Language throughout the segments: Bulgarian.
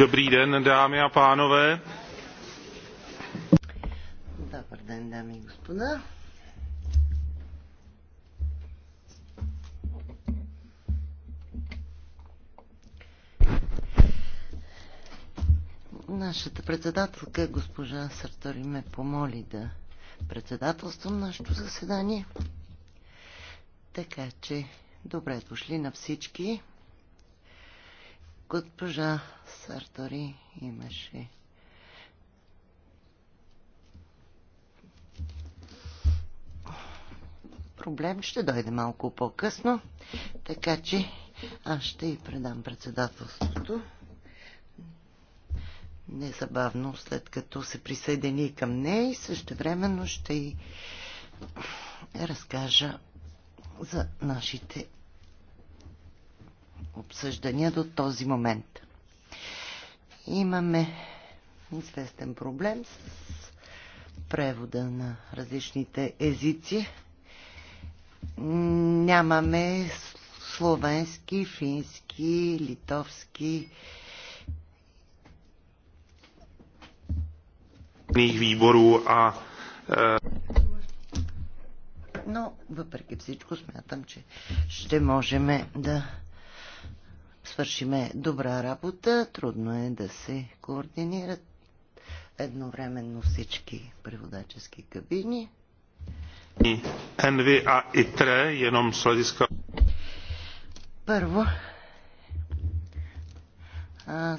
Dobrý den, dámy a pánové. Добър ден, дами и господа. Нашата председателка, госпожа Сартори, ме помоли да председателствам нашето заседание. Така че, добре дошли на всички. Госпожа Сартори имаше проблем. Ще дойде малко по-късно, така че аз ще й предам председателството незабавно, след като се присъедини към нея и също времено ще й разкажа за нашите обсъждания до този момент. Имаме известен проблем с превода на различните езици. Нямаме словенски, фински, литовски. výborů a но въпреки всичко смятам, че ще можем да свършиме добра работа. Трудно е да се координират едновременно всички преводачески кабини. Енви а и тре, Първо,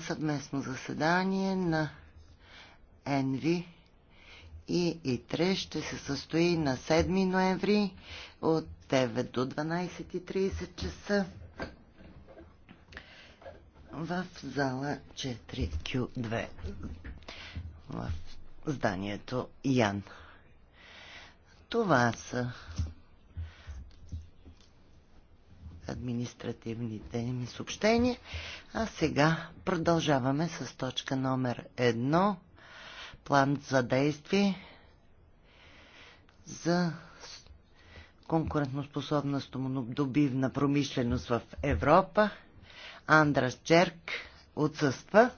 съвместно заседание на Енви и ИТРЕ ще се състои на 7 ноември от 9 до 12.30 часа в зала 4Q2 в зданието Ян. Това са административните ми съобщения. А сега продължаваме с точка номер 1. План за действие за конкурентоспособна добивна промишленост в Европа Андрас Черк отсъства.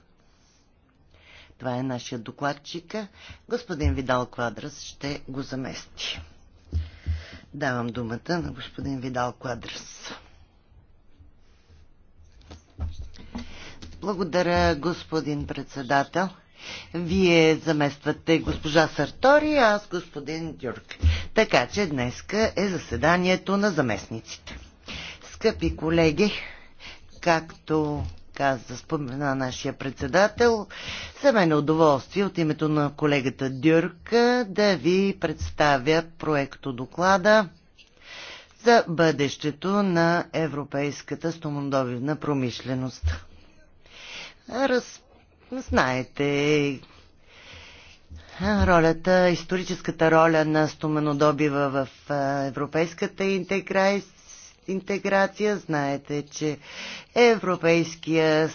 Това е нашия докладчика. Господин Видал Квадрас ще го замести. Давам думата на господин Видал Квадрас. Благодаря, господин председател. Вие замествате госпожа Сартори, а аз господин Дюрк. Така че днеска е заседанието на заместниците. Скъпи колеги, Както каза, спомена нашия председател, за мен е удоволствие от името на колегата Дюрк да ви представя проекто доклада за бъдещето на европейската стомондовивна промишленост. Раз... Знаете ролята, историческата роля на стоменодобива в европейската интеграция интеграция. Знаете, че европейския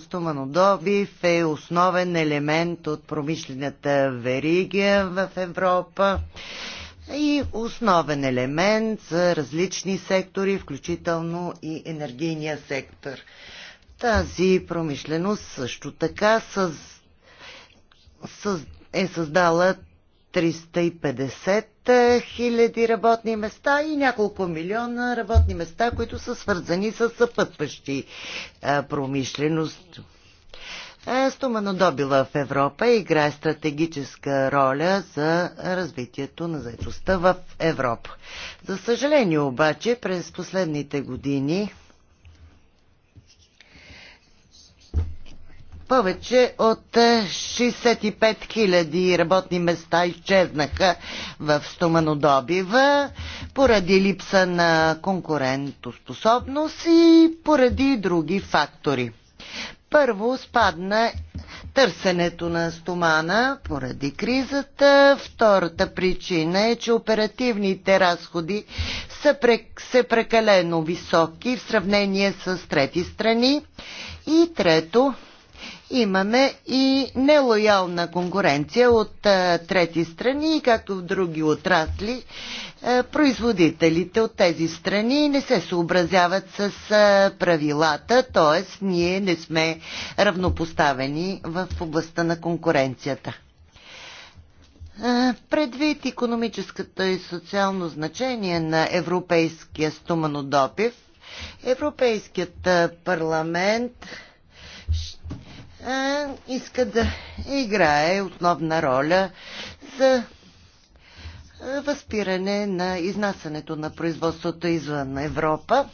стоманодобив е основен елемент от промишлената верига в Европа и основен елемент за различни сектори, включително и енергийния сектор. Тази промишленост също така с, с, е създала 350 е, хиляди работни места и няколко милиона работни места, които са свързани с съпътващи е, промишленост. Е, Стоманодобила в Европа играе стратегическа роля за развитието на заедостта в Европа. За съжаление обаче, през последните години повече от 65 е, 000 работни места изчезнаха в стоманодобива поради липса на конкурентоспособност и поради други фактори. Първо спадна търсенето на стомана поради кризата. Втората причина е, че оперативните разходи са, са прекалено високи в сравнение с трети страни. И трето, имаме и нелоялна конкуренция от а, трети страни и както в други отрасли, а, производителите от тези страни не се съобразяват с а, правилата, т.е. ние не сме равнопоставени в областта на конкуренцията. Предвид економическата и социално значение на европейския стоманодопив, Европейският парламент иска да играе основна роля за възпиране на изнасянето на производството извън Европа.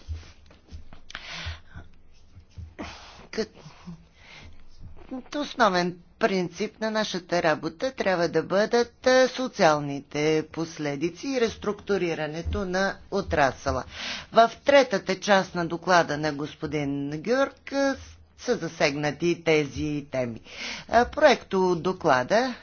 Като основен принцип на нашата работа трябва да бъдат социалните последици и реструктурирането на отрасъла. В третата част на доклада на господин Гюрк са засегнати тези теми. Проекто доклада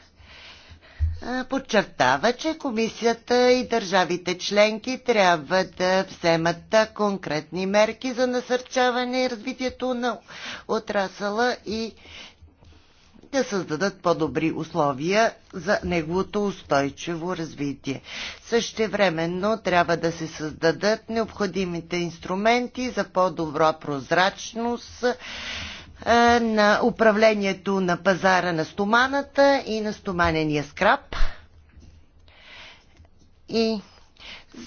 подчертава, че комисията и държавите членки трябва да вземат конкретни мерки за насърчаване и развитието на отрасъла и да създадат по-добри условия за неговото устойчиво развитие. Същевременно трябва да се създадат необходимите инструменти за по-добра прозрачност е, на управлението на пазара на стоманата и на стоманения скраб. И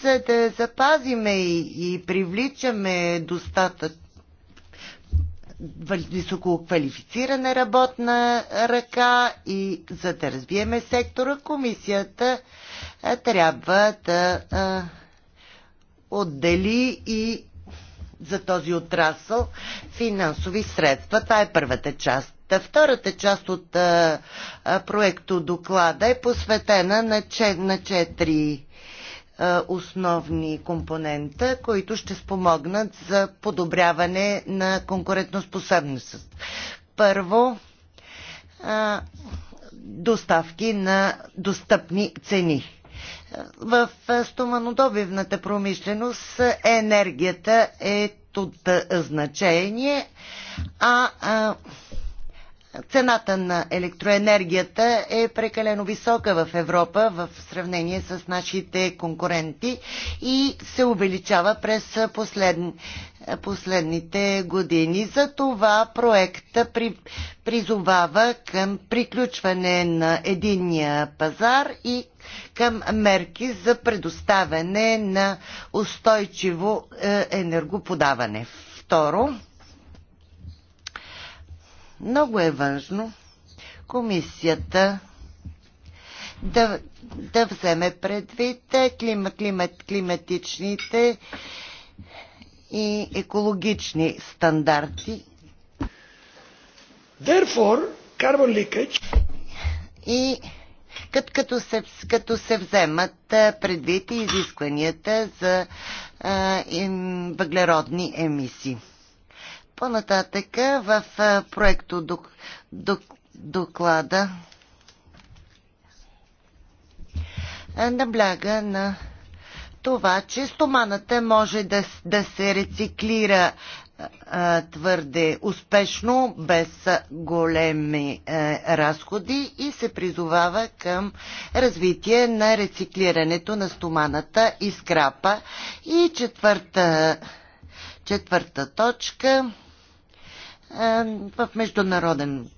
за да запазиме и, и привличаме достатъчно високо квалифицирана работна ръка и за да разбиеме сектора, комисията трябва да отдели и за този отрасъл финансови средства. Това е първата част. Втората част от проекто доклада е посветена на, че, на четири е, основни компонента, които ще спомогнат за подобряване на конкурентоспособност. Първо, е, доставки на достъпни цени. В стоманодобивната промишленост енергията е от значение, а, а цената на електроенергията е прекалено висока в Европа в сравнение с нашите конкуренти и се увеличава през послед... последните години. За това проекта при... призовава към приключване на единния пазар и към мерки за предоставяне на устойчиво е, енергоподаване. Второ, много е важно комисията да, да вземе предвид е, климат, климат, климатичните и екологични стандарти. Therefore, carbon leakage... И като, като, се, като се вземат е, предвид и изискванията за а, е, им, въглеродни емисии по нататък в проекто док, док, доклада набляга на това, че стоманата може да, да се рециклира а, твърде успешно, без големи а, разходи и се призовава към развитие на рециклирането на стоманата и скрапа. И четвърта, четвърта точка е, в международен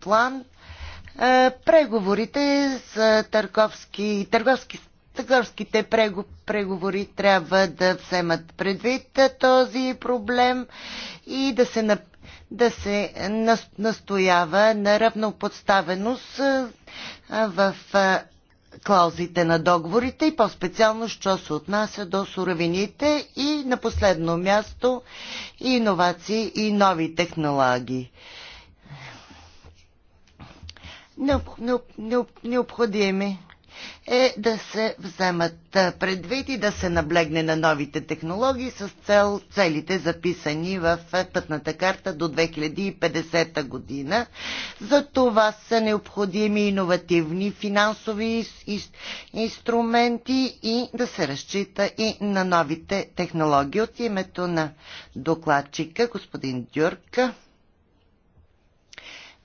план. Е, преговорите за търговски, търговски търговските преговори трябва да вземат предвид този проблем и да се, да се настоява на равноподставеност е, в клаузите на договорите и по-специално, що се отнася до суровините и на последно място иновации и нови технологии. Необ, необ, необ, необходими е да се вземат предвид и да се наблегне на новите технологии с цел целите записани в пътната карта до 2050 година. За това са необходими иновативни финансови инструменти и да се разчита и на новите технологии. От името на докладчика господин Дюрка.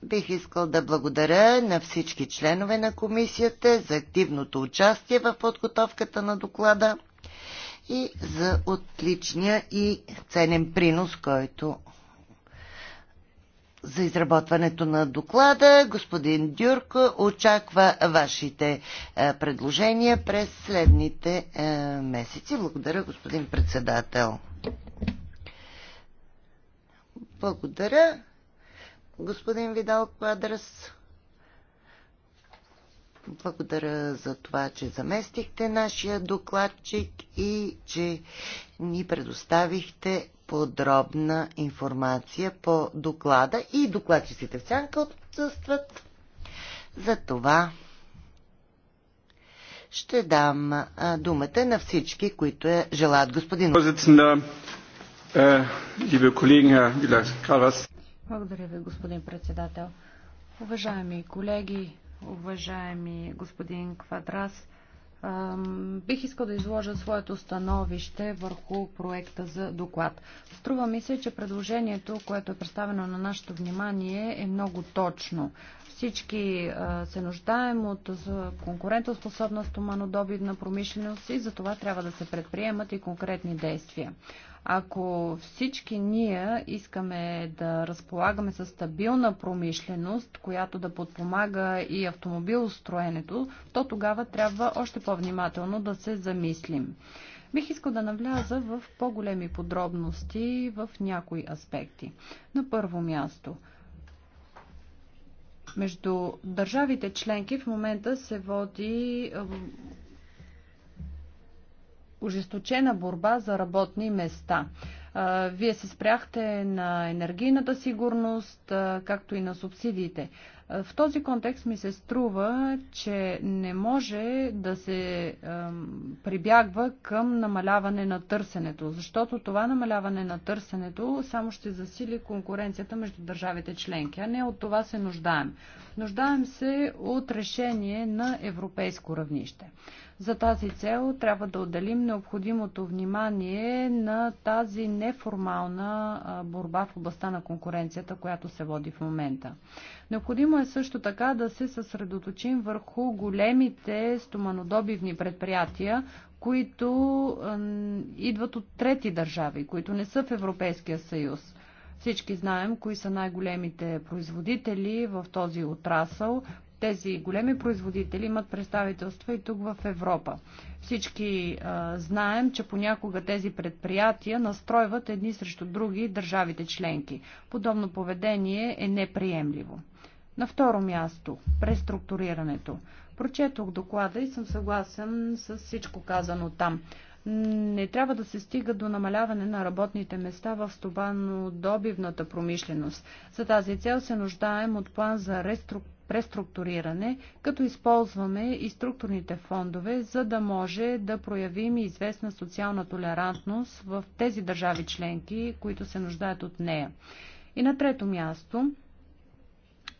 Бих искал да благодаря на всички членове на комисията за активното участие в подготовката на доклада и за отличния и ценен принос, който за изработването на доклада. Господин Дюрко очаква вашите е, предложения през следните е, месеци. Благодаря, господин председател. Благодаря господин Видал Квадрас. Благодаря за това, че заместихте нашия докладчик и че ни предоставихте подробна информация по доклада и докладчиците в сянка отсъстват. За това ще дам думата на всички, които я е, желаят. Господин. Äh, liebe Kollegen, Herr благодаря ви, господин председател. Уважаеми колеги, уважаеми господин Квадрас, бих искал да изложа своето становище върху проекта за доклад. Струва ми се, че предложението, което е представено на нашето внимание, е много точно. Всички се нуждаем от конкурентоспособност, стоманодобивна промишленост и за това трябва да се предприемат и конкретни действия. Ако всички ние искаме да разполагаме с стабилна промишленост, която да подпомага и автомобилостроенето, то тогава трябва още по-внимателно да се замислим. Бих искал да навляза в по-големи подробности в някои аспекти. На първо място, между държавите членки в момента се води ожесточена борба за работни места. Вие се спряхте на енергийната сигурност, както и на субсидиите. В този контекст ми се струва, че не може да се прибягва към намаляване на търсенето, защото това намаляване на търсенето само ще засили конкуренцията между държавите членки, а не от това се нуждаем. Нуждаем се от решение на европейско равнище. За тази цел трябва да отделим необходимото внимание на тази неформална борба в областта на конкуренцията, която се води в момента. Необходимо е също така да се съсредоточим върху големите стоманодобивни предприятия, които идват от трети държави, които не са в Европейския съюз. Всички знаем кои са най-големите производители в този отрасъл. Тези големи производители имат представителства и тук в Европа. Всички а, знаем, че понякога тези предприятия настройват едни срещу други държавите членки. Подобно поведение е неприемливо. На второ място, преструктурирането. Прочетох доклада и съм съгласен с всичко казано там не трябва да се стига до намаляване на работните места в стобано-добивната промишленост. За тази цел се нуждаем от план за реструктуриране преструктуриране, като използваме и структурните фондове, за да може да проявим известна социална толерантност в тези държави членки, които се нуждаят от нея. И на трето място,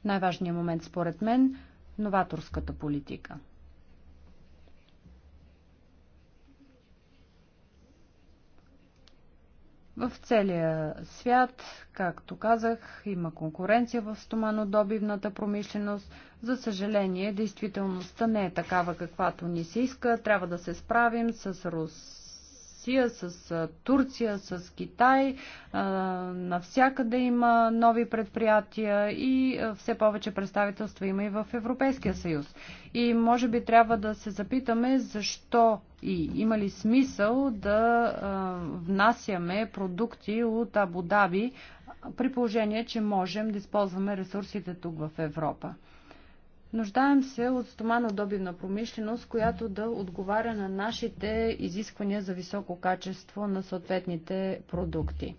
най-важният момент според мен, новаторската политика – В целия свят, както казах, има конкуренция в стоманодобивната промишленост. За съжаление, действителността не е такава, каквато ни се иска. Трябва да се справим с Рус Русия, с Турция, с Китай. Навсякъде има нови предприятия и все повече представителства има и в Европейския съюз. И може би трябва да се запитаме защо и има ли смисъл да внасяме продукти от Абу Даби при положение, че можем да използваме ресурсите тук в Европа. Нуждаем се от стоманодобивна промишленост, която да отговаря на нашите изисквания за високо качество на съответните продукти.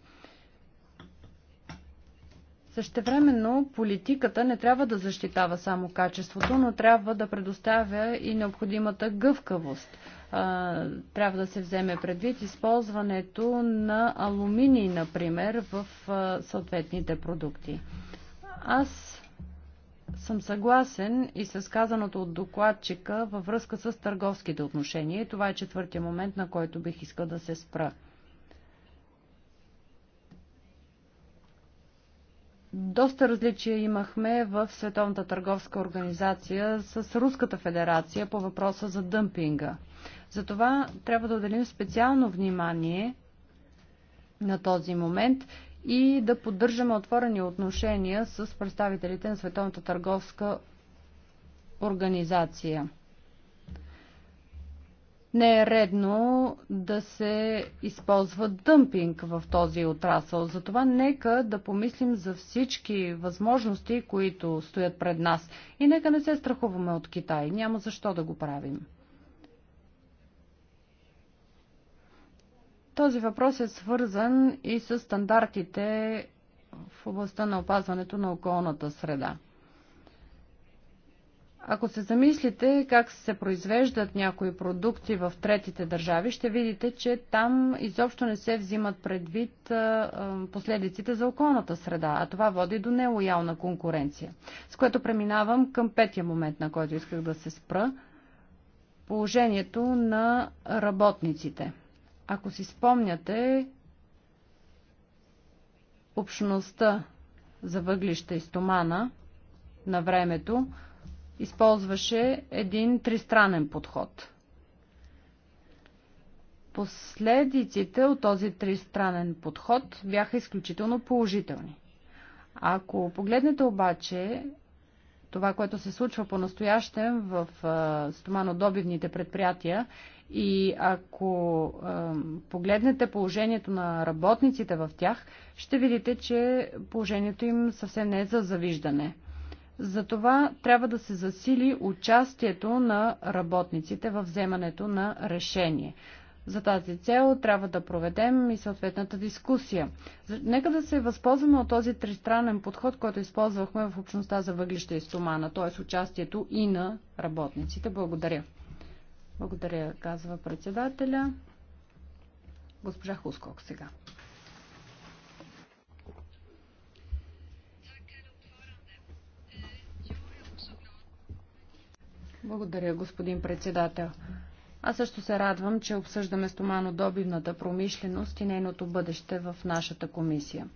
Същевременно политиката не трябва да защитава само качеството, но трябва да предоставя и необходимата гъвкавост. Трябва да се вземе предвид използването на алуминий, например, в съответните продукти. Аз съм съгласен и с казаното от докладчика във връзка с търговските отношения. Това е четвъртия момент, на който бих искал да се спра. Доста различия имахме в Световната търговска организация с Руската федерация по въпроса за дъмпинга. Затова трябва да отделим специално внимание на този момент и да поддържаме отворени отношения с представителите на Световната търговска организация. Не е редно да се използва дъмпинг в този отрасъл. Затова нека да помислим за всички възможности, които стоят пред нас. И нека не се страхуваме от Китай. Няма защо да го правим. Този въпрос е свързан и с стандартите в областта на опазването на околната среда. Ако се замислите как се произвеждат някои продукти в третите държави, ще видите, че там изобщо не се взимат предвид последиците за околната среда, а това води до нелоялна конкуренция. С което преминавам към петия момент, на който исках да се спра положението на работниците – ако си спомняте, общността за въглища и стомана на времето използваше един тристранен подход. Последиците от този тристранен подход бяха изключително положителни. Ако погледнете обаче това, което се случва по настояще в стоманодобивните предприятия. И ако погледнете положението на работниците в тях, ще видите, че положението им съвсем не е за завиждане. Затова трябва да се засили участието на работниците в вземането на решение. За тази цел трябва да проведем и съответната дискусия. Нека да се възползваме от този тристранен подход, който използвахме в общността за въглища и стомана, т.е. участието и на работниците. Благодаря. Благодаря, казва председателя. Госпожа Хускок сега. Благодаря, господин председател. Аз също се радвам, че обсъждаме стоманодобивната промишленост и нейното бъдеще в нашата комисия.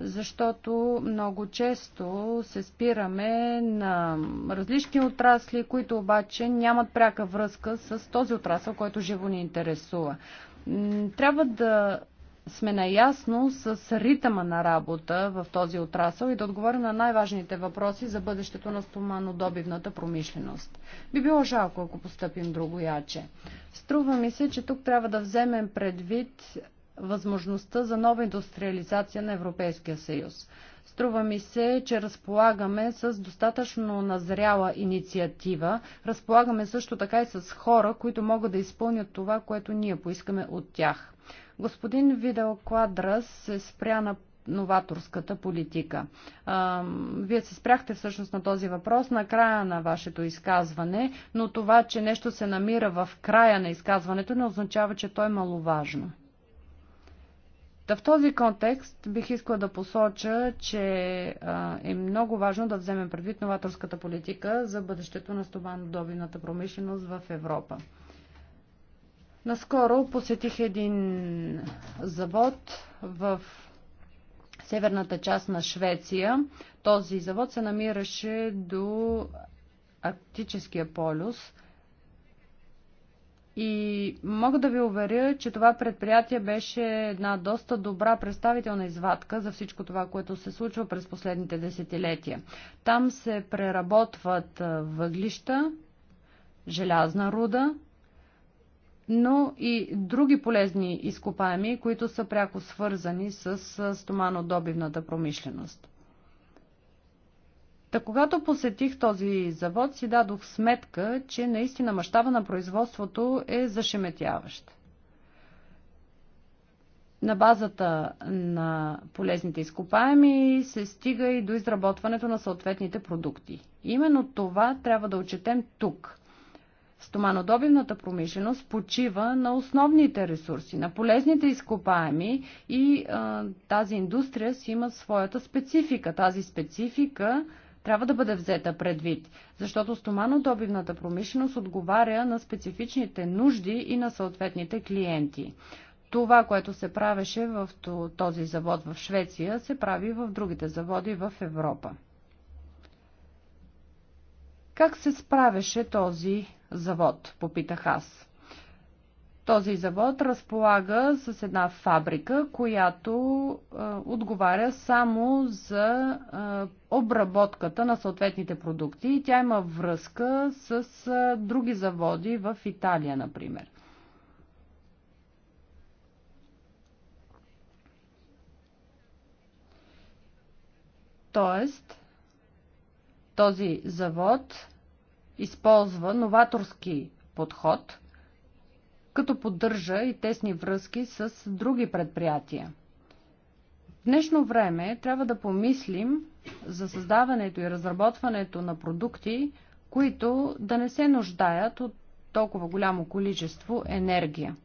Защото много често се спираме на различни отрасли, които обаче нямат пряка връзка с този отрасъл, който живо ни интересува. Трябва да сме наясно с ритъма на работа в този отрасъл и да отговорим на най-важните въпроси за бъдещето на стоманодобивната промишленост. Би било жалко, ако постъпим друго яче. Струва ми се, че тук трябва да вземем предвид възможността за нова индустриализация на Европейския съюз. Струва ми се, че разполагаме с достатъчно назряла инициатива. Разполагаме също така и с хора, които могат да изпълнят това, което ние поискаме от тях. Господин Видел Квадрас се спря на новаторската политика. Вие се спряхте всъщност на този въпрос на края на вашето изказване, но това, че нещо се намира в края на изказването, не означава, че то е маловажно. Да в този контекст бих искала да посоча, че е много важно да вземем предвид новаторската политика за бъдещето на стоманодобивната промишленост в Европа. Наскоро посетих един завод в северната част на Швеция. Този завод се намираше до Арктическия полюс. И мога да ви уверя, че това предприятие беше една доста добра представителна извадка за всичко това, което се случва през последните десетилетия. Там се преработват въглища, желязна руда, но и други полезни изкопаеми, които са пряко свързани с стоманодобивната промишленост. Та когато посетих този завод, си дадох сметка, че наистина мащаба на производството е зашеметяващ. На базата на полезните изкопаеми се стига и до изработването на съответните продукти. Именно това трябва да отчетем тук – Стоманодобивната промишленост почива на основните ресурси, на полезните изкопаеми и а, тази индустрия си има своята специфика. Тази специфика трябва да бъде взета предвид, защото стоманодобивната промишленост отговаря на специфичните нужди и на съответните клиенти. Това, което се правеше в този завод в Швеция, се прави в другите заводи в Европа. Как се справяше този завод, попитах аз. Този завод разполага с една фабрика, която а, отговаря само за а, обработката на съответните продукти и тя има връзка с а, други заводи в Италия, например. Тоест, този завод използва новаторски подход, като поддържа и тесни връзки с други предприятия. В днешно време трябва да помислим за създаването и разработването на продукти, които да не се нуждаят от толкова голямо количество енергия.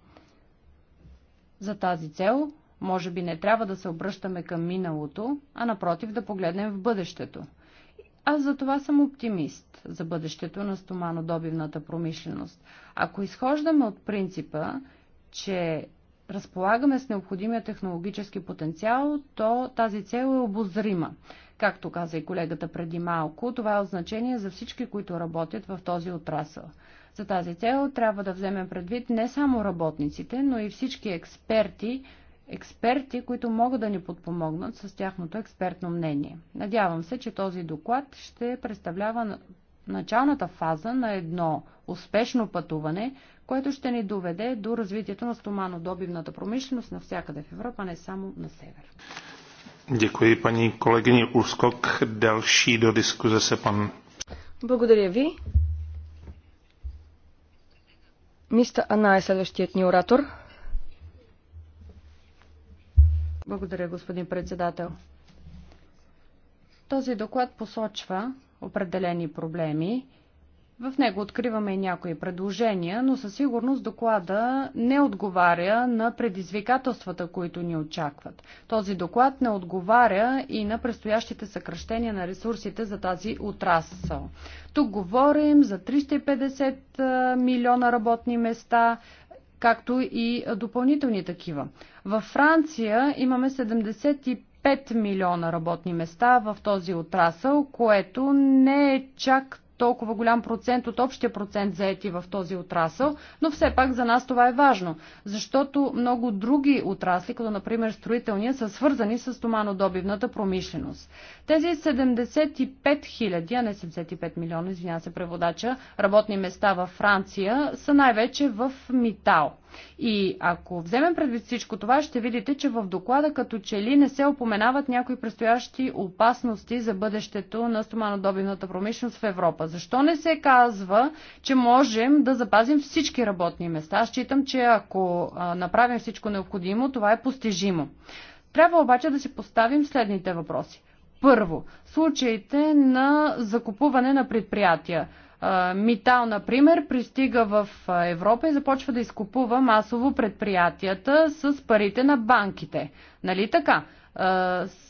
За тази цел, може би не трябва да се обръщаме към миналото, а напротив да погледнем в бъдещето – аз за това съм оптимист за бъдещето на стоманодобивната промишленост. Ако изхождаме от принципа, че разполагаме с необходимия технологически потенциал, то тази цел е обозрима. Както каза и колегата преди малко, това е значение за всички, които работят в този отрасъл. За тази цел трябва да вземем предвид не само работниците, но и всички експерти, експерти, които могат да ни подпомогнат с тяхното експертно мнение. Надявам се, че този доклад ще представлява началната фаза на едно успешно пътуване, което ще ни доведе до развитието на стоманодобивната промишленост навсякъде в Европа, не само на север. Děkuji paní kolegyni Ulskok. Další do diskuze se pan... Благодаря ви. Миста Ана е следващият ни оратор. Благодаря, господин председател. Този доклад посочва определени проблеми. В него откриваме и някои предложения, но със сигурност доклада не отговаря на предизвикателствата, които ни очакват. Този доклад не отговаря и на предстоящите съкръщения на ресурсите за тази отрасъл. Тук говорим за 350 милиона работни места, както и допълнителни такива. Във Франция имаме 75 5 милиона работни места в този отрасъл, което не е чак толкова голям процент от общия процент заети в този отрасъл, но все пак за нас това е важно, защото много други отрасли, като например строителния, са свързани с томанодобивната промишленост. Тези 75 000, а не 75 милиона, извиня се преводача, работни места във Франция са най-вече в Митал – и ако вземем предвид всичко това, ще видите, че в доклада като че ли не се опоменават някои предстоящи опасности за бъдещето на стоманодобивната промишленост в Европа. Защо не се казва, че можем да запазим всички работни места? Аз считам, че ако направим всичко необходимо, това е постижимо. Трябва обаче да си поставим следните въпроси. Първо, случаите на закупуване на предприятия. Митал, например, пристига в Европа и започва да изкупува масово предприятията с парите на банките. Нали така?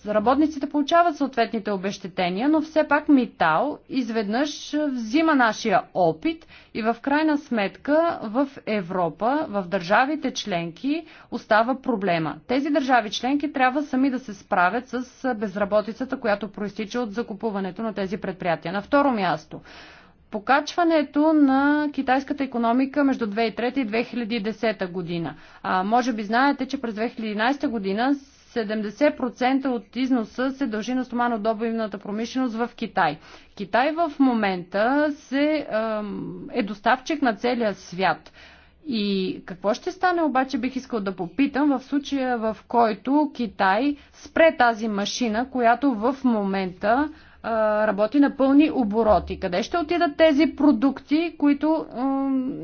Работниците получават съответните обещетения, но все пак Митал изведнъж взима нашия опит и в крайна сметка в Европа, в държавите членки остава проблема. Тези държави членки трябва сами да се справят с безработицата, която проистича от закупуването на тези предприятия. На второ място, покачването на китайската економика между 2003 и 2010 година. А, може би знаете, че през 2011 година 70% от износа се дължи на стоманодобивната промишленост в Китай. Китай в момента се, е доставчик на целия свят. И какво ще стане обаче, бих искал да попитам, в случая в който Китай спре тази машина, която в момента работи на пълни обороти. Къде ще отидат тези продукти, които а,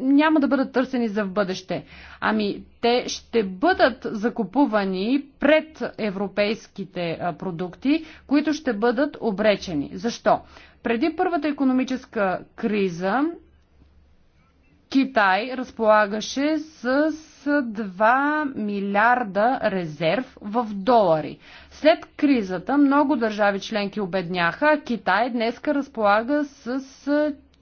няма да бъдат търсени за в бъдеще? Ами, те ще бъдат закупувани пред европейските а, продукти, които ще бъдат обречени. Защо? Преди първата економическа криза Китай разполагаше с 2 милиарда резерв в долари. След кризата много държави членки обедняха, а Китай днеска разполага с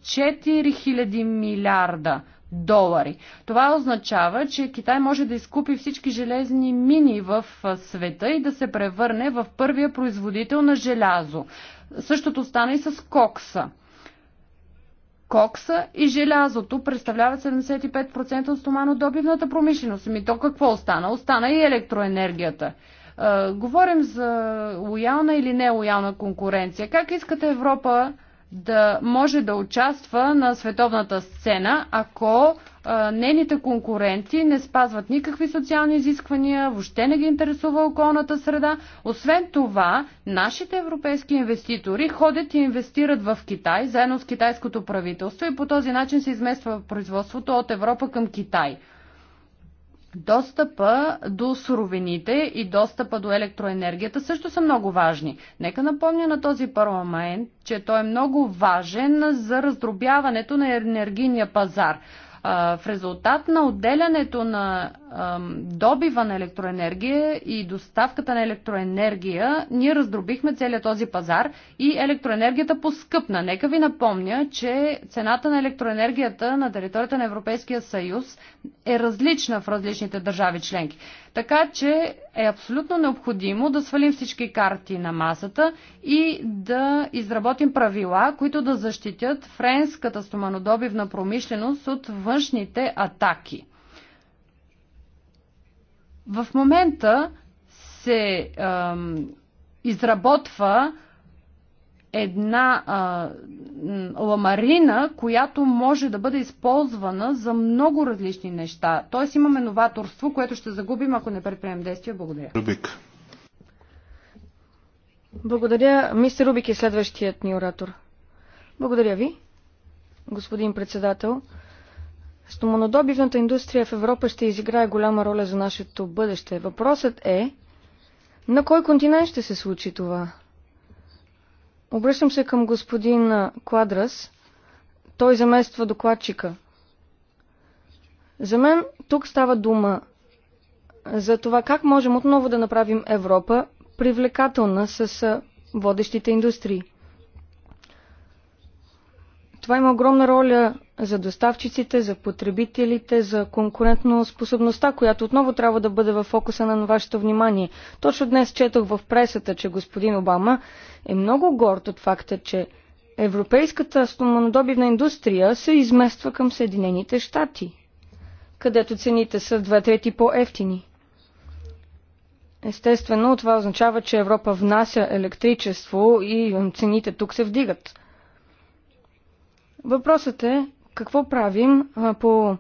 4000 милиарда долари. Това означава, че Китай може да изкупи всички железни мини в света и да се превърне в първия производител на желязо. Същото стана и с кокса. Кокса и желязото представляват 75% от стоманодобивната промишленост. Ми то какво остана? Остана и електроенергията. Говорим за лоялна или нелоялна конкуренция. Как искате Европа да може да участва на световната сцена, ако а, нейните конкуренти не спазват никакви социални изисквания, въобще не ги интересува околната среда. Освен това, нашите европейски инвеститори ходят и инвестират в Китай, заедно с китайското правителство и по този начин се измества производството от Европа към Китай. Достъпа до суровините и достъпа до електроенергията също са много важни. Нека напомня на този парламент, че той е много важен за раздробяването на енергийния пазар. В резултат на отделянето на добива на електроенергия и доставката на електроенергия, ние раздробихме целият този пазар и електроенергията поскъпна. Нека ви напомня, че цената на електроенергията на територията на Европейския съюз е различна в различните държави членки. Така че е абсолютно необходимо да свалим всички карти на масата и да изработим правила, които да защитят френската стоманодобивна промишленост от външните атаки. В момента се а, изработва една а, ламарина, която може да бъде използвана за много различни неща. Тоест имаме новаторство, което ще загубим, ако не предприемем действия. Благодаря. Рубик. Благодаря. Мистер Рубик е следващият ни оратор. Благодаря ви, господин председател. Стоманодобивната индустрия в Европа ще изиграе голяма роля за нашето бъдеще. Въпросът е на кой континент ще се случи това? Обръщам се към господин Квадрас. Той замества докладчика. За мен тук става дума за това как можем отново да направим Европа привлекателна с водещите индустрии. Това има огромна роля за доставчиците, за потребителите, за конкурентно способността, която отново трябва да бъде в фокуса на вашето внимание. Точно днес четох в пресата, че господин Обама е много горд от факта, че европейската стоманодобивна индустрия се измества към Съединените щати, където цените са две трети по-ефтини. Естествено, това означава, че Европа внася електричество и цените тук се вдигат. Въпросът е какво правим по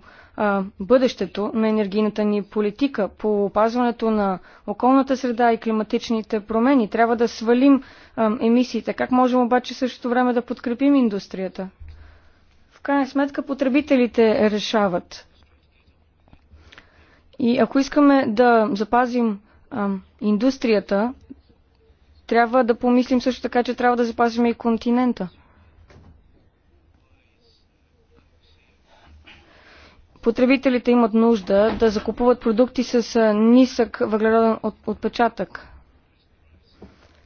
бъдещето на енергийната ни политика, по опазването на околната среда и климатичните промени. Трябва да свалим емисиите. Как можем обаче същото време да подкрепим индустрията? В крайна сметка потребителите решават. И ако искаме да запазим индустрията, трябва да помислим също така, че трябва да запазим и континента. Потребителите имат нужда да закупуват продукти с нисък въглероден отпечатък.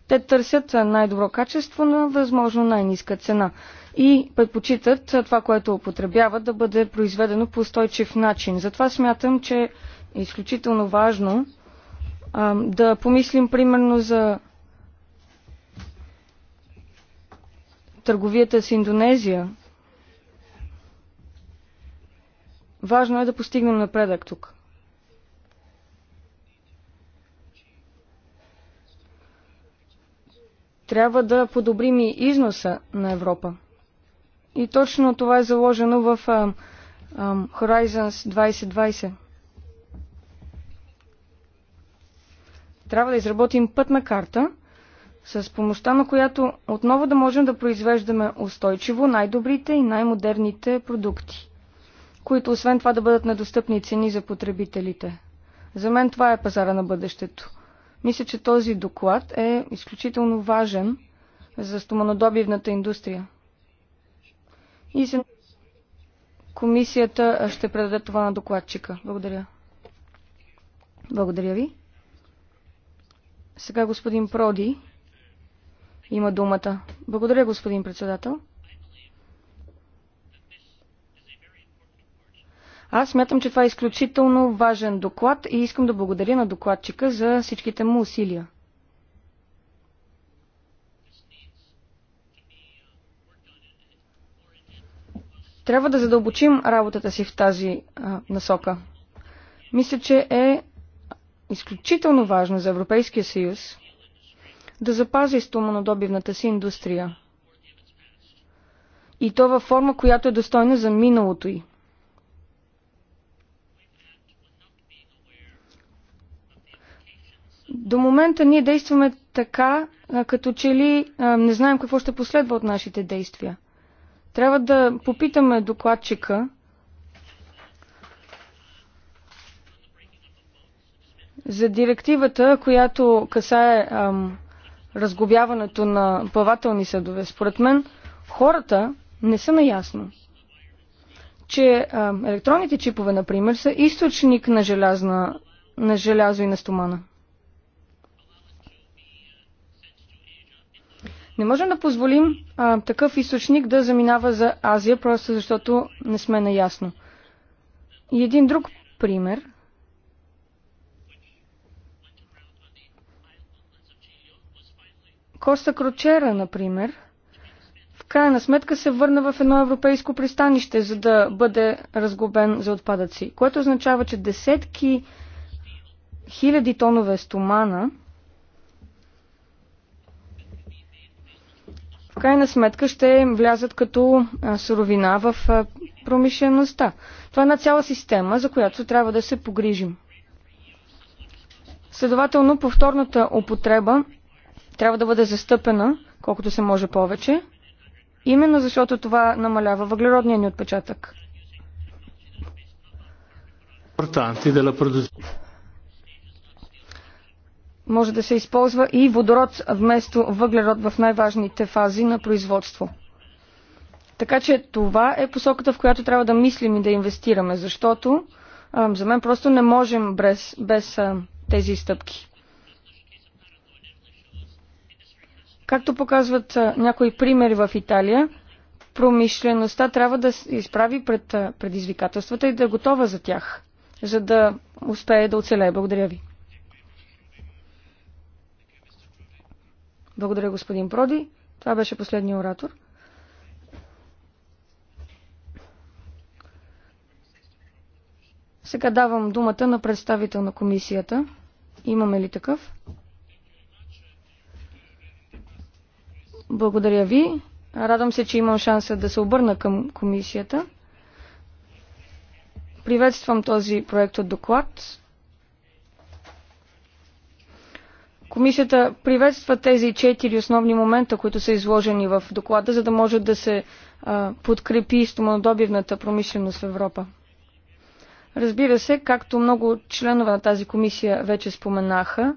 Те търсят най-добро качество на възможно най-ниска цена и предпочитат това, което употребяват, да бъде произведено по устойчив начин. Затова смятам, че е изключително важно а, да помислим примерно за търговията с Индонезия, Важно е да постигнем напредък тук. Трябва да подобрим и износа на Европа. И точно това е заложено в а, а, Horizons 2020. Трябва да изработим пътна карта, с помощта на която отново да можем да произвеждаме устойчиво най-добрите и най-модерните продукти които освен това да бъдат на достъпни цени за потребителите. За мен това е пазара на бъдещето. Мисля, че този доклад е изключително важен за стоманодобивната индустрия. И се... комисията ще предаде това на докладчика. Благодаря. Благодаря ви. Сега господин Проди има думата. Благодаря, господин председател. Аз смятам, че това е изключително важен доклад и искам да благодаря на докладчика за всичките му усилия. Трябва да задълбочим работата си в тази а, насока. Мисля, че е изключително важно за Европейския съюз да запази стоманодобивната си индустрия. И то във форма, която е достойна за миналото й. До момента ние действаме така, като че ли не знаем какво ще последва от нашите действия. Трябва да попитаме докладчика за директивата, която касае ам, разгубяването на плавателни съдове. Според мен хората не са наясно, че ам, електронните чипове, например, са източник на, желязна, на желязо и на стомана. Не можем да позволим а, такъв източник да заминава за Азия, просто защото не сме наясно. И един друг пример. Коста Крочера, например, в крайна сметка се върна в едно европейско пристанище, за да бъде разглобен за отпадъци, което означава, че десетки хиляди тонове стомана – в крайна сметка ще влязат като суровина в промишлеността. Това е една цяла система, за която трябва да се погрижим. Следователно, повторната употреба трябва да бъде застъпена колкото се може повече, именно защото това намалява въглеродния ни отпечатък може да се използва и водород вместо въглерод в най-важните фази на производство. Така че това е посоката, в която трябва да мислим и да инвестираме, защото а, за мен просто не можем без, без а, тези стъпки. Както показват а, някои примери в Италия, промишлеността трябва да се изправи пред предизвикателствата и да е готова за тях, за да успее да оцелее. Благодаря ви. Благодаря, господин Проди. Това беше последния оратор. Сега давам думата на представител на комисията. Имаме ли такъв? Благодаря ви. Радвам се, че имам шанса да се обърна към комисията. Приветствам този проект от доклад. Комисията приветства тези четири основни момента, които са изложени в доклада, за да може да се а, подкрепи стоманодобивната промишленост в Европа. Разбира се, както много членове на тази комисия вече споменаха,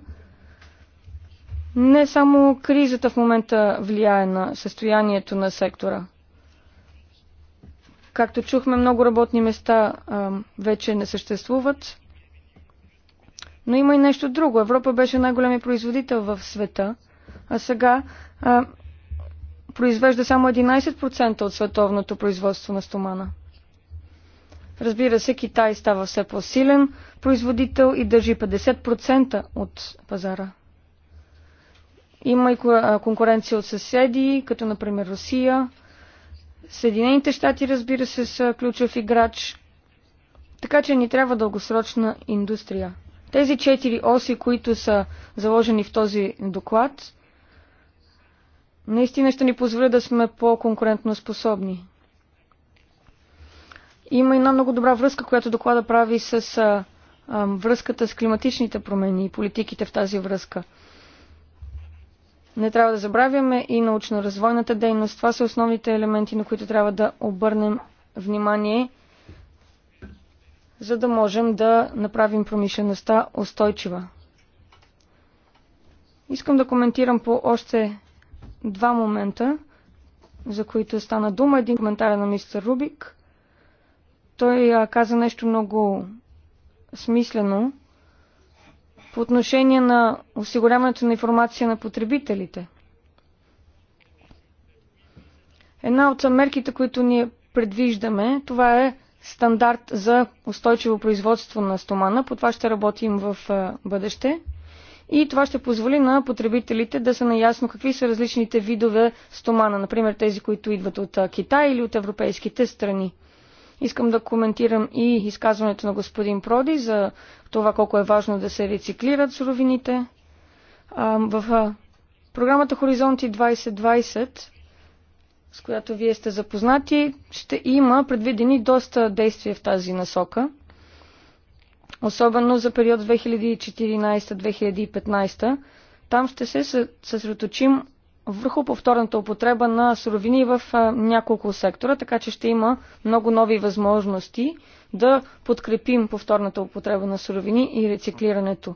не само кризата в момента влияе на състоянието на сектора. Както чухме, много работни места а, вече не съществуват. Но има и нещо друго. Европа беше най-големият производител в света, а сега а, произвежда само 11% от световното производство на стомана. Разбира се, Китай става все по-силен производител и държи 50% от пазара. Има и конкуренция от съседи, като например Русия. Съединените щати, разбира се, са ключов играч. Така че ни трябва дългосрочна индустрия. Тези четири оси, които са заложени в този доклад, наистина ще ни позволя да сме по-конкурентно способни. Има една много добра връзка, която доклада прави с а, а, връзката с климатичните промени и политиките в тази връзка. Не трябва да забравяме и научно-развойната дейност. Това са основните елементи, на които трябва да обърнем внимание за да можем да направим промишлеността устойчива. Искам да коментирам по още два момента, за които стана дума. Един коментар е на мистер Рубик. Той каза нещо много смислено по отношение на осигуряването на информация на потребителите. Една от мерките, които ние предвиждаме, това е стандарт за устойчиво производство на стомана. По това ще работим в е, бъдеще. И това ще позволи на потребителите да са наясно какви са различните видове стомана, например тези, които идват от е, Китай или от европейските страни. Искам да коментирам и изказването на господин Проди за това колко е важно да се рециклират суровините. В е, програмата Хоризонти 2020 с която вие сте запознати, ще има предвидени доста действия в тази насока, особено за период 2014-2015. Там ще се съсредоточим върху повторната употреба на суровини в няколко сектора, така че ще има много нови възможности да подкрепим повторната употреба на суровини и рециклирането.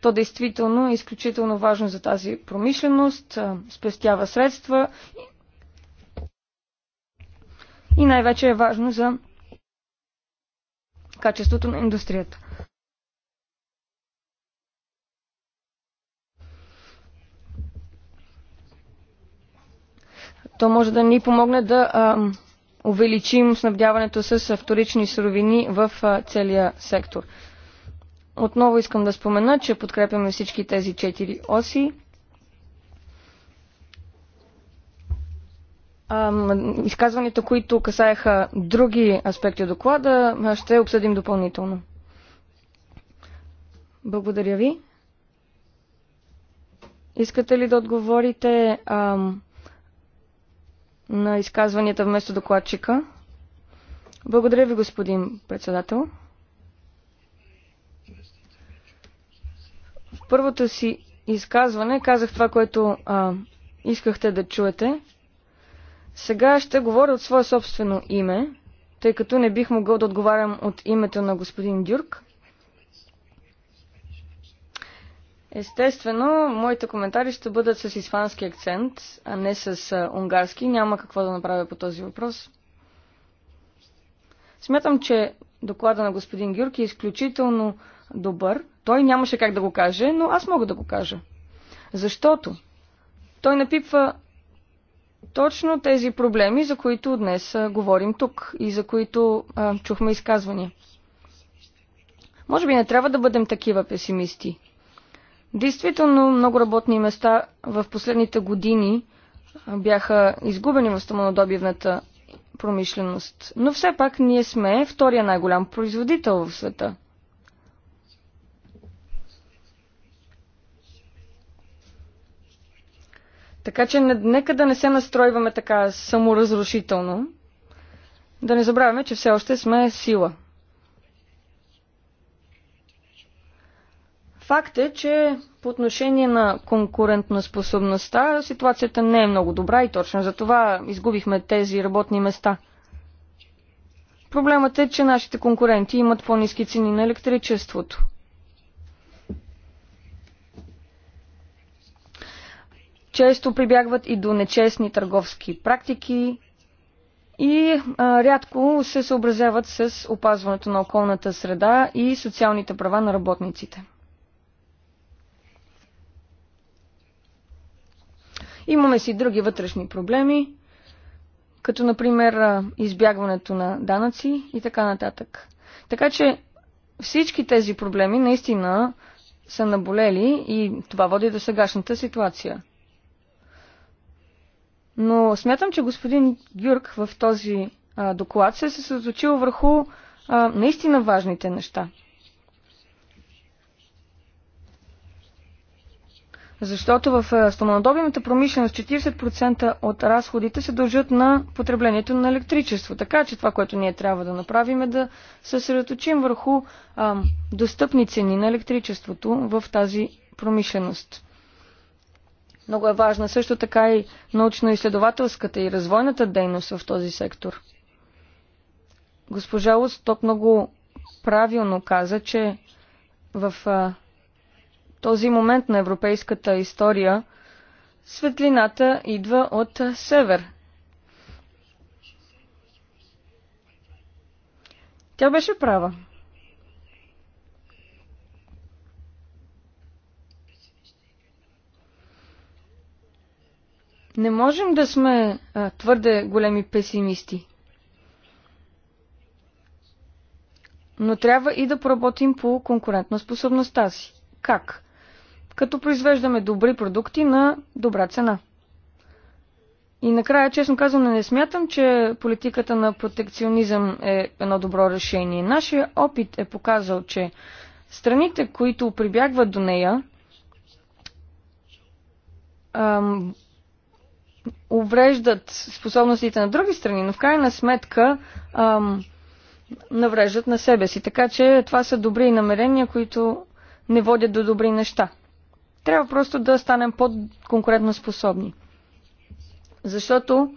То действително е изключително важно за тази промишленост, спестява средства и най-вече е важно за качеството на индустрията. То може да ни помогне да а, увеличим снабдяването с вторични суровини в а, целия сектор. Отново искам да спомена, че подкрепяме всички тези четири оси изказванията, които касаеха други аспекти от доклада, ще обсъдим допълнително. Благодаря ви. Искате ли да отговорите ам, на изказванията вместо докладчика? Благодаря ви, господин председател. В първото си изказване казах това, което а, искахте да чуете. Сега ще говоря от свое собствено име, тъй като не бих могъл да отговарям от името на господин Дюрк. Естествено, моите коментари ще бъдат с испански акцент, а не с унгарски. Няма какво да направя по този въпрос. Смятам, че доклада на господин Гюрк е изключително добър. Той нямаше как да го каже, но аз мога да го кажа. Защото той напипва точно тези проблеми, за които днес говорим тук и за които а, чухме изказвания. Може би не трябва да бъдем такива песимисти. Действително много работни места в последните години бяха изгубени в стъмонодобивната промишленост. Но все пак ние сме втория най-голям производител в света. Така че нека да не се настройваме така саморазрушително. Да не забравяме, че все още сме сила. Факт е, че по отношение на конкурентноспособността ситуацията не е много добра и точно за това изгубихме тези работни места. Проблемът е, че нашите конкуренти имат по-низки цени на електричеството. често прибягват и до нечестни търговски практики и а, рядко се съобразяват с опазването на околната среда и социалните права на работниците. Имаме си други вътрешни проблеми, като например избягването на данъци и така нататък. Така че всички тези проблеми наистина са наболели и това води до сегашната ситуация – но смятам, че господин Гюрк в този а, доклад се е съсредоточил върху а, наистина важните неща. Защото в стоманодобивната промишленост 40% от разходите се дължат на потреблението на електричество. Така че това, което ние трябва да направим е да съсредоточим върху а, достъпни цени на електричеството в тази промишленост. Много е важна също така и научно-изследователската и развойната дейност в този сектор. Госпожа Усток много правилно каза, че в а, този момент на европейската история светлината идва от а, север. Тя беше права. Не можем да сме а, твърде големи песимисти. Но трябва и да поработим по конкурентна способността си. Как? Като произвеждаме добри продукти на добра цена. И накрая, честно казано, не смятам, че политиката на протекционизъм е едно добро решение. Нашия опит е показал, че страните, които прибягват до нея, увреждат способностите на други страни, но в крайна сметка ам, навреждат на себе си. Така че това са добри намерения, които не водят до добри неща. Трябва просто да станем по-конкурентно способни. Защото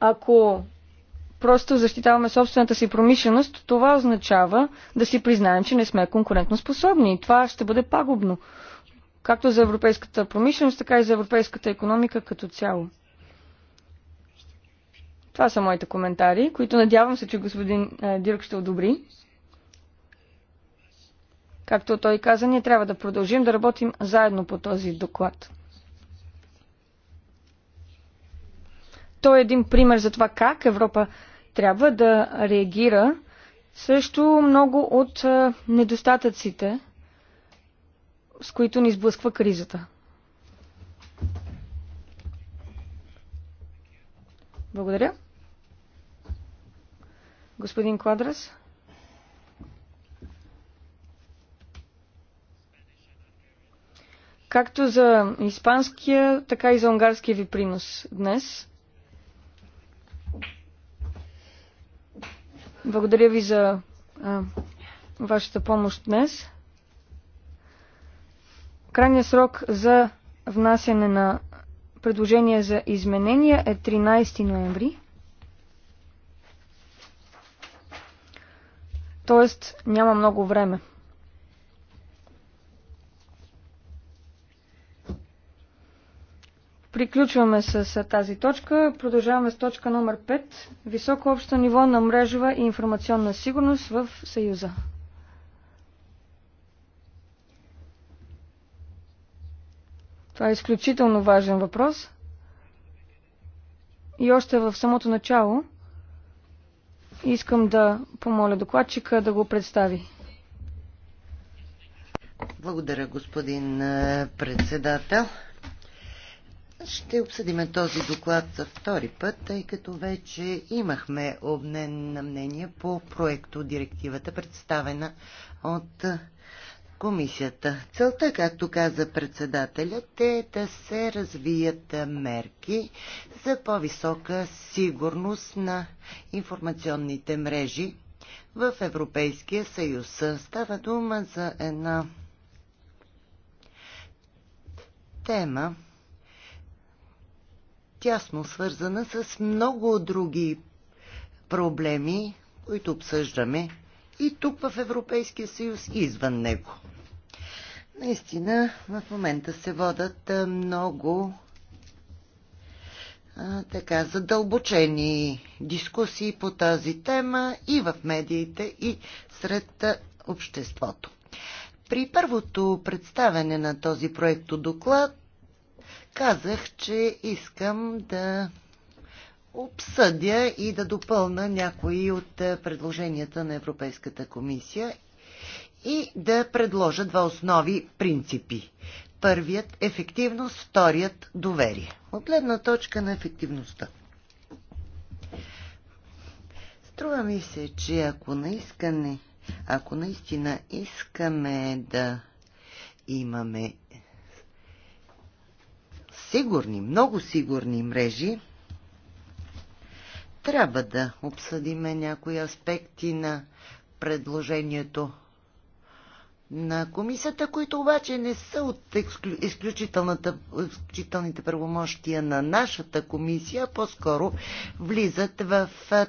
ако просто защитаваме собствената си промишленост, това означава да си признаем, че не сме конкурентно способни. И това ще бъде пагубно както за европейската промишленост, така и за европейската економика като цяло. Това са моите коментари, които надявам се, че господин е, Дирк ще одобри. Както той каза, ние трябва да продължим да работим заедно по този доклад. Той е един пример за това как Европа трябва да реагира също много от е, недостатъците с които ни сблъсква кризата. Благодаря. Господин Квадрас. Както за испанския, така и за унгарския ви принос днес. Благодаря ви за а, вашата помощ днес. Крайният срок за внасяне на предложения за изменения е 13 ноември. Тоест няма много време. Приключваме с тази точка. Продължаваме с точка номер 5. Високо общо ниво на мрежова и информационна сигурност в Съюза. Това е изключително важен въпрос. И още в самото начало искам да помоля докладчика да го представи. Благодаря, господин председател. Ще обсъдиме този доклад за втори път, тъй като вече имахме обмен на мнение по проекто директивата, представена от комисията. Целта, както каза председателят, е да се развият мерки за по-висока сигурност на информационните мрежи в Европейския съюз. Става дума за една тема, тясно свързана с много други проблеми, които обсъждаме и тук в Европейския съюз и извън него. Наистина, в момента се водат много така задълбочени дискусии по тази тема и в медиите, и сред обществото. При първото представяне на този проект доклад казах, че искам да обсъдя и да допълна някои от е, предложенията на Европейската комисия и да предложа два основи принципи. Първият – ефективност, вторият – доверие. От гледна точка на ефективността. Струва ми се, че ако наискане, ако наистина искаме да имаме сигурни, много сигурни мрежи, трябва да обсъдиме някои аспекти на предложението на комисията, които обаче не са от изключителните правомощия на нашата комисия, по-скоро влизат в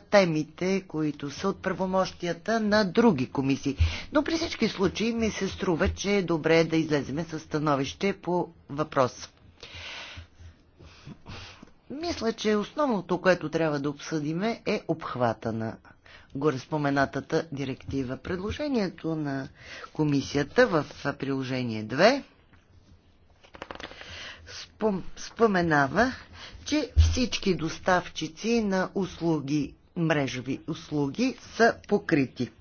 темите, които са от правомощията на други комисии. Но при всички случаи ми се струва, че е добре да излеземе със становище по въпроса. Мисля, че основното, което трябва да обсъдиме е обхвата на гореспоменатата директива. Предложението на комисията в приложение 2 споменава, че всички доставчици на услуги, мрежови услуги са покрити.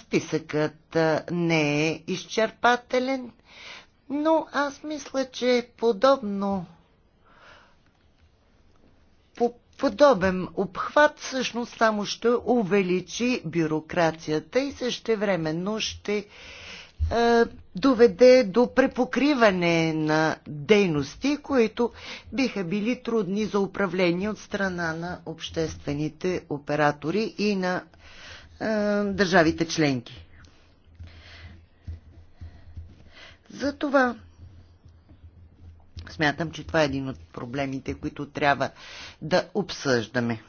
списъкът не е изчерпателен, но аз мисля, че подобно по подобен обхват всъщност само ще увеличи бюрокрацията и същевременно ще е, доведе до препокриване на дейности, които биха били трудни за управление от страна на обществените оператори и на е, държавите членки. Затова смятам, че това е един от проблемите, които трябва да обсъждаме.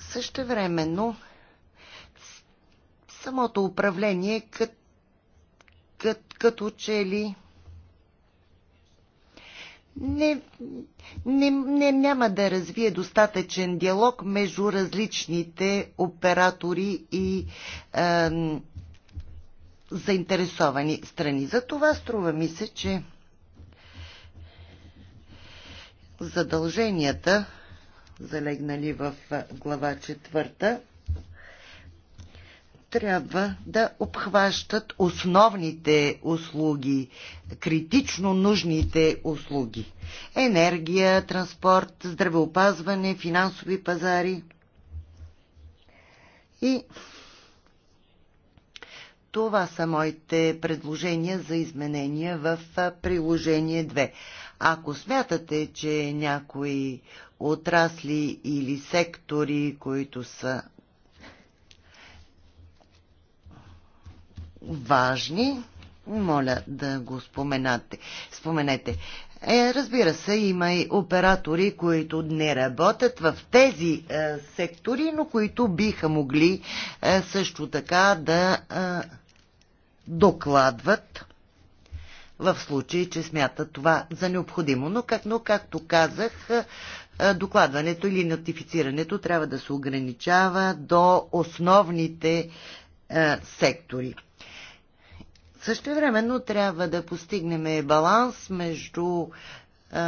Същевременно, самото управление кът, кът, като че ли не, не, не, няма да развие достатъчен диалог между различните оператори и е, заинтересовани страни. За това струва ми се, че задълженията, залегнали в глава четвърта, трябва да обхващат основните услуги, критично нужните услуги. Енергия, транспорт, здравеопазване, финансови пазари. И това са моите предложения за изменения в приложение 2. Ако смятате, че някои отрасли или сектори, които са важни, моля да го споменате. Споменете. Е, разбира се, има и оператори, които не работят в тези е, сектори, но които биха могли е, също така да. Е, докладват в случай, че смятат това за необходимо. Но, как, но както казах, докладването или нотифицирането трябва да се ограничава до основните е, сектори. Също времено трябва да постигнем баланс между е,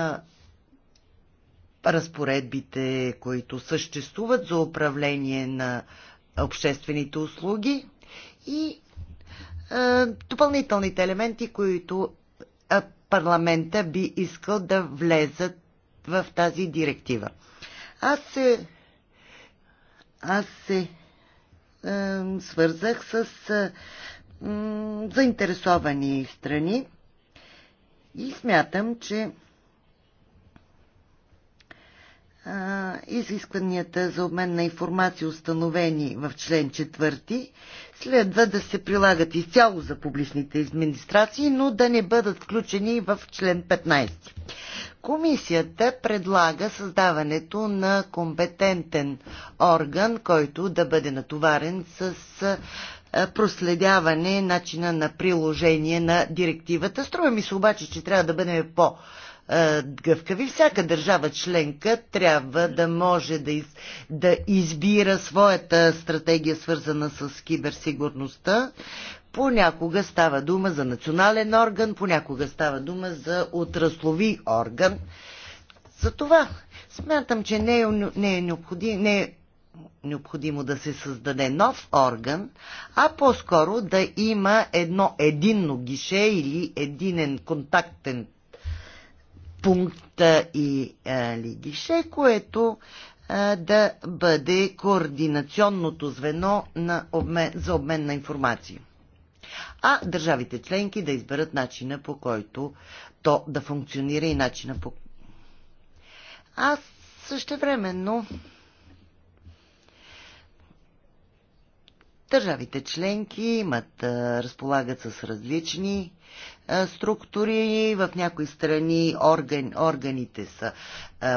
разпоредбите, които съществуват за управление на обществените услуги и е, допълнителните елементи, които е, парламента би искал да влезат в тази директива. Аз се, аз се е, свързах с е, м, заинтересовани страни и смятам, че е, изискванията за обмен на информация, установени в член 4, следва да се прилагат изцяло за публичните администрации, но да не бъдат включени в член 15. Комисията предлага създаването на компетентен орган, който да бъде натоварен с проследяване начина на приложение на директивата. Струва ми се обаче, че трябва да бъдем по- е, гъвкави. Всяка държава членка трябва да може да, из, да избира своята стратегия, свързана с киберсигурността. Понякога става дума за национален орган, понякога става дума за отраслови орган. Затова смятам, че не е, не е, необходим, не е необходимо да се създаде нов орган, а по-скоро да има едно единно гише или единен контактен пункта и е, лигише, което е, да бъде координационното звено на обмен, за обмен на информация. А държавите членки да изберат начина по който то да функционира и начина по... Аз същевременно държавите членки имат, е, разполагат с различни структури, в някои страни орган, органите са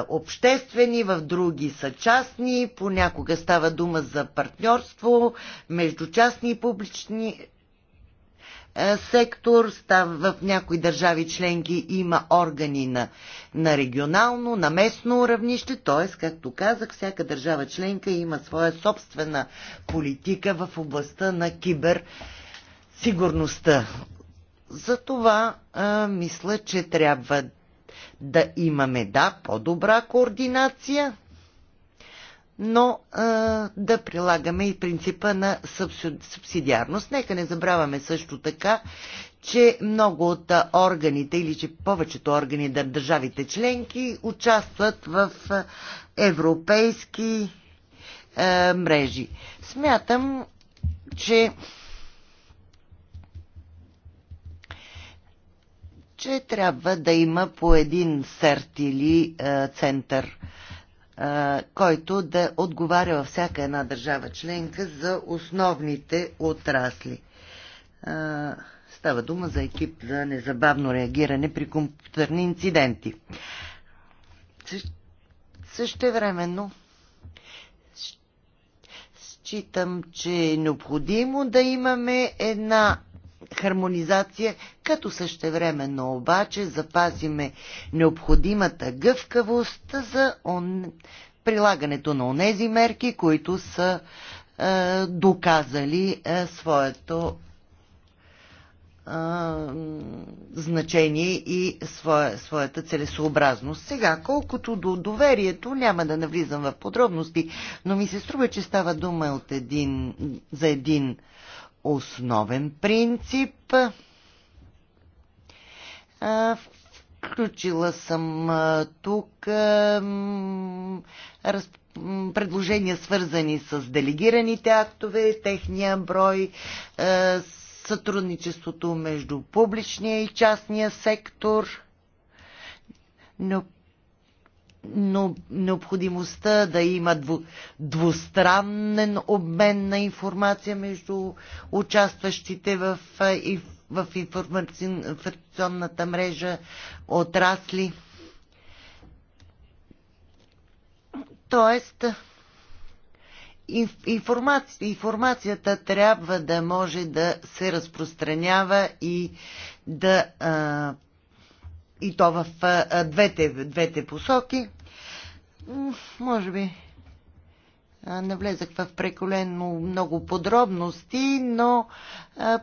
обществени, в други са частни, понякога става дума за партньорство между частни и публични сектор, в някои държави членки има органи на, на регионално, на местно равнище, т.е. както казах, всяка държава членка има своя собствена политика в областта на киберсигурността това а, мисля, че трябва да имаме, да, по-добра координация, но а, да прилагаме и принципа на субсидиарност. Нека не забравяме също така, че много от органите или че повечето органи на държавите членки участват в европейски а, мрежи. Смятам, че че трябва да има по един серт или е, център, е, който да отговаря във всяка една държава членка за основните отрасли. Е, става дума за екип за незабавно реагиране при компютърни инциденти. Същевременно считам, че е необходимо да имаме една хармонизация, като същевременно обаче запазиме необходимата гъвкавост за он... прилагането на онези мерки, които са е, доказали е, своето е, значение и своя, своята целесообразност. Сега, колкото до доверието, няма да навлизам в подробности, но ми се струва, че става дума от един, за един основен принцип. Включила съм тук предложения свързани с делегираните актове, техния брой, сътрудничеството между публичния и частния сектор, но но необходимостта да има дву, двустранен обмен на информация между участващите в, в, в информационната мрежа отрасли. Тоест, информацията, информацията трябва да може да се разпространява и да а, и то в двете, двете посоки. Може би не влезах в преколено много подробности, но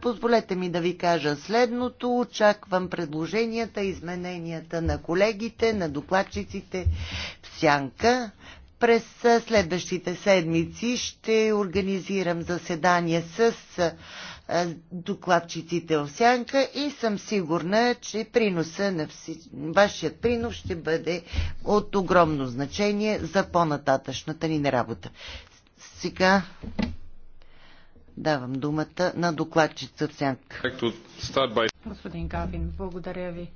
позволете ми да ви кажа следното. Очаквам предложенията, измененията на колегите, на докладчиците в Сянка. През следващите седмици ще организирам заседание с е, докладчиците в сянка и съм сигурна, че приноса на вси... вашият принос ще бъде от огромно значение за по-нататъчната ни работа. Сега давам думата на докладчица в сянка. Господин Гавин, благодаря ви.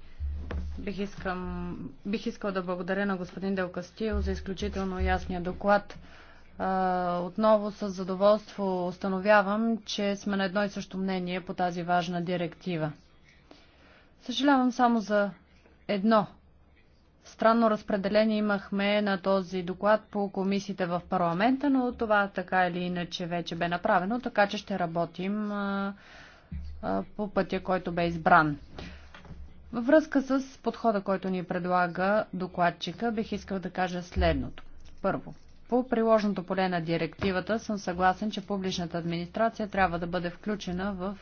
Бих, искам, бих искал да благодаря на господин Делкастил за изключително ясния доклад. Отново с задоволство установявам, че сме на едно и също мнение по тази важна директива. Съжалявам само за едно. Странно разпределение имахме на този доклад по комисиите в парламента, но това така или иначе вече бе направено, така че ще работим по пътя, който бе избран. Във връзка с подхода, който ни предлага докладчика, бих искал да кажа следното. Първо, по приложното поле на директивата съм съгласен, че публичната администрация трябва да бъде включена в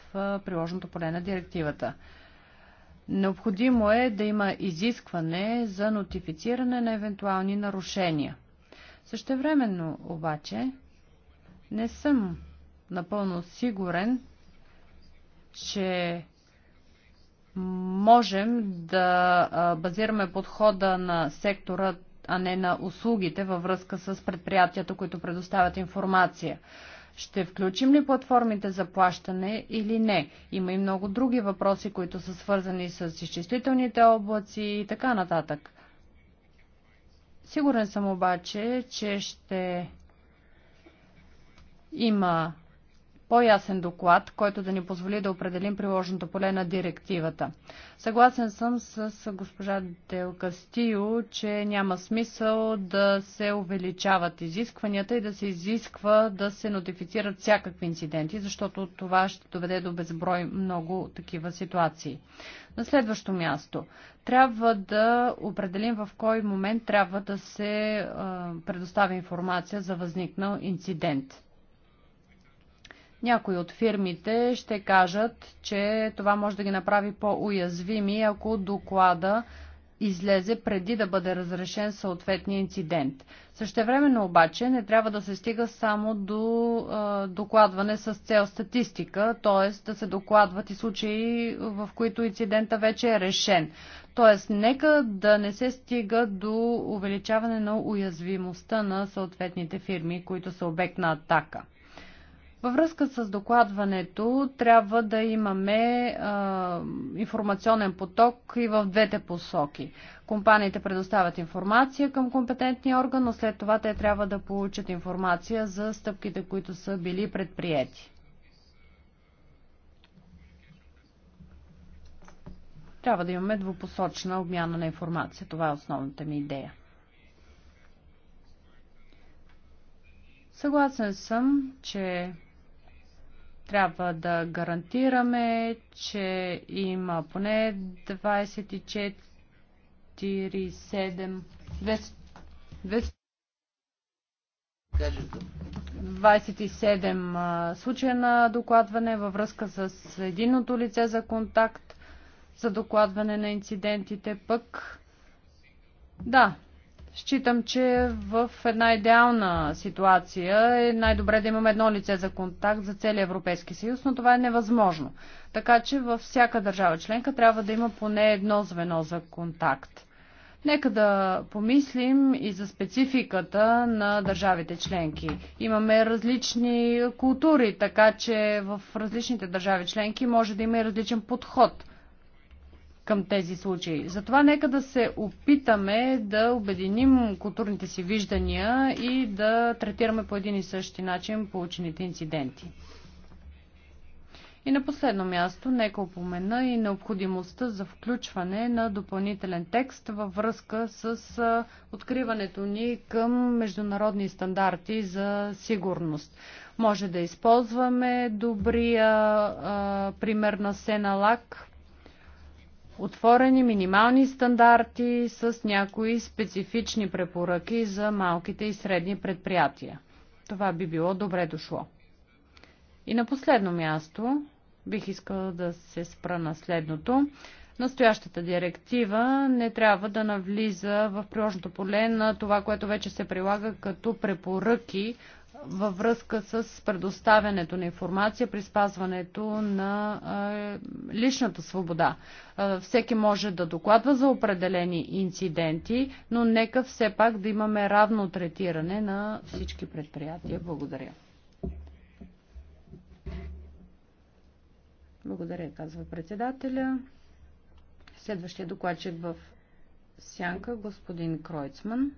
приложното поле на директивата. Необходимо е да има изискване за нотифициране на евентуални нарушения. Същевременно обаче не съм напълно сигурен, че можем да базираме подхода на сектора а не на услугите във връзка с предприятията, които предоставят информация. Ще включим ли платформите за плащане или не? Има и много други въпроси, които са свързани с изчислителните облаци и така нататък. Сигурен съм обаче, че ще има по-ясен доклад, който да ни позволи да определим приложното поле на директивата. Съгласен съм с госпожа Дел Кастио, че няма смисъл да се увеличават изискванията и да се изисква да се нотифицират всякакви инциденти, защото това ще доведе до безброй много такива ситуации. На следващо място, трябва да определим в кой момент трябва да се предостави информация за възникнал инцидент. Някои от фирмите ще кажат, че това може да ги направи по-уязвими, ако доклада излезе преди да бъде разрешен съответния инцидент. Същевременно обаче не трябва да се стига само до е, докладване с цел статистика, т.е. да се докладват и случаи, в които инцидента вече е решен. Т.е. нека да не се стига до увеличаване на уязвимостта на съответните фирми, които са обект на атака. Във връзка с докладването трябва да имаме а, информационен поток и в двете посоки. Компаниите предоставят информация към компетентния орган, но след това те трябва да получат информация за стъпките, които са били предприяти. Трябва да имаме двупосочна обмяна на информация. Това е основната ми идея. Съгласен съм, че трябва да гарантираме, че има поне 24 27 случая на докладване във връзка с единото лице за контакт за докладване на инцидентите. Пък, да, Считам, че в една идеална ситуация е най-добре да имаме едно лице за контакт за целия Европейски съюз, но това е невъзможно. Така че във всяка държава членка трябва да има поне едно звено за контакт. Нека да помислим и за спецификата на държавите членки. Имаме различни култури, така че в различните държави членки може да има и различен подход към тези случаи. Затова нека да се опитаме да обединим културните си виждания и да третираме по един и същи начин получените инциденти. И на последно място, нека упомена и необходимостта за включване на допълнителен текст във връзка с откриването ни към международни стандарти за сигурност. Може да използваме добрия а, пример на Сена Лак отворени минимални стандарти с някои специфични препоръки за малките и средни предприятия. Това би било добре дошло. И на последно място бих искала да се спра на следното. Настоящата директива не трябва да навлиза в приложното поле на това, което вече се прилага като препоръки във връзка с предоставянето на информация при спазването на личната свобода. Всеки може да докладва за определени инциденти, но нека все пак да имаме равно третиране на всички предприятия. Благодаря. Благодаря, казва председателя. Следващия докладчик в Сянка, господин Кройцман.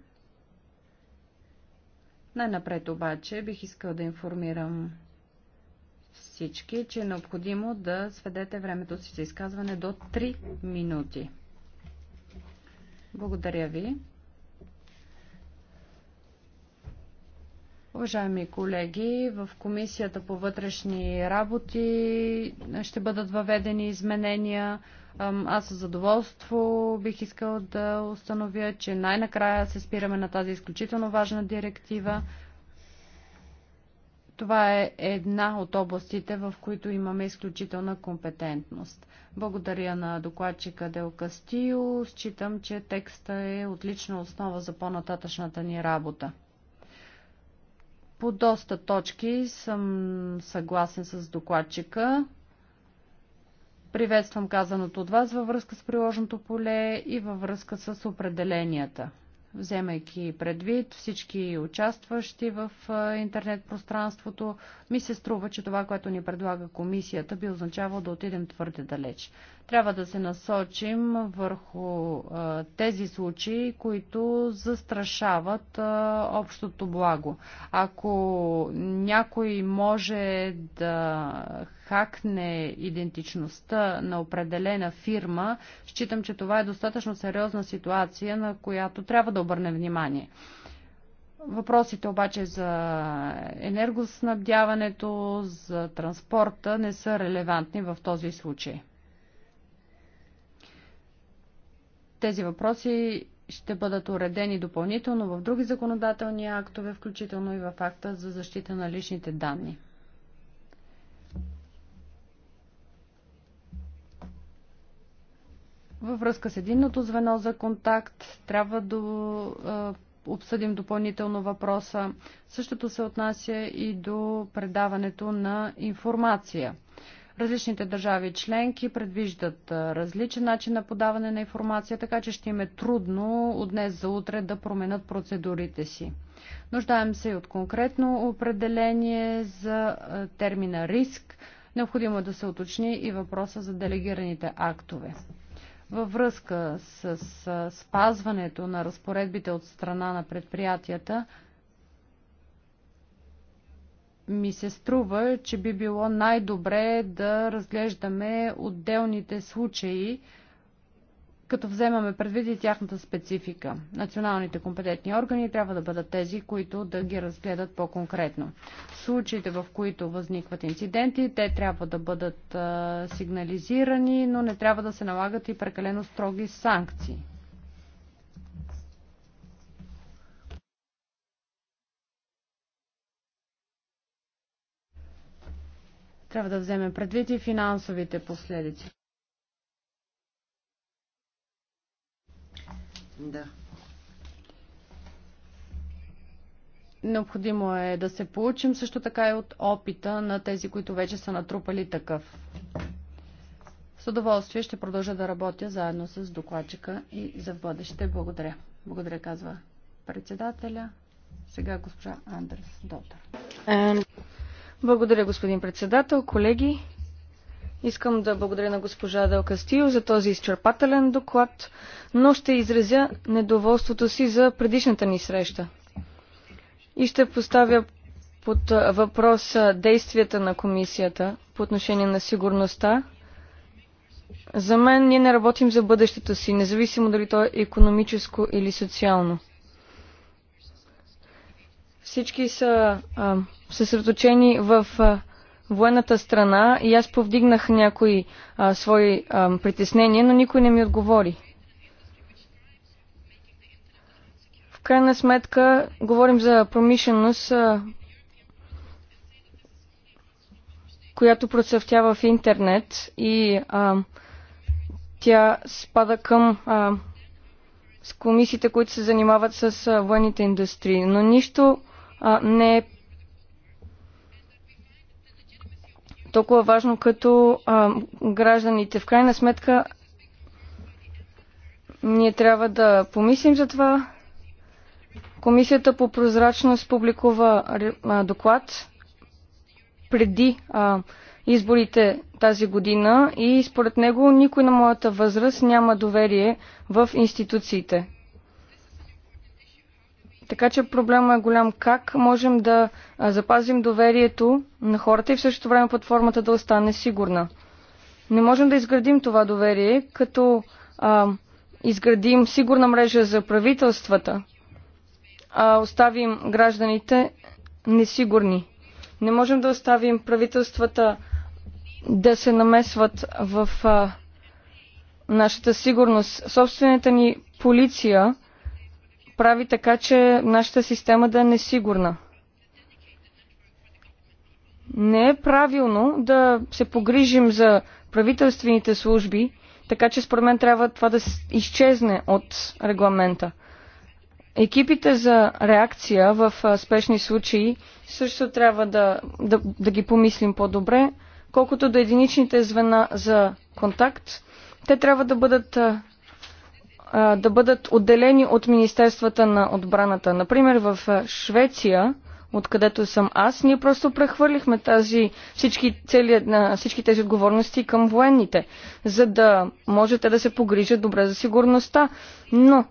Най-напред обаче бих искал да информирам всички, че е необходимо да сведете времето си за изказване до 3 минути. Благодаря ви. Уважаеми колеги, в Комисията по вътрешни работи ще бъдат въведени изменения. Аз с задоволство бих искал да установя, че най-накрая се спираме на тази изключително важна директива. Това е една от областите, в които имаме изключителна компетентност. Благодаря на докладчика Дел Кастио. Считам, че текста е отлична основа за по-нататъчната ни работа. По доста точки съм съгласен с докладчика. Приветствам казаното от вас във връзка с приложното поле и във връзка с определенията. Вземайки предвид всички участващи в интернет пространството, ми се струва, че това, което ни предлага комисията, би означавало да отидем твърде далеч. Трябва да се насочим върху тези случаи, които застрашават общото благо. Ако някой може да хакне идентичността на определена фирма, считам, че това е достатъчно сериозна ситуация, на която трябва да обърнем внимание. Въпросите обаче за енергоснабдяването, за транспорта не са релевантни в този случай. Тези въпроси ще бъдат уредени допълнително в други законодателни актове, включително и в акта за защита на личните данни. Във връзка с единното звено за контакт трябва да е, обсъдим допълнително въпроса. Същото се отнася и до предаването на информация – Различните държави членки предвиждат различен начин на подаване на информация, така че ще им е трудно от днес за утре да променят процедурите си. Нуждаем се и от конкретно определение за термина риск. Необходимо е да се уточни и въпроса за делегираните актове. Във връзка с спазването на разпоредбите от страна на предприятията, ми се струва, че би било най-добре да разглеждаме отделните случаи, като вземаме предвид и тяхната специфика. Националните компетентни органи трябва да бъдат тези, които да ги разгледат по-конкретно. Случаите, в които възникват инциденти, те трябва да бъдат а, сигнализирани, но не трябва да се налагат и прекалено строги санкции. Трябва да вземем предвид и финансовите последици. Да. Необходимо е да се получим също така и от опита на тези, които вече са натрупали такъв. С удоволствие ще продължа да работя заедно с докладчика и за бъдеще. Благодаря. Благодаря, казва председателя. Сега госпожа Андрес Дотър. Благодаря, господин председател. Колеги, искам да благодаря на госпожа Дел Кастио за този изчерпателен доклад, но ще изразя недоволството си за предишната ни среща. И ще поставя под въпрос действията на комисията по отношение на сигурността. За мен ние не работим за бъдещето си, независимо дали то е економическо или социално. Всички са а, съсредоточени в а, военната страна и аз повдигнах някои а, свои а, притеснения, но никой не ми отговори. В крайна сметка говорим за промишленост, а, която процъфтява в интернет и а, тя спада към а, с комисиите, които се занимават с а, военните индустрии. Но нищо не е толкова важно като а, гражданите. В крайна сметка, ние трябва да помислим за това. Комисията по прозрачност публикува а, доклад преди а, изборите тази година и според него никой на моята възраст няма доверие в институциите. Така че проблема е голям. Как можем да запазим доверието на хората и в същото време платформата да остане сигурна? Не можем да изградим това доверие, като а, изградим сигурна мрежа за правителствата, а оставим гражданите несигурни. Не можем да оставим правителствата да се намесват в а, нашата сигурност. Собствената ни полиция прави така, че нашата система да е несигурна. Не е правилно да се погрижим за правителствените служби, така че според мен трябва това да изчезне от регламента. Екипите за реакция в спешни случаи също трябва да, да, да ги помислим по-добре, колкото до единичните звена за контакт. Те трябва да бъдат да бъдат отделени от Министерствата на отбраната. Например, в Швеция, откъдето съм аз, ние просто прехвърлихме тази, всички, цели, на всички тези отговорности към военните, за да можете да се погрижат добре за сигурността. Но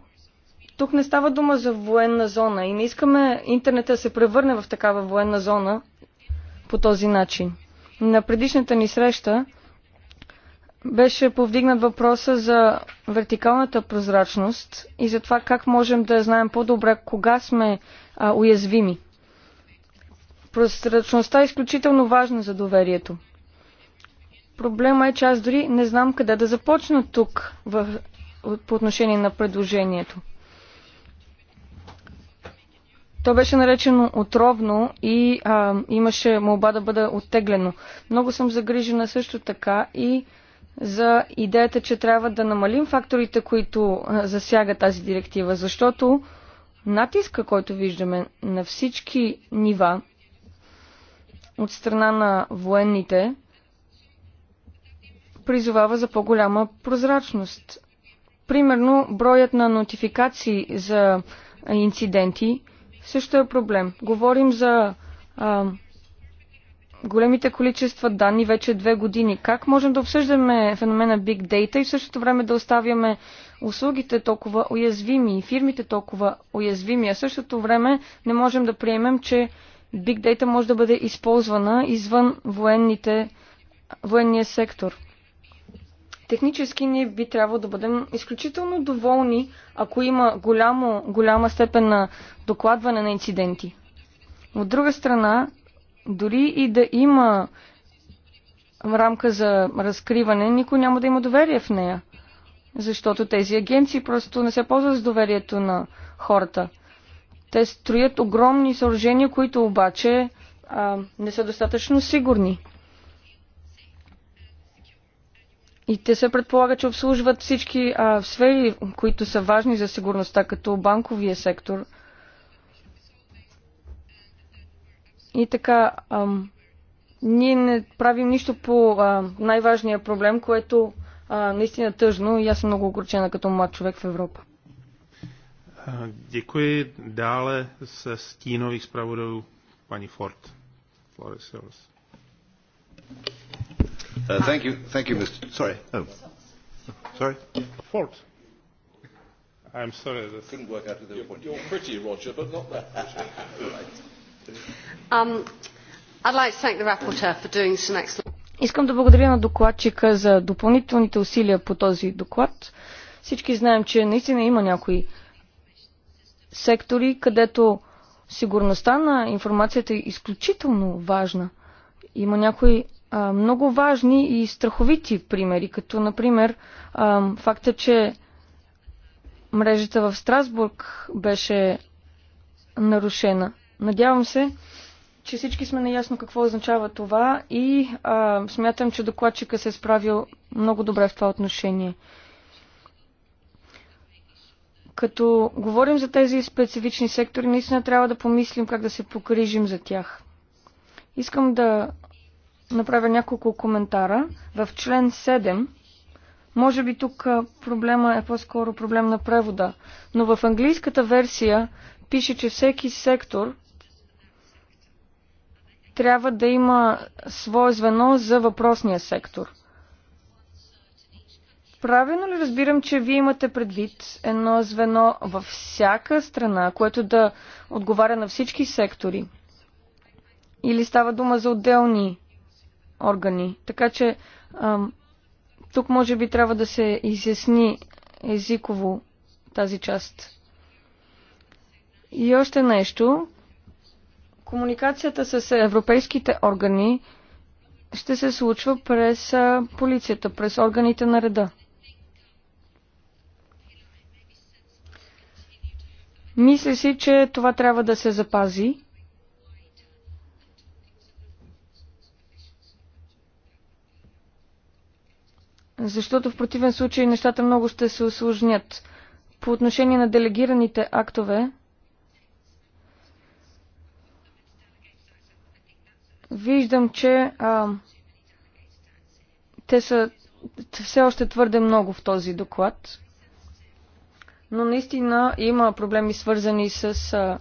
тук не става дума за военна зона и не искаме интернета да се превърне в такава военна зона по този начин. На предишната ни среща беше повдигнат въпроса за вертикалната прозрачност и за това как можем да знаем по-добре кога сме а, уязвими. Прозрачността е изключително важна за доверието. Проблема е, че аз дори не знам къде да започна тук в, по отношение на предложението. То беше наречено отровно и а, имаше молба да бъде оттеглено. Много съм загрижена също така и за идеята, че трябва да намалим факторите, които засяга тази директива, защото натиска, който виждаме на всички нива от страна на военните, призовава за по-голяма прозрачност. Примерно, броят на нотификации за инциденти също е проблем. Говорим за а, големите количества данни вече две години. Как можем да обсъждаме феномена Big Data и в същото време да оставяме услугите толкова уязвими и фирмите толкова уязвими, а в същото време не можем да приемем, че Big Data може да бъде използвана извън военните, военния сектор. Технически ние би трябвало да бъдем изключително доволни, ако има голямо, голяма степен на докладване на инциденти. От друга страна, дори и да има рамка за разкриване, никой няма да има доверие в нея. Защото тези агенции просто не се ползват с доверието на хората. Те строят огромни съоръжения, които обаче а, не са достатъчно сигурни. И те се предполага, че обслужват всички а, сфери, които са важни за сигурността, като банковия сектор – И така, ам, ние не правим нищо по най-важния проблем, което а, наистина тъжно и аз съм много огорчена като млад човек в Европа. Děkuji. Dále se stínových zpravodajů paní Ford. Flores, yours. Uh, thank you, thank you, Mr. Sorry. Oh. Sorry? Ford. I'm sorry. That... Couldn't work out who they were pointing You're pretty, Roger, but not that pretty. right. Um, Искам да благодаря на докладчика за допълнителните усилия по този доклад. Всички знаем, че наистина има някои сектори, където сигурността на информацията е изключително важна. Има някои а, много важни и страховити примери, като например а, факта, че мрежата в Страсбург беше нарушена. Надявам се, че всички сме наясно какво означава това и а, смятам, че докладчика се е справил много добре в това отношение. Като говорим за тези специфични сектори, наистина трябва да помислим как да се покрижим за тях. Искам да направя няколко коментара. В член 7, може би тук проблема е по-скоро проблем на превода, но в английската версия пише, че всеки сектор – трябва да има свое звено за въпросния сектор. Правилно ли разбирам, че вие имате предвид едно звено във всяка страна, което да отговаря на всички сектори? Или става дума за отделни органи? Така че ам, тук може би трябва да се изясни езиково тази част. И още нещо, Комуникацията с европейските органи ще се случва през полицията, през органите на реда. Мисля си, че това трябва да се запази. Защото в противен случай нещата много ще се осложнят. По отношение на делегираните актове, Виждам, че а, те са все още твърде много в този доклад, но наистина има проблеми свързани с а,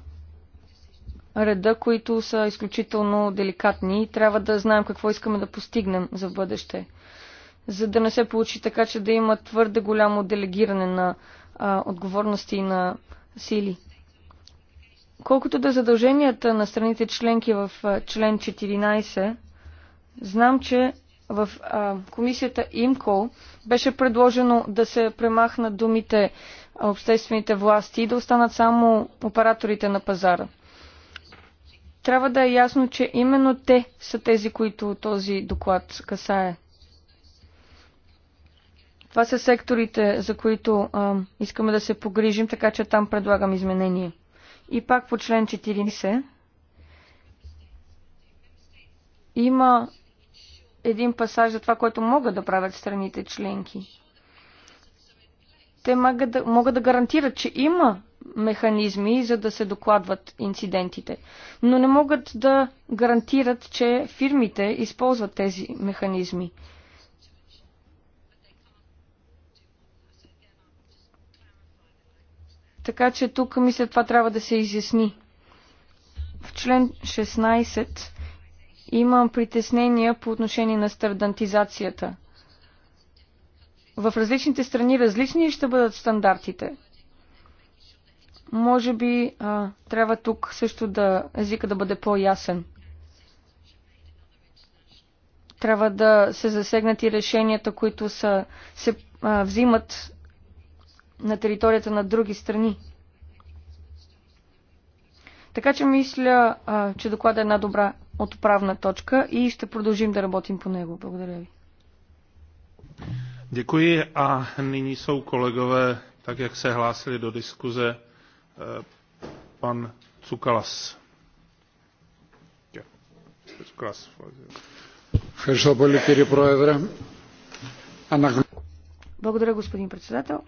реда, които са изключително деликатни и трябва да знаем какво искаме да постигнем за бъдеще, за да не се получи така, че да има твърде голямо делегиране на а, отговорности и на сили. Колкото до задълженията на страните членки в член 14, знам, че в комисията ИМКО беше предложено да се премахнат думите обществените власти и да останат само операторите на пазара. Трябва да е ясно, че именно те са тези, които този доклад касае. Това са секторите, за които а, искаме да се погрижим, така че там предлагам изменения. И пак по член 14 има един пасаж за това, което могат да правят страните членки. Те могат да, могат да гарантират, че има механизми, за да се докладват инцидентите, но не могат да гарантират, че фирмите използват тези механизми. Така че тук, мисля, това трябва да се изясни. В член 16 имам притеснения по отношение на стандартизацията. В различните страни различни ще бъдат стандартите. Може би а, трябва тук също да езика да бъде по-ясен. Трябва да се засегнат и решенията, които са, се а, взимат на територията на други страни. Така че мисля, че доклада е една добра отправна точка и ще продължим да работим по него. Благодаря ви. Děkuji a nyní jsou kolegové, tak jak se hlásili do diskuze, e, pan Cukalas. Благодаря, господин председател.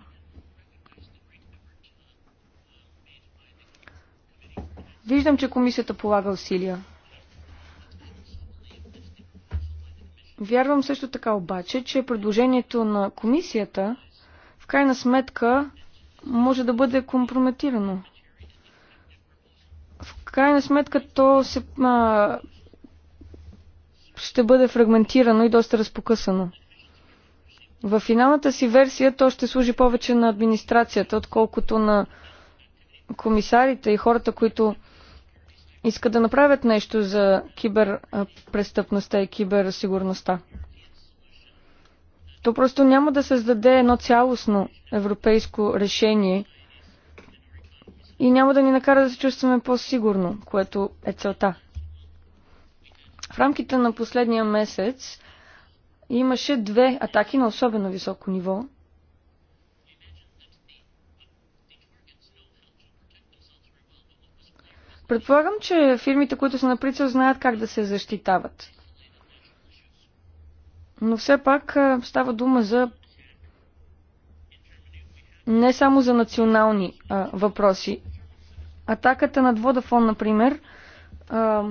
Виждам, че комисията полага усилия. Вярвам също така обаче, че предложението на комисията в крайна сметка може да бъде компрометирано. В крайна сметка то се, а, ще бъде фрагментирано и доста разпокъсано. В финалната си версия то ще служи повече на администрацията, отколкото на комисарите и хората, които искат да направят нещо за киберпрестъпността и киберсигурността. То просто няма да създаде едно цялостно европейско решение и няма да ни накара да се чувстваме по-сигурно, което е целта. В рамките на последния месец имаше две атаки на особено високо ниво – Предполагам, че фирмите, които са на прицел, знаят как да се защитават. Но все пак става дума за не само за национални а, въпроси. Атаката над Водафон, например, а,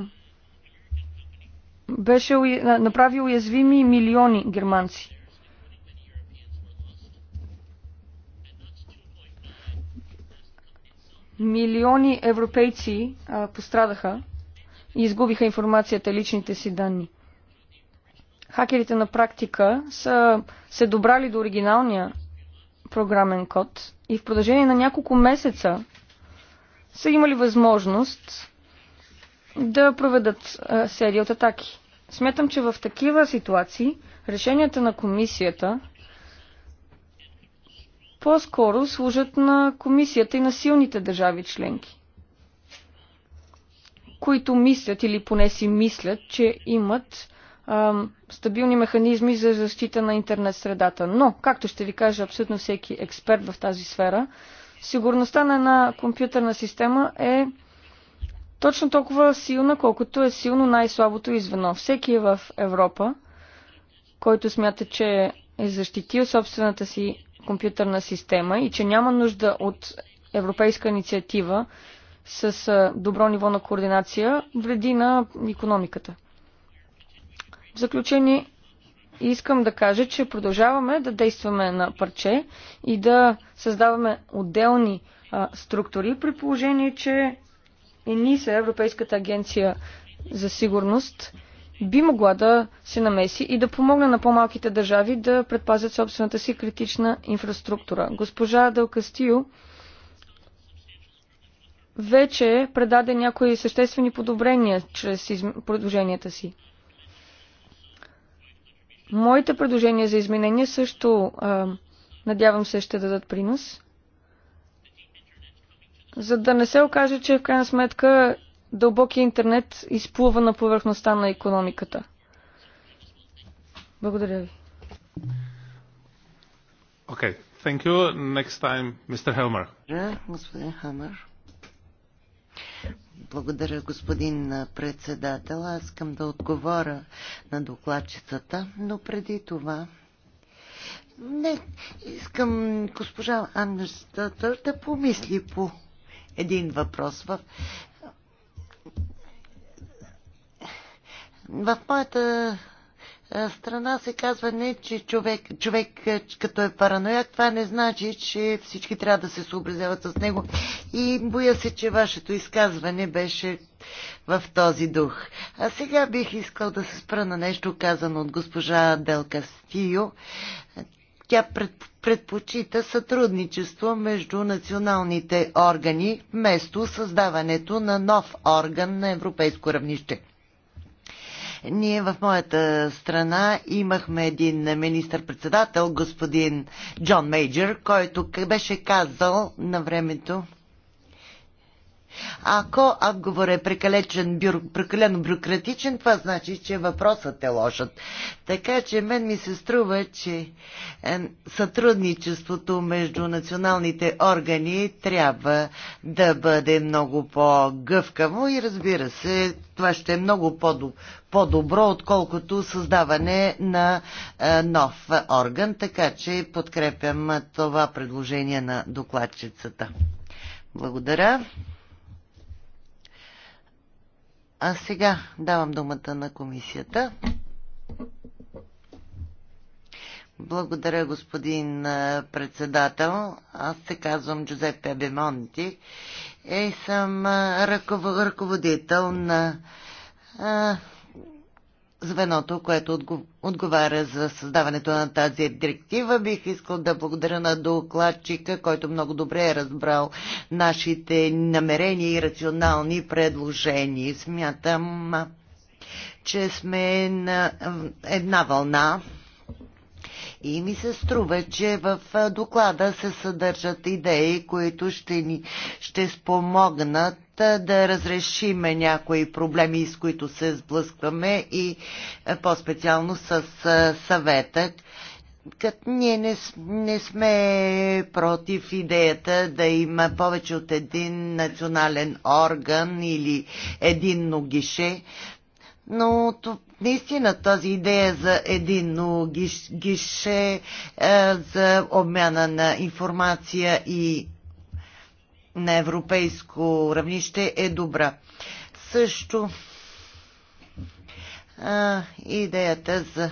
беше направи уязвими милиони германци. Милиони европейци а, пострадаха и изгубиха информацията, личните си данни. Хакерите на практика са се добрали до оригиналния програмен код и в продължение на няколко месеца са имали възможност да проведат а, серия от атаки. Смятам, че в такива ситуации решенията на комисията по-скоро служат на комисията и на силните държави членки, които мислят или поне си мислят, че имат ам, стабилни механизми за защита на интернет средата. Но, както ще ви кажа абсолютно всеки експерт в тази сфера, сигурността на една компютърна система е точно толкова силна, колкото е силно най-слабото извено. Всеки е в Европа, който смята, че е защитил собствената си компютърна система и че няма нужда от европейска инициатива с добро ниво на координация, вреди на економиката. В заключение искам да кажа, че продължаваме да действаме на парче и да създаваме отделни а, структури, при положение, че ЕНИСА, Европейската агенция за сигурност, би могла да се намеси и да помогне на по-малките държави да предпазят собствената си критична инфраструктура. Госпожа Дел Кастио вече предаде някои съществени подобрения чрез предложенията си. Моите предложения за изменения също, надявам се, ще дадат принос, за да не се окаже, че в крайна сметка дълбоки интернет изплува на повърхността на економиката. Благодаря ви. Okay, thank you. Next time, Mr. Helmer. Господин Хамер. Благодаря, господин председател. Аз искам да отговоря на докладчицата, но преди това не, искам госпожа Андерстатър да помисли по един въпрос. В В моята е, страна се казва не, че човек, човек е, като е параноя, това не значи, че всички трябва да се съобразяват с него. И боя се, че вашето изказване беше в този дух. А сега бих искал да се спра на нещо казано от госпожа Делка Стио. Тя предпочита сътрудничество между националните органи вместо създаването на нов орган на европейско равнище. Ние в моята страна имахме един министър-председател, господин Джон Мейджер, който беше казал на времето, ако отговор е прекалечен, бюр, прекалено бюрократичен, това значи, че въпросът е лошът. Така че мен ми се струва, че е, сътрудничеството между националните органи трябва да бъде много по-гъвкаво и разбира се, това ще е много по-добро, отколкото създаване на е, нов орган, така че подкрепям това предложение на докладчицата. Благодаря. А сега давам думата на комисията. Благодаря, господин председател. Аз се казвам Джузепе Бемонти и съм ръководител на звеното, което отговаря за създаването на тази директива. Бих искал да благодаря на докладчика, който много добре е разбрал нашите намерения и рационални предложения. Смятам, че сме на една вълна. И ми се струва, че в доклада се съдържат идеи, които ще ни ще спомогнат да разрешиме някои проблеми, с които се сблъскваме и е, по-специално с е, съветът. Като ние не, не сме против идеята да има повече от един национален орган или единно гише, но наистина тази идея за единно гише, е, за обмяна на информация и на европейско равнище е добра. Също а, идеята за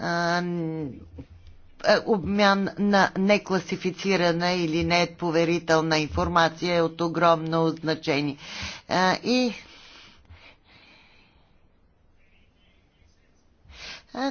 а, обмян на некласифицирана или неповерителна информация е от огромно значение. А, и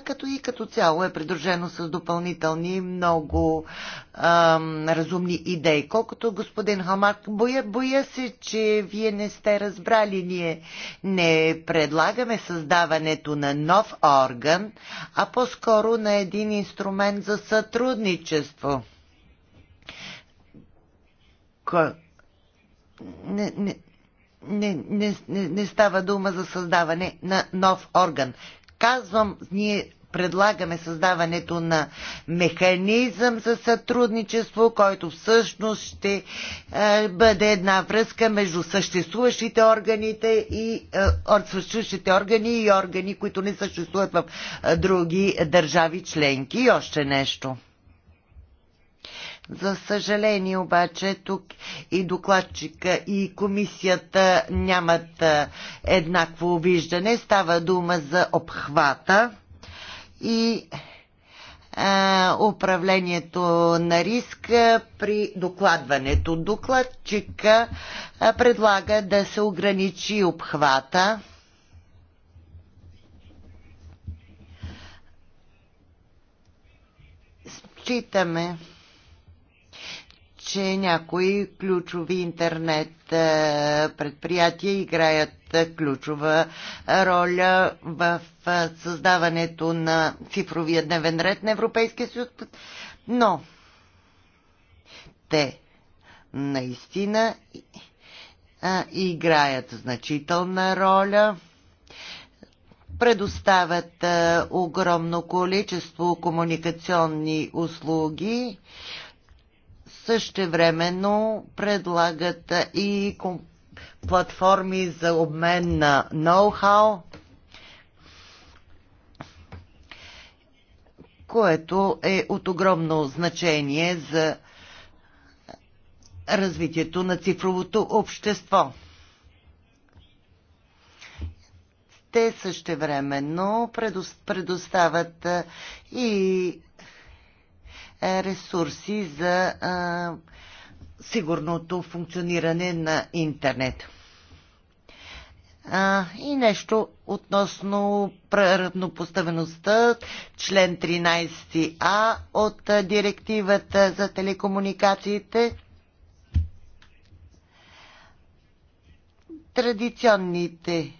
като и като цяло е придружено с допълнителни много ам, разумни идеи. Колкото господин Хамак, боя, боя се, че вие не сте разбрали. Ние не предлагаме създаването на нов орган, а по-скоро на един инструмент за сътрудничество. Кой? Не, не, не, не, не става дума за създаване на нов орган казвам, ние предлагаме създаването на механизъм за сътрудничество, който всъщност ще е, бъде една връзка между съществуващите органите и е, съществуващите органи и органи, които не съществуват в е, други държави членки. И още нещо – за съжаление обаче тук и докладчика и комисията нямат еднакво виждане. Става дума за обхвата и управлението на риск при докладването. Докладчика предлага да се ограничи обхвата. Читаме че някои ключови интернет е, предприятия играят е, ключова е, роля в създаването на цифровия дневен ред на Европейския съюз, но те наистина играят значителна роля предоставят огромно количество комуникационни услуги Същевременно предлагат и платформи за обмен на ноу-хау, което е от огромно значение за развитието на цифровото общество. Те същевременно предоставят и е, ресурси за сигурното функциониране на интернет. А, и нещо относно равнопоставеността, член 13а от директивата за телекомуникациите. Традиционните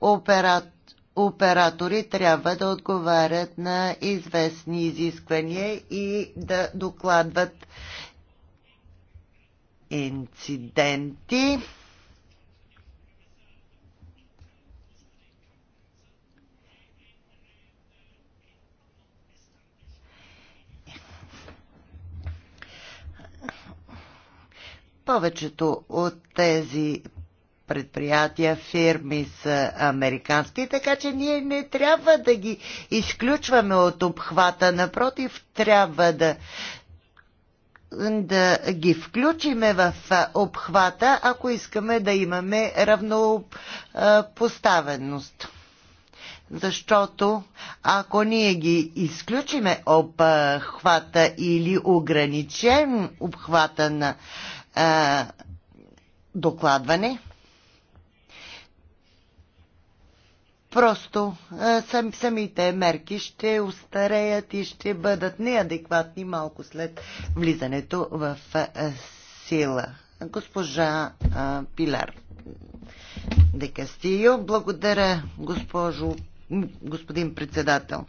оператори оператори трябва да отговарят на известни изисквания и да докладват инциденти. Повечето от тези предприятия, фирми са американски, така че ние не трябва да ги изключваме от обхвата. Напротив, трябва да, да ги включиме в обхвата, ако искаме да имаме равнопоставеност. Защото ако ние ги изключиме обхвата или ограничен обхвата на а, докладване, Просто сам, самите мерки ще устареят и ще бъдат неадекватни малко след влизането в сила. Госпожа а, Пилар Декастио, благодаря, госпожо, господин председател.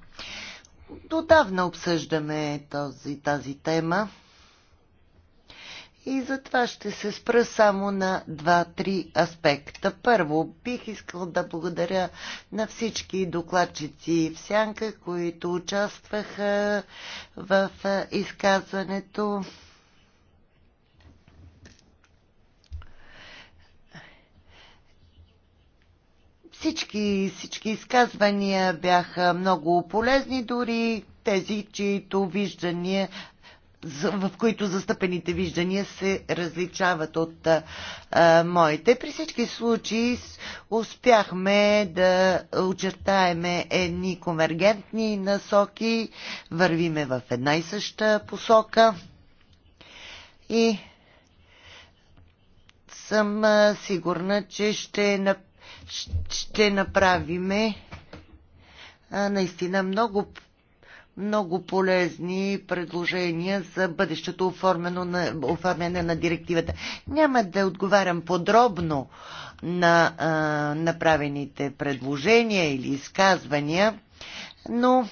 Отдавна обсъждаме този, тази тема. И затова ще се спра само на два-три аспекта. Първо, бих искал да благодаря на всички докладчици в Сянка, които участваха в изказването. Всички, всички изказвания бяха много полезни, дори тези, чието виждания в които застъпените виждания се различават от а, моите. При всички случаи успяхме да очертаеме едни конвергентни насоки, вървиме в една и съща посока и съм сигурна, че ще, ще направиме наистина много много полезни предложения за бъдещето оформяне на директивата. Няма да отговарям подробно на а, направените предложения или изказвания, но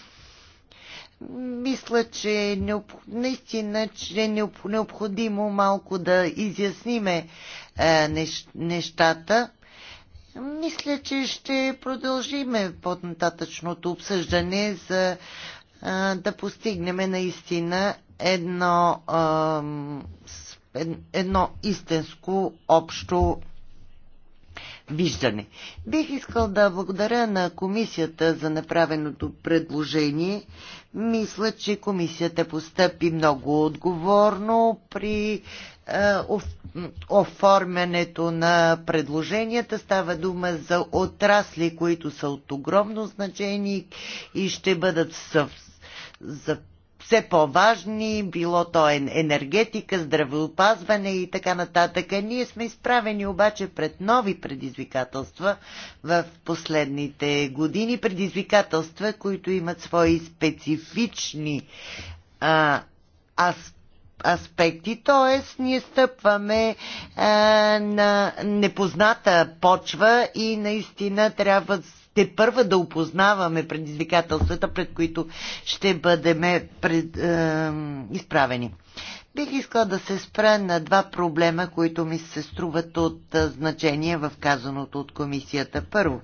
мисля, че е необ... наистина че е необ... необходимо малко да изясниме а, нещ... нещата. Мисля, че ще продължиме по-нататъчното обсъждане за да постигнем наистина едно, едно истинско общо виждане. Бих искал да благодаря на комисията за направеното предложение. Мисля, че комисията постъпи много отговорно при оформянето на предложенията. Става дума за отрасли, които са от огромно значение и ще бъдат съвсем за все по-важни, било то енергетика, здравеопазване и така нататък. Ние сме изправени обаче пред нови предизвикателства в последните години, предизвикателства, които имат свои специфични а, аспекти аспекти, т.е. ние стъпваме а, на непозната почва и наистина трябва те първа да опознаваме предизвикателствата, пред които ще бъдеме пред, е, изправени. Бих искала да се спра на два проблема, които ми се струват от е, значение в казаното от комисията. Първо,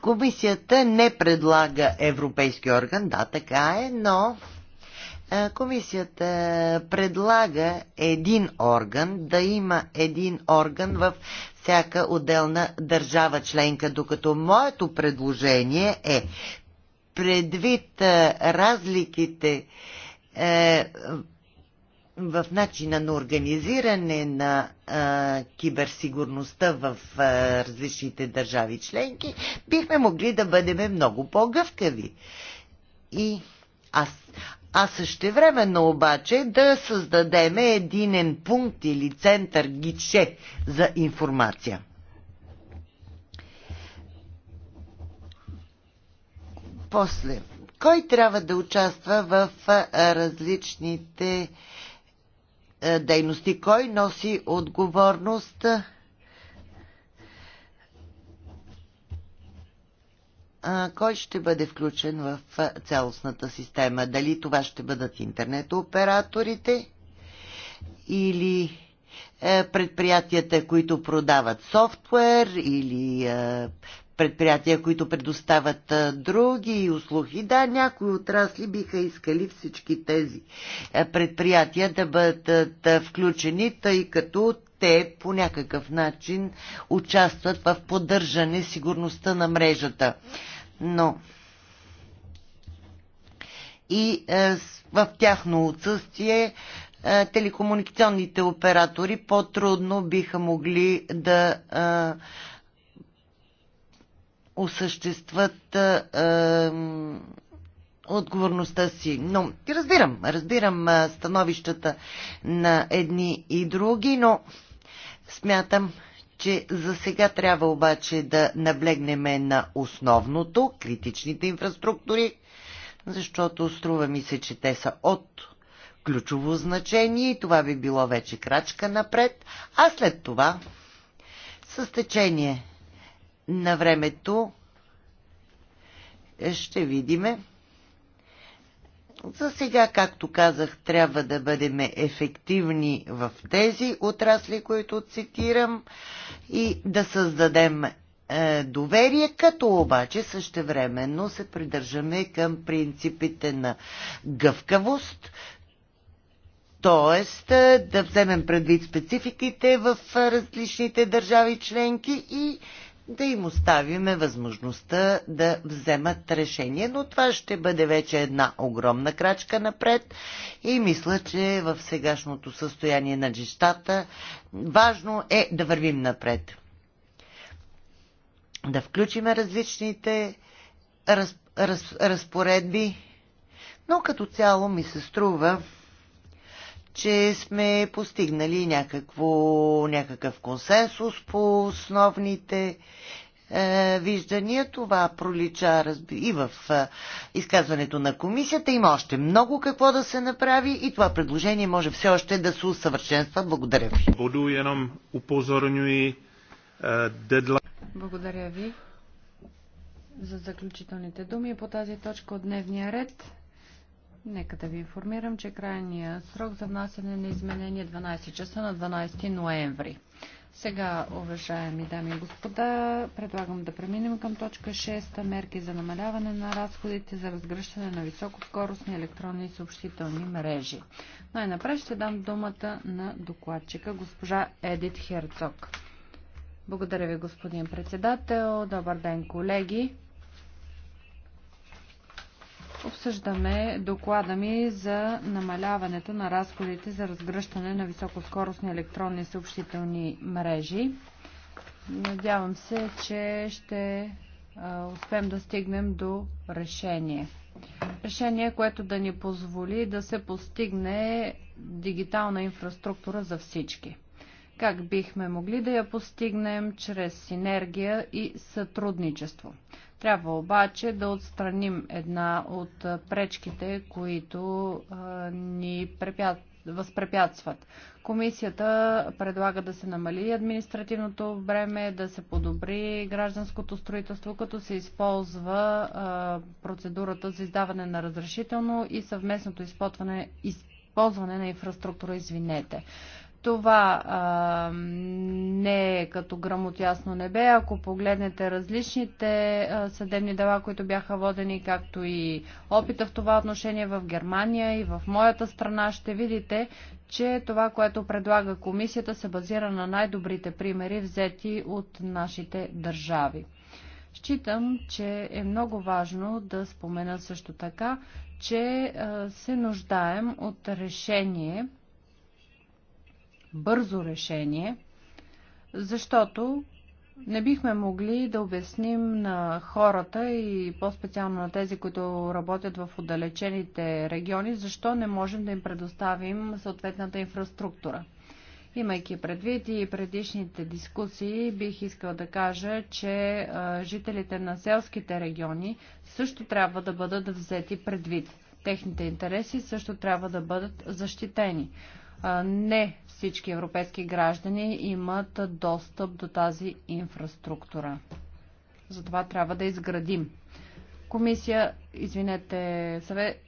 комисията не предлага европейски орган, да, така е, но е, комисията предлага един орган, да има един орган в всяка отделна държава членка, докато моето предложение е предвид е, разликите е, в начина на организиране на а, е, киберсигурността в а, е, различните държави членки, бихме могли да бъдем много по-гъвкави. И аз, а същевременно обаче да създадем единен пункт или център гиче за информация. После, кой трябва да участва в различните дейности? Кой носи отговорност? кой ще бъде включен в цялостната система? Дали това ще бъдат интернет операторите или е, предприятията, които продават софтуер или е, предприятия, които предоставят е, други услуги. Да, някои отрасли биха искали всички тези предприятия да бъдат включени, тъй като те по някакъв начин участват в поддържане сигурността на мрежата. Но и е, в тяхно отсъствие е, телекомуникационните оператори по-трудно биха могли да е, осъществят е, е отговорността си. Но разбирам, разбирам е, становищата на едни и други, но Смятам, че за сега трябва обаче да наблегнем на основното, критичните инфраструктури, защото струва ми се, че те са от ключово значение и това би било вече крачка напред, а след това с течение на времето ще видиме за сега, както казах, трябва да бъдем ефективни в тези отрасли, които цитирам, и да създадем е, доверие, като обаче същевременно се придържаме към принципите на гъвкавост, т.е. да вземем предвид спецификите в е, различните държави членки и да им оставиме възможността да вземат решение. Но това ще бъде вече една огромна крачка напред и мисля, че в сегашното състояние на нещата важно е да вървим напред. Да включиме различните раз, раз, разпоредби, но като цяло ми се струва, че сме постигнали някакво, някакъв консенсус по основните е, виждания. Това пролича разби, и в е, изказването на комисията. Има още много какво да се направи и това предложение може все още да се усъвършенства. Благодаря ви. Буду jenom upozorňuji е, Благодаря ви за заключителните думи по тази точка от дневния ред. Нека да ви информирам, че крайният срок за внасяне на изменение 12 е часа на 12 ноември. Сега, уважаеми дами и господа, предлагам да преминем към точка 6. Мерки за намаляване на разходите за разгръщане на високоскоростни електронни съобщителни мрежи. Най-напред ще дам думата на докладчика госпожа Едит Херцог. Благодаря ви, господин председател. Добър ден, колеги. Обсъждаме доклада ми за намаляването на разходите за разгръщане на високоскоростни електронни съобщителни мрежи. Надявам се, че ще успеем да стигнем до решение. Решение, което да ни позволи да се постигне дигитална инфраструктура за всички. Как бихме могли да я постигнем чрез синергия и сътрудничество? Трябва обаче да отстраним една от пречките, които а, ни възпрепятстват. Комисията предлага да се намали административното време, да се подобри гражданското строителство, като се използва а, процедурата за издаване на разрешително и съвместното използване, използване на инфраструктура, извинете. Това а, не е като грамотясно небе. Ако погледнете различните а, съдебни дела, които бяха водени, както и опита в това отношение в Германия и в моята страна, ще видите, че това, което предлага комисията, се базира на най-добрите примери, взети от нашите държави. Считам, че е много важно да спомена също така, че а, се нуждаем от решение – бързо решение, защото не бихме могли да обясним на хората и по-специално на тези, които работят в отдалечените региони, защо не можем да им предоставим съответната инфраструктура. Имайки предвид и предишните дискусии, бих искал да кажа, че жителите на селските региони също трябва да бъдат взети предвид. Техните интереси също трябва да бъдат защитени не всички европейски граждани имат достъп до тази инфраструктура. Затова трябва да изградим. Комисия, извинете, съвет...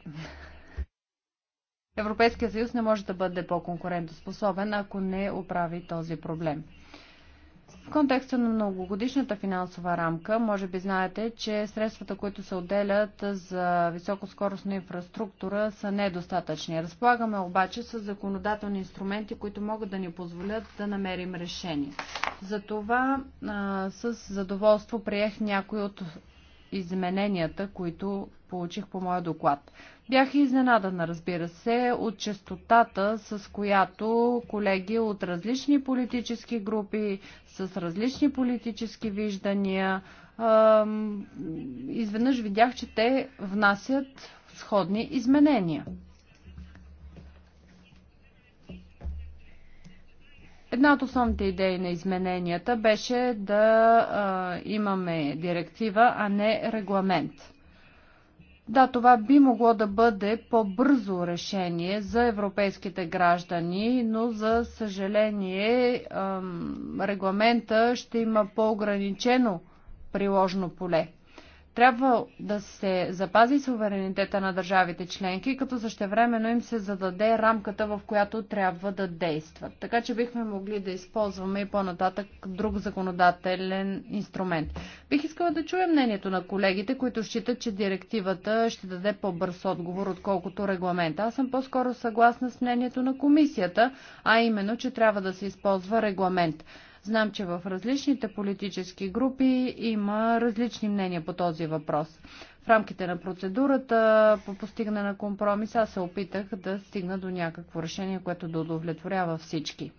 Европейския съюз не може да бъде по-конкурентоспособен, ако не оправи този проблем. В контекста на многогодишната финансова рамка, може би знаете, че средствата, които се отделят за високоскоростна инфраструктура, са недостатъчни. Разполагаме обаче с законодателни инструменти, които могат да ни позволят да намерим решение. Затова а, с задоволство приех някои от измененията, които получих по моя доклад. Бях изненадана, разбира се, от частотата, с която колеги от различни политически групи, с различни политически виждания, изведнъж видях, че те внасят сходни изменения. Една от основните идеи на измененията беше да а, имаме директива, а не регламент. Да, това би могло да бъде по-бързо решение за европейските граждани, но за съжаление регламента ще има по-ограничено приложно поле. Трябва да се запази суверенитета на държавите членки, като същевременно им се зададе рамката, в която трябва да действат. Така че бихме могли да използваме и по-нататък друг законодателен инструмент. Бих искала да чуя мнението на колегите, които считат, че директивата ще даде по-бърз отговор, отколкото регламента. Аз съм по-скоро съгласна с мнението на комисията, а именно, че трябва да се използва регламент. Знам, че в различните политически групи има различни мнения по този въпрос. В рамките на процедурата по постигане на компромис аз се опитах да стигна до някакво решение, което да удовлетворява всички.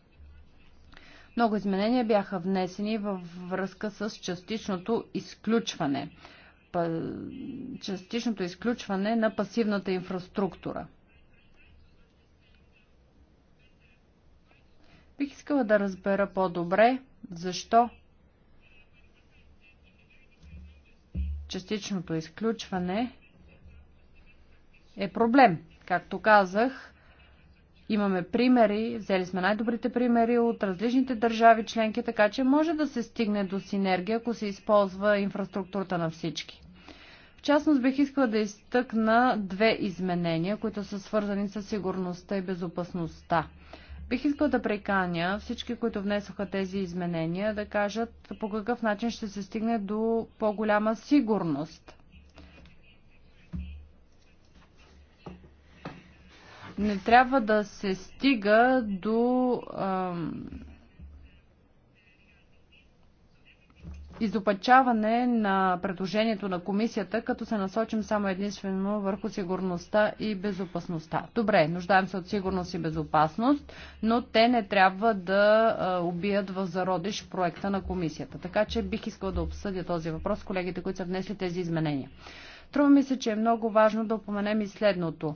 Много изменения бяха внесени във връзка с частичното изключване частичното изключване на пасивната инфраструктура. Бих искала да разбера по-добре защо частичното изключване е проблем. Както казах, имаме примери, взели сме най-добрите примери от различните държави членки, така че може да се стигне до синергия, ако се използва инфраструктурата на всички. В частност бих искала да изтъкна две изменения, които са свързани с сигурността и безопасността. Бих искал да преканя всички, които внесоха тези изменения, да кажат по какъв начин ще се стигне до по-голяма сигурност. Не трябва да се стига до. Ам изопачаване на предложението на комисията, като се насочим само единствено върху сигурността и безопасността. Добре, нуждаем се от сигурност и безопасност, но те не трябва да убият в зародиш проекта на комисията. Така че бих искал да обсъдя този въпрос с колегите, които са внесли тези изменения. Трудно ми се, че е много важно да упоменем и следното.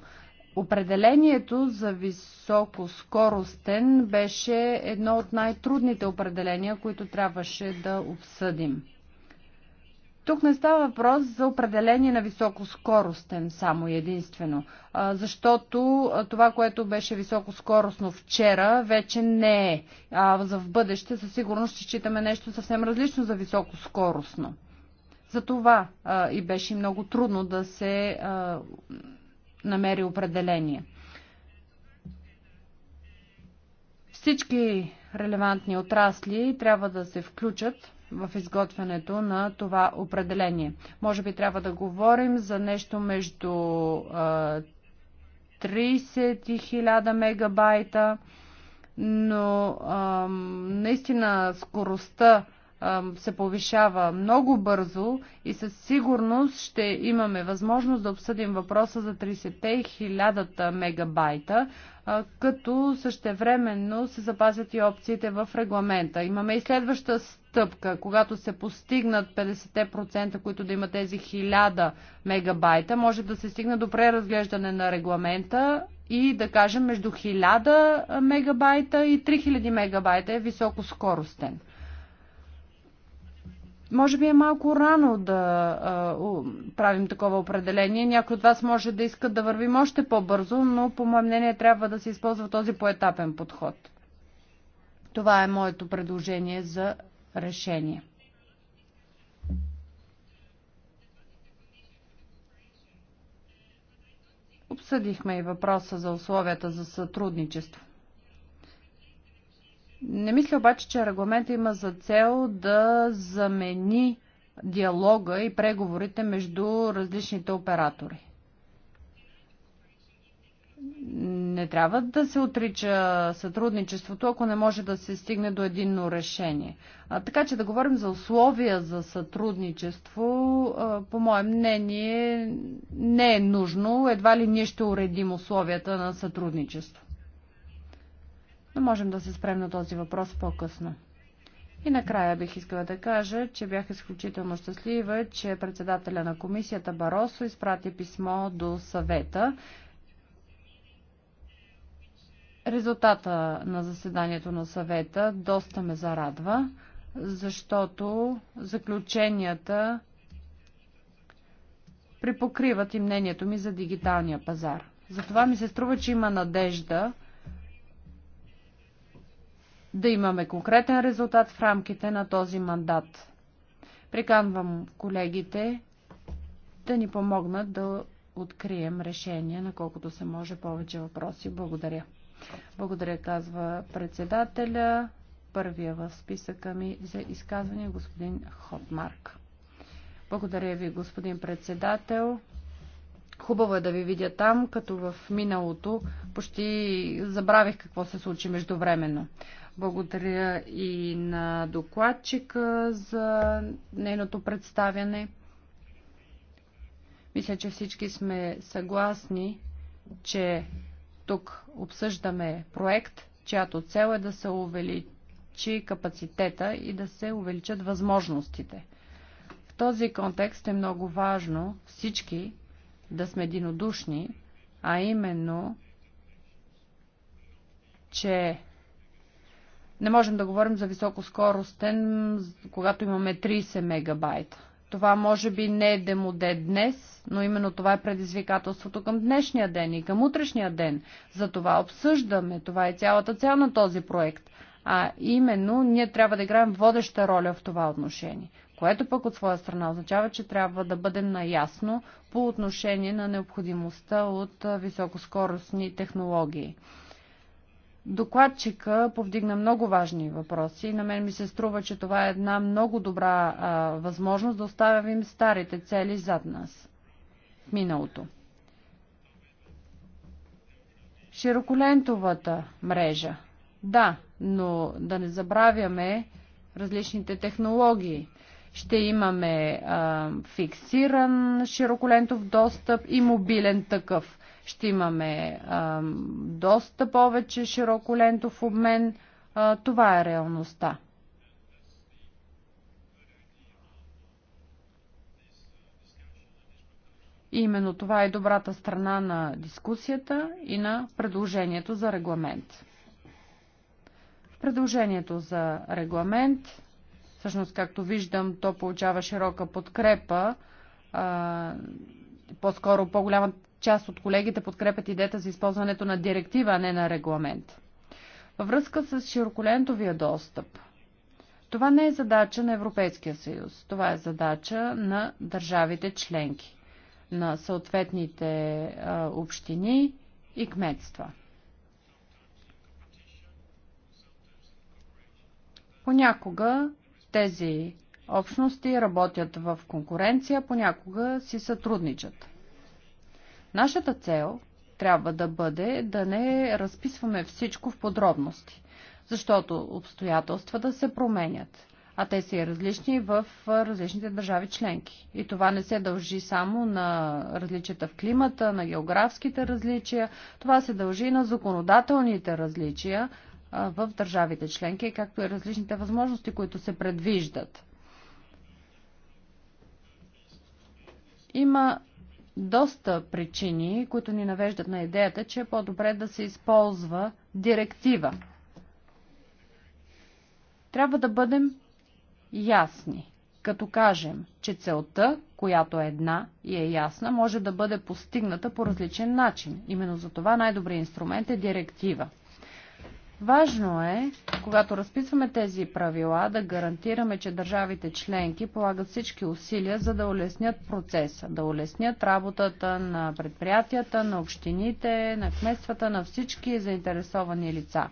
Определението за високоскоростен беше едно от най-трудните определения, които трябваше да обсъдим. Тук не става въпрос за определение на високоскоростен само единствено, защото това, което беше високоскоростно вчера, вече не е. А за в бъдеще със сигурност ще считаме нещо съвсем различно за високоскоростно. За това и беше много трудно да се намери определение. Всички релевантни отрасли трябва да се включат в изготвянето на това определение. Може би трябва да говорим за нещо между 30 и мегабайта, но наистина скоростта се повишава много бързо и със сигурност ще имаме възможност да обсъдим въпроса за 30-те и 1000 мегабайта, като същевременно се запазят и опциите в регламента. Имаме и следваща стъпка, когато се постигнат 50%, които да има тези 1000 мегабайта, може да се стигне до преразглеждане на регламента и да кажем между 1000 мегабайта и 3000 мегабайта е високоскоростен. скоростен. Може би е малко рано да а, у, правим такова определение. Някои от вас може да искат да вървим още по-бързо, но по мое мнение трябва да се използва този поетапен подход. Това е моето предложение за решение. Обсъдихме и въпроса за условията за сътрудничество. Не мисля обаче, че регламента има за цел да замени диалога и преговорите между различните оператори. Не трябва да се отрича сътрудничеството, ако не може да се стигне до единно решение. А, така че да говорим за условия за сътрудничество, а, по мое мнение, не е нужно. Едва ли ние ще уредим условията на сътрудничество но можем да се спрем на този въпрос по-късно. И накрая бих искала да кажа, че бях изключително щастлива, че председателя на комисията Баросо изпрати писмо до съвета. Резултата на заседанието на съвета доста ме зарадва, защото заключенията припокриват и мнението ми за дигиталния пазар. Затова ми се струва, че има надежда, да имаме конкретен резултат в рамките на този мандат. Приканвам колегите да ни помогнат да открием решение на колкото се може повече въпроси. Благодаря. Благодаря, казва председателя. Първия в списъка ми за изказване е господин Хотмарк. Благодаря ви, господин председател. Хубаво е да ви видя там, като в миналото почти забравих какво се случи междувременно. Благодаря и на докладчика за нейното представяне. Мисля, че всички сме съгласни, че тук обсъждаме проект, чиято цел е да се увеличи капацитета и да се увеличат възможностите. В този контекст е много важно всички да сме единодушни, а именно, че не можем да говорим за високоскоростен, когато имаме 30 мегабайта. Това може би не е демоде днес, но именно това е предизвикателството към днешния ден и към утрешния ден. За това обсъждаме, това е цялата цел на този проект. А именно ние трябва да играем водеща роля в това отношение, което пък от своя страна означава, че трябва да бъдем наясно по отношение на необходимостта от високоскоростни технологии. Докладчика повдигна много важни въпроси и на мен ми се струва, че това е една много добра а, възможност да оставим старите цели зад нас в миналото. Широколентовата мрежа. Да, но да не забравяме различните технологии. Ще имаме а, фиксиран широколентов достъп и мобилен такъв ще имаме а, доста повече широко лентов обмен. А, това е реалността. И именно това е добрата страна на дискусията и на предложението за регламент. В предложението за регламент, всъщност както виждам, то получава широка подкрепа по-скоро по голямата част от колегите подкрепят идеята за използването на директива, а не на регламент. Във връзка с широколентовия достъп, това не е задача на Европейския съюз, това е задача на държавите членки, на съответните а, общини и кметства. Понякога тези общности работят в конкуренция, понякога си сътрудничат. Нашата цел трябва да бъде да не разписваме всичко в подробности, защото обстоятелствата да се променят, а те са и различни в различните държави членки. И това не се дължи само на различията в климата, на географските различия, това се дължи и на законодателните различия в държавите членки, както и различните възможности, които се предвиждат. Има доста причини, които ни навеждат на идеята, че е по-добре да се използва директива. Трябва да бъдем ясни, като кажем, че целта, която е една и е ясна, може да бъде постигната по различен начин. Именно за това най-добрият инструмент е директива. Важно е, когато разписваме тези правила, да гарантираме, че държавите членки полагат всички усилия, за да улеснят процеса, да улеснят работата на предприятията, на общините, на кметствата, на всички заинтересовани лица.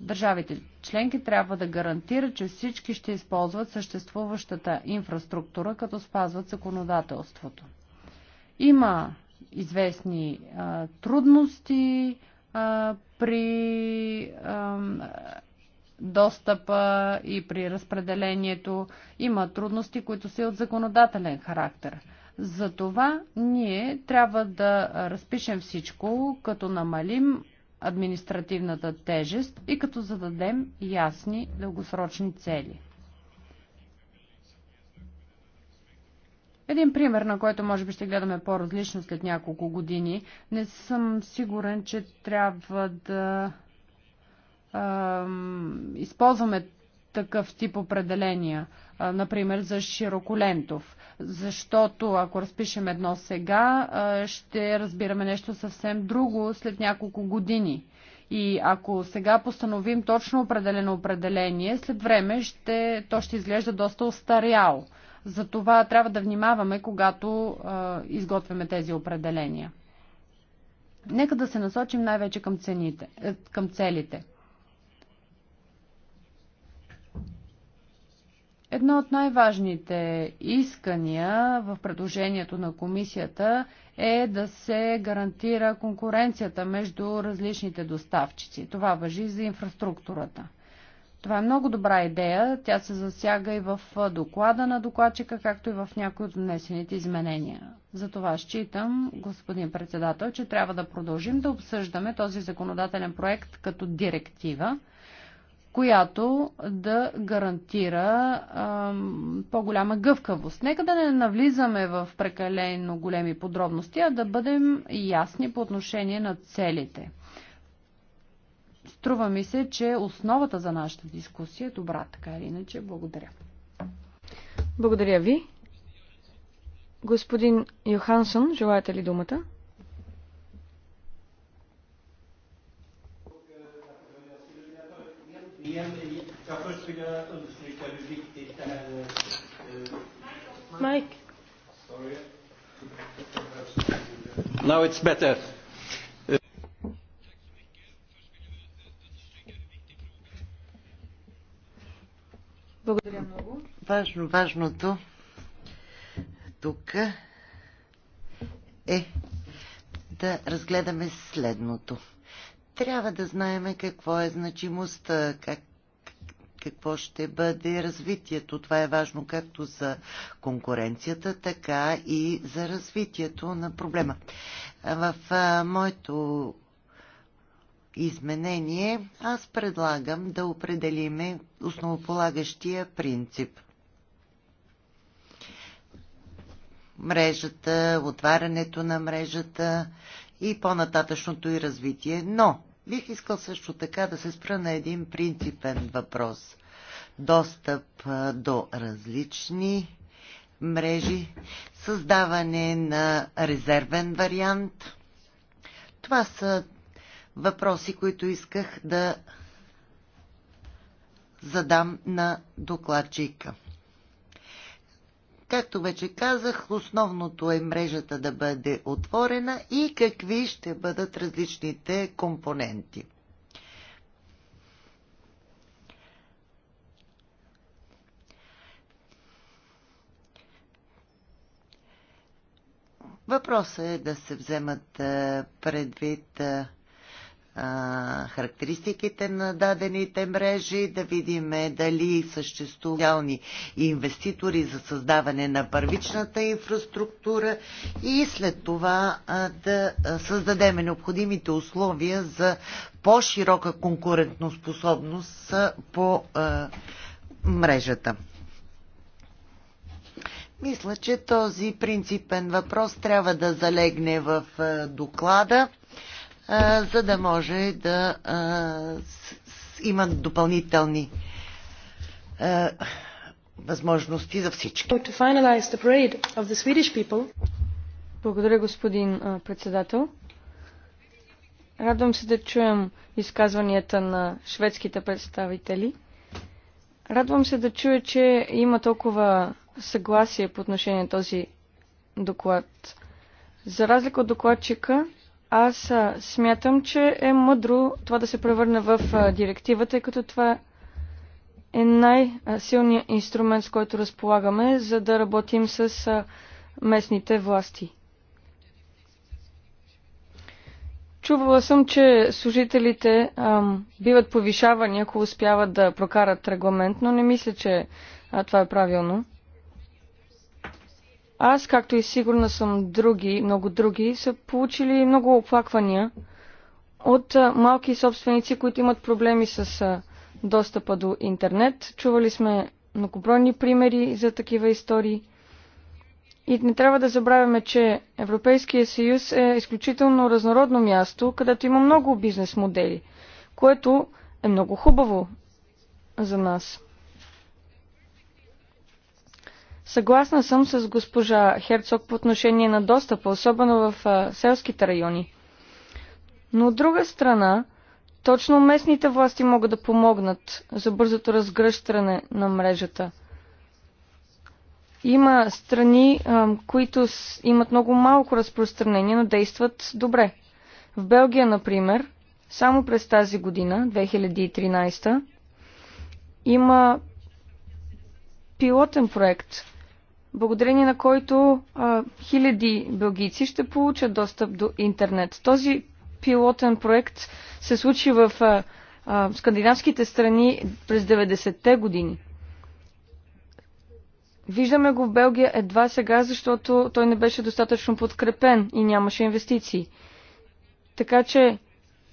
Държавите членки трябва да гарантират, че всички ще използват съществуващата инфраструктура, като спазват законодателството. Има известни а, трудности, а, при а, достъпа и при разпределението има трудности, които са и от законодателен характер. Затова ние трябва да разпишем всичко, като намалим административната тежест и като зададем ясни дългосрочни цели. Един пример, на който може би ще гледаме по-различно след няколко години. Не съм сигурен, че трябва да а, използваме такъв тип определения, а, например за широколентов. Защото ако разпишем едно сега, а, ще разбираме нещо съвсем друго след няколко години. И ако сега постановим точно определено определение, след време ще, то ще изглежда доста устаряло. Затова трябва да внимаваме, когато изготвяме тези определения. Нека да се насочим най-вече към, цените, е, към целите. Едно от най-важните искания в предложението на комисията е да се гарантира конкуренцията между различните доставчици. Това въжи за инфраструктурата. Това е много добра идея. Тя се засяга и в доклада на докладчика, както и в някои от внесените изменения. Затова считам, господин председател, че трябва да продължим да обсъждаме този законодателен проект като директива, която да гарантира по-голяма гъвкавост. Нека да не навлизаме в прекалено големи подробности, а да бъдем ясни по отношение на целите – Струва ми се, че основата за нашата дискусия е добра, така или иначе. Благодаря. Благодаря ви. Господин Йохансън, желаете ли думата? Майк. Now it's better. Важно, важното тук е да разгледаме следното. Трябва да знаеме какво е значимостта, как, какво ще бъде развитието. Това е важно както за конкуренцията, така и за развитието на проблема. В а, моето изменение аз предлагам да определиме основополагащия принцип – мрежата, отварянето на мрежата и по-нататъчното и развитие. Но бих искал също така да се спра на един принципен въпрос. Достъп до различни мрежи, създаване на резервен вариант. Това са въпроси, които исках да задам на докладчика. Както вече казах, основното е мрежата да бъде отворена и какви ще бъдат различните компоненти. Въпросът е да се вземат предвид характеристиките на дадените мрежи, да видим дали съществуват инвеститори за създаване на първичната инфраструктура и след това да създадем необходимите условия за по-широка конкурентоспособност по мрежата. Мисля, че този принципен въпрос трябва да залегне в доклада за да може да има допълнителни възможности за всички. Благодаря, господин председател. Радвам се да чуем изказванията на шведските представители. Радвам се да чуя, че има толкова съгласие по отношение на този доклад. За разлика от докладчика, аз смятам, че е мъдро това да се превърне в директива, тъй като това е най-силният инструмент, с който разполагаме, за да работим с местните власти. Чувала съм, че служителите ам, биват повишавани, ако успяват да прокарат регламент, но не мисля, че а, това е правилно. Аз, както и сигурна съм други, много други, са получили много оплаквания от малки собственици, които имат проблеми с достъпа до интернет. Чували сме многобройни примери за такива истории. И не трябва да забравяме, че Европейския съюз е изключително разнородно място, където има много бизнес модели, което е много хубаво за нас. Съгласна съм с госпожа Херцог по отношение на достъпа, особено в селските райони. Но от друга страна, точно местните власти могат да помогнат за бързото разгръщане на мрежата. Има страни, които имат много малко разпространение, но действат добре. В Белгия, например, само през тази година, 2013, има пилотен проект благодарение на който а, хиляди бългийци ще получат достъп до интернет. Този пилотен проект се случи в а, а, скандинавските страни през 90-те години. Виждаме го в Белгия едва сега, защото той не беше достатъчно подкрепен и нямаше инвестиции. Така че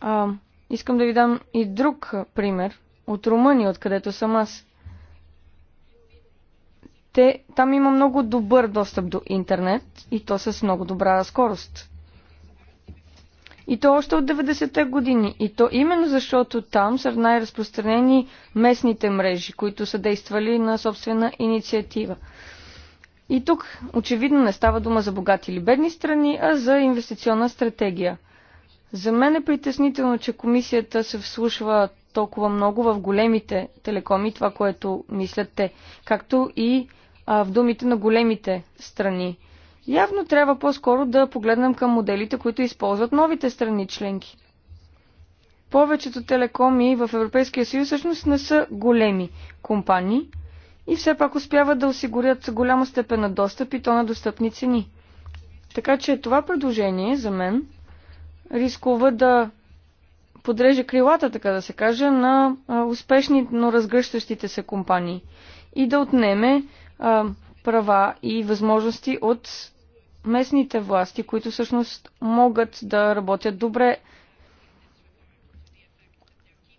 а, искам да ви дам и друг пример от Румъния, откъдето съм аз те, там има много добър достъп до интернет и то с много добра скорост. И то още от 90-те години. И то именно защото там са най-разпространени местните мрежи, които са действали на собствена инициатива. И тук очевидно не става дума за богати или бедни страни, а за инвестиционна стратегия. За мен е притеснително, че комисията се вслушва толкова много в големите телекоми, това, което мислят те, както и а, в думите на големите страни. Явно трябва по-скоро да погледнем към моделите, които използват новите страни членки. Повечето телекоми в Европейския съюз всъщност не са големи компании и все пак успяват да осигурят голяма степен на достъп и то на достъпни цени. Така че това предложение за мен рискува да подреже крилата, така да се каже, на успешни, но разгръщащите се компании и да отнеме а, права и възможности от местните власти, които всъщност могат да работят добре.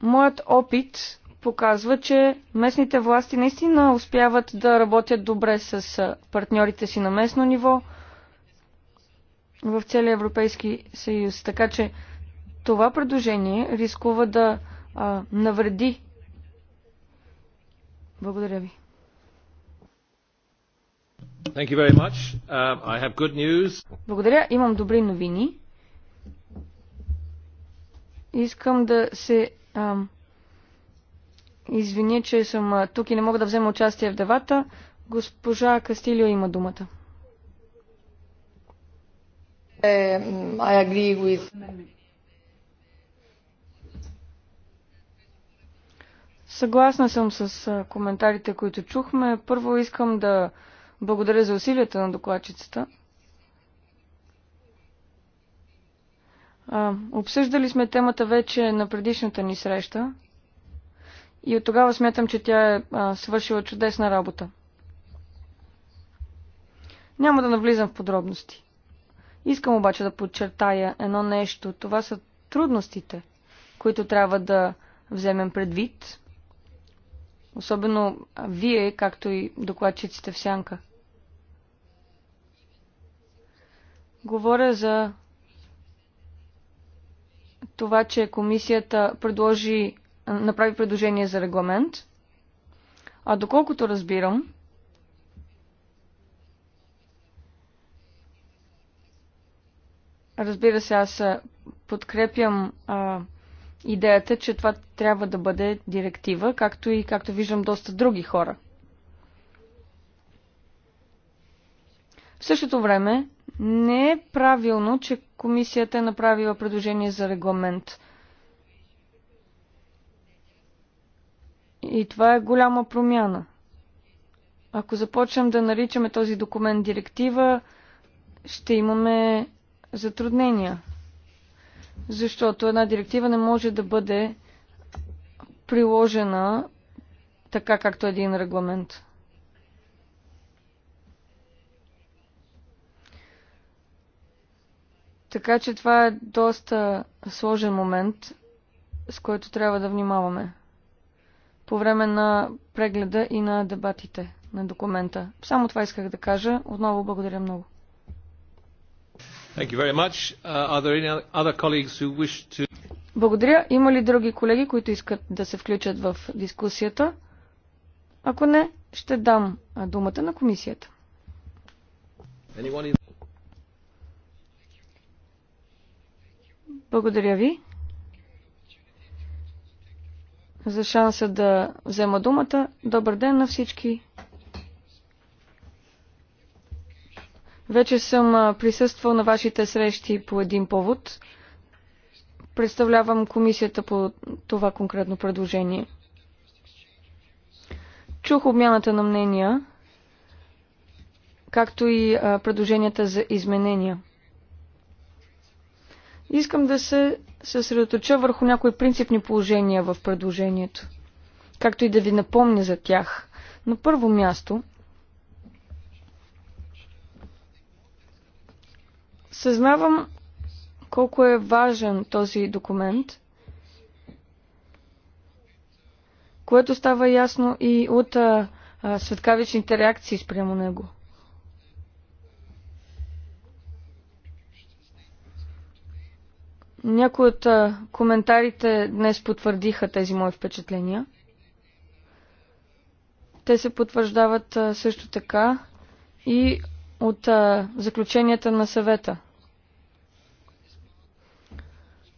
Моят опит показва, че местните власти наистина успяват да работят добре с партньорите си на местно ниво в целия Европейски съюз. Така че това предложение рискува да а, навреди. Благодаря ви. Um, Благодаря. Имам добри новини. Искам да се ам, извиня, че съм тук и не мога да взема участие в девата. Госпожа Кастилио има думата. Е, with... Съгласна съм с коментарите, които чухме. Първо искам да благодаря за усилията на докладчицата. обсъждали сме темата вече на предишната ни среща и от тогава смятам, че тя е свършила чудесна работа. Няма да навлизам в подробности. Искам обаче да подчертая едно нещо. Това са трудностите, които трябва да вземем предвид. Особено вие, както и докладчиците в сянка – Говоря за това, че комисията предложи, направи предложение за регламент. А доколкото разбирам, разбира се, аз подкрепям а, идеята, че това трябва да бъде директива, както и както виждам доста други хора. В същото време, не е правилно, че комисията е направила предложение за регламент. И това е голяма промяна. Ако започнем да наричаме този документ директива, ще имаме затруднения. Защото една директива не може да бъде приложена така, както един регламент. Така че това е доста сложен момент, с който трябва да внимаваме по време на прегледа и на дебатите на документа. Само това исках да кажа. Отново благодаря много. To... Благодаря. Има ли други колеги, които искат да се включат в дискусията? Ако не, ще дам думата на комисията. Anyone Благодаря ви за шанса да взема думата. Добър ден на всички. Вече съм присъствал на вашите срещи по един повод. Представлявам комисията по това конкретно предложение. Чух обмяната на мнения, както и предложенията за изменения. Искам да се съсредоточа върху някои принципни положения в предложението, както и да ви напомня за тях. На първо място, съзнавам колко е важен този документ, което става ясно и от а, а, светкавичните реакции спрямо него – Някои от коментарите днес потвърдиха тези мои впечатления. Те се потвърждават също така и от заключенията на съвета.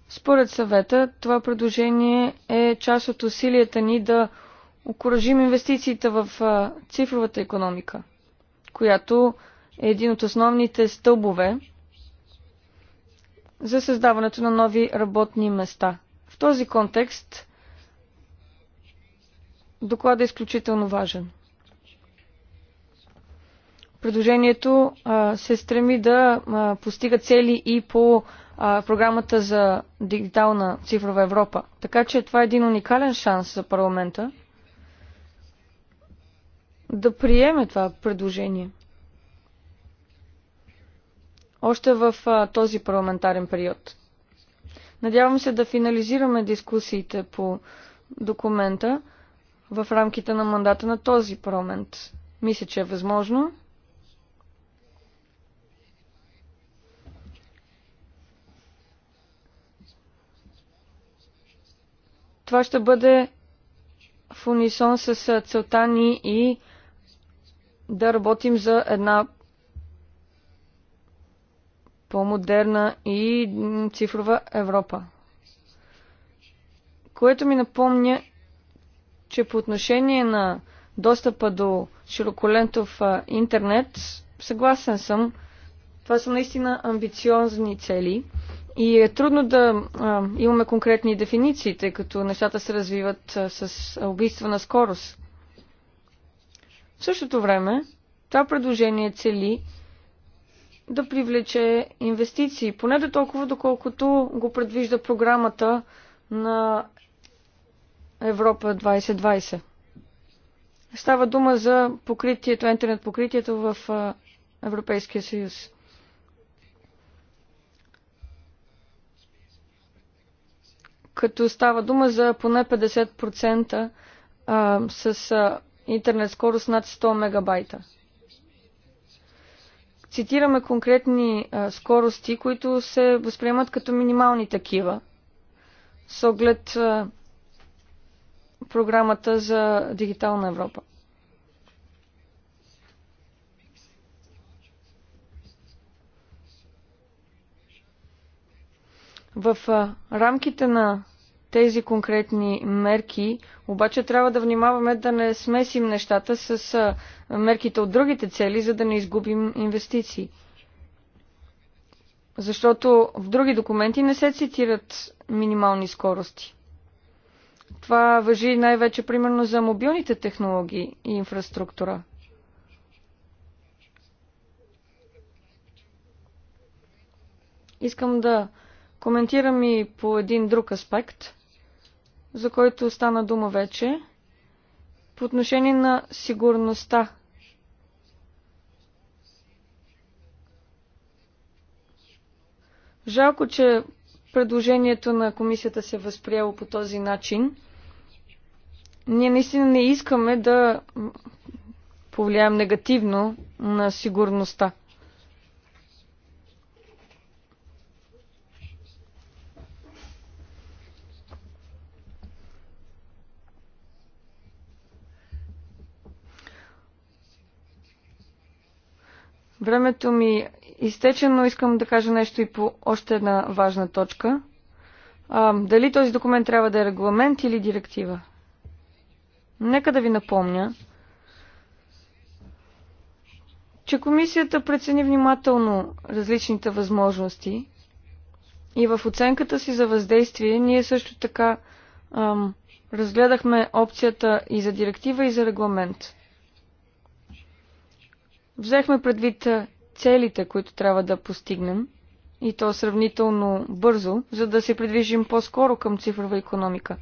Според съвета, това предложение е част от усилията ни да окоръжим инвестициите в цифровата економика, която е един от основните стълбове за създаването на нови работни места. В този контекст докладът е изключително важен. Предложението а, се стреми да а, постига цели и по а, програмата за дигитална цифрова Европа. Така че това е един уникален шанс за парламента да приеме това предложение – още в този парламентарен период. Надявам се да финализираме дискусиите по документа в рамките на мандата на този парламент. Мисля, че е възможно. Това ще бъде в унисон с целта ни и да работим за една по-модерна и цифрова Европа. Което ми напомня, че по отношение на достъпа до широколентов интернет, съгласен съм, това са наистина амбициозни цели и е трудно да а, имаме конкретни дефиниции, тъй като нещата се развиват а, с убийства на скорост. В същото време, това предложение цели да привлече инвестиции, поне до толкова, доколкото го предвижда програмата на Европа 2020. Става дума за покритието, интернет покритието в Европейския съюз. Като става дума за поне 50% с интернет скорост над 100 мегабайта цитираме конкретни а, скорости, които се възприемат като минимални такива, с оглед а, програмата за дигитална Европа. В а, рамките на тези конкретни мерки, обаче трябва да внимаваме да не смесим нещата с мерките от другите цели, за да не изгубим инвестиции. Защото в други документи не се цитират минимални скорости. Това въжи най-вече примерно за мобилните технологии и инфраструктура. Искам да коментирам и по един друг аспект – за който стана дума вече, по отношение на сигурността. Жалко, че предложението на комисията се е възприело по този начин. Ние наистина не искаме да повлияем негативно на сигурността. Времето ми изтече, но искам да кажа нещо и по още една важна точка. А, дали този документ трябва да е регламент или директива? Нека да ви напомня, че комисията прецени внимателно различните възможности и в оценката си за въздействие ние също така ам, разгледахме опцията и за директива и за регламент. Взехме предвид целите, които трябва да постигнем и то сравнително бързо, за да се придвижим по-скоро към цифрова економика.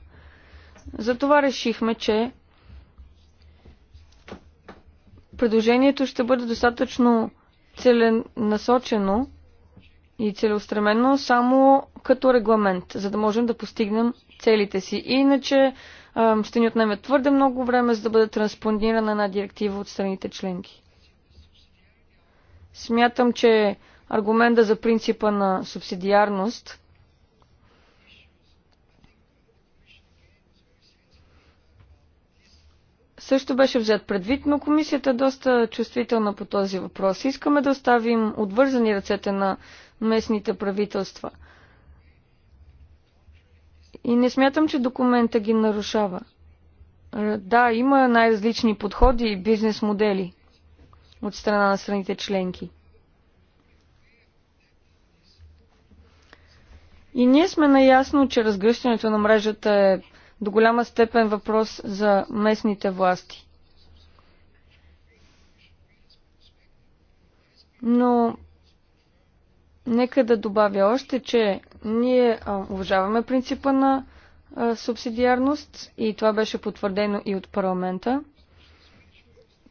Затова решихме, че предложението ще бъде достатъчно целенасочено и целеустремено само като регламент, за да можем да постигнем целите си. Иначе ще ни отнеме твърде много време, за да бъде транспонирана една директива от страните членки. Смятам, че аргумента за принципа на субсидиарност също беше взет предвид, но комисията е доста чувствителна по този въпрос. Искаме да оставим отвързани ръцете на местните правителства. И не смятам, че документа ги нарушава. Да, има най-различни подходи и бизнес модели от страна на страните членки. И ние сме наясно, че разгръщането на мрежата е до голяма степен въпрос за местните власти. Но нека да добавя още, че ние уважаваме принципа на субсидиарност и това беше потвърдено и от парламента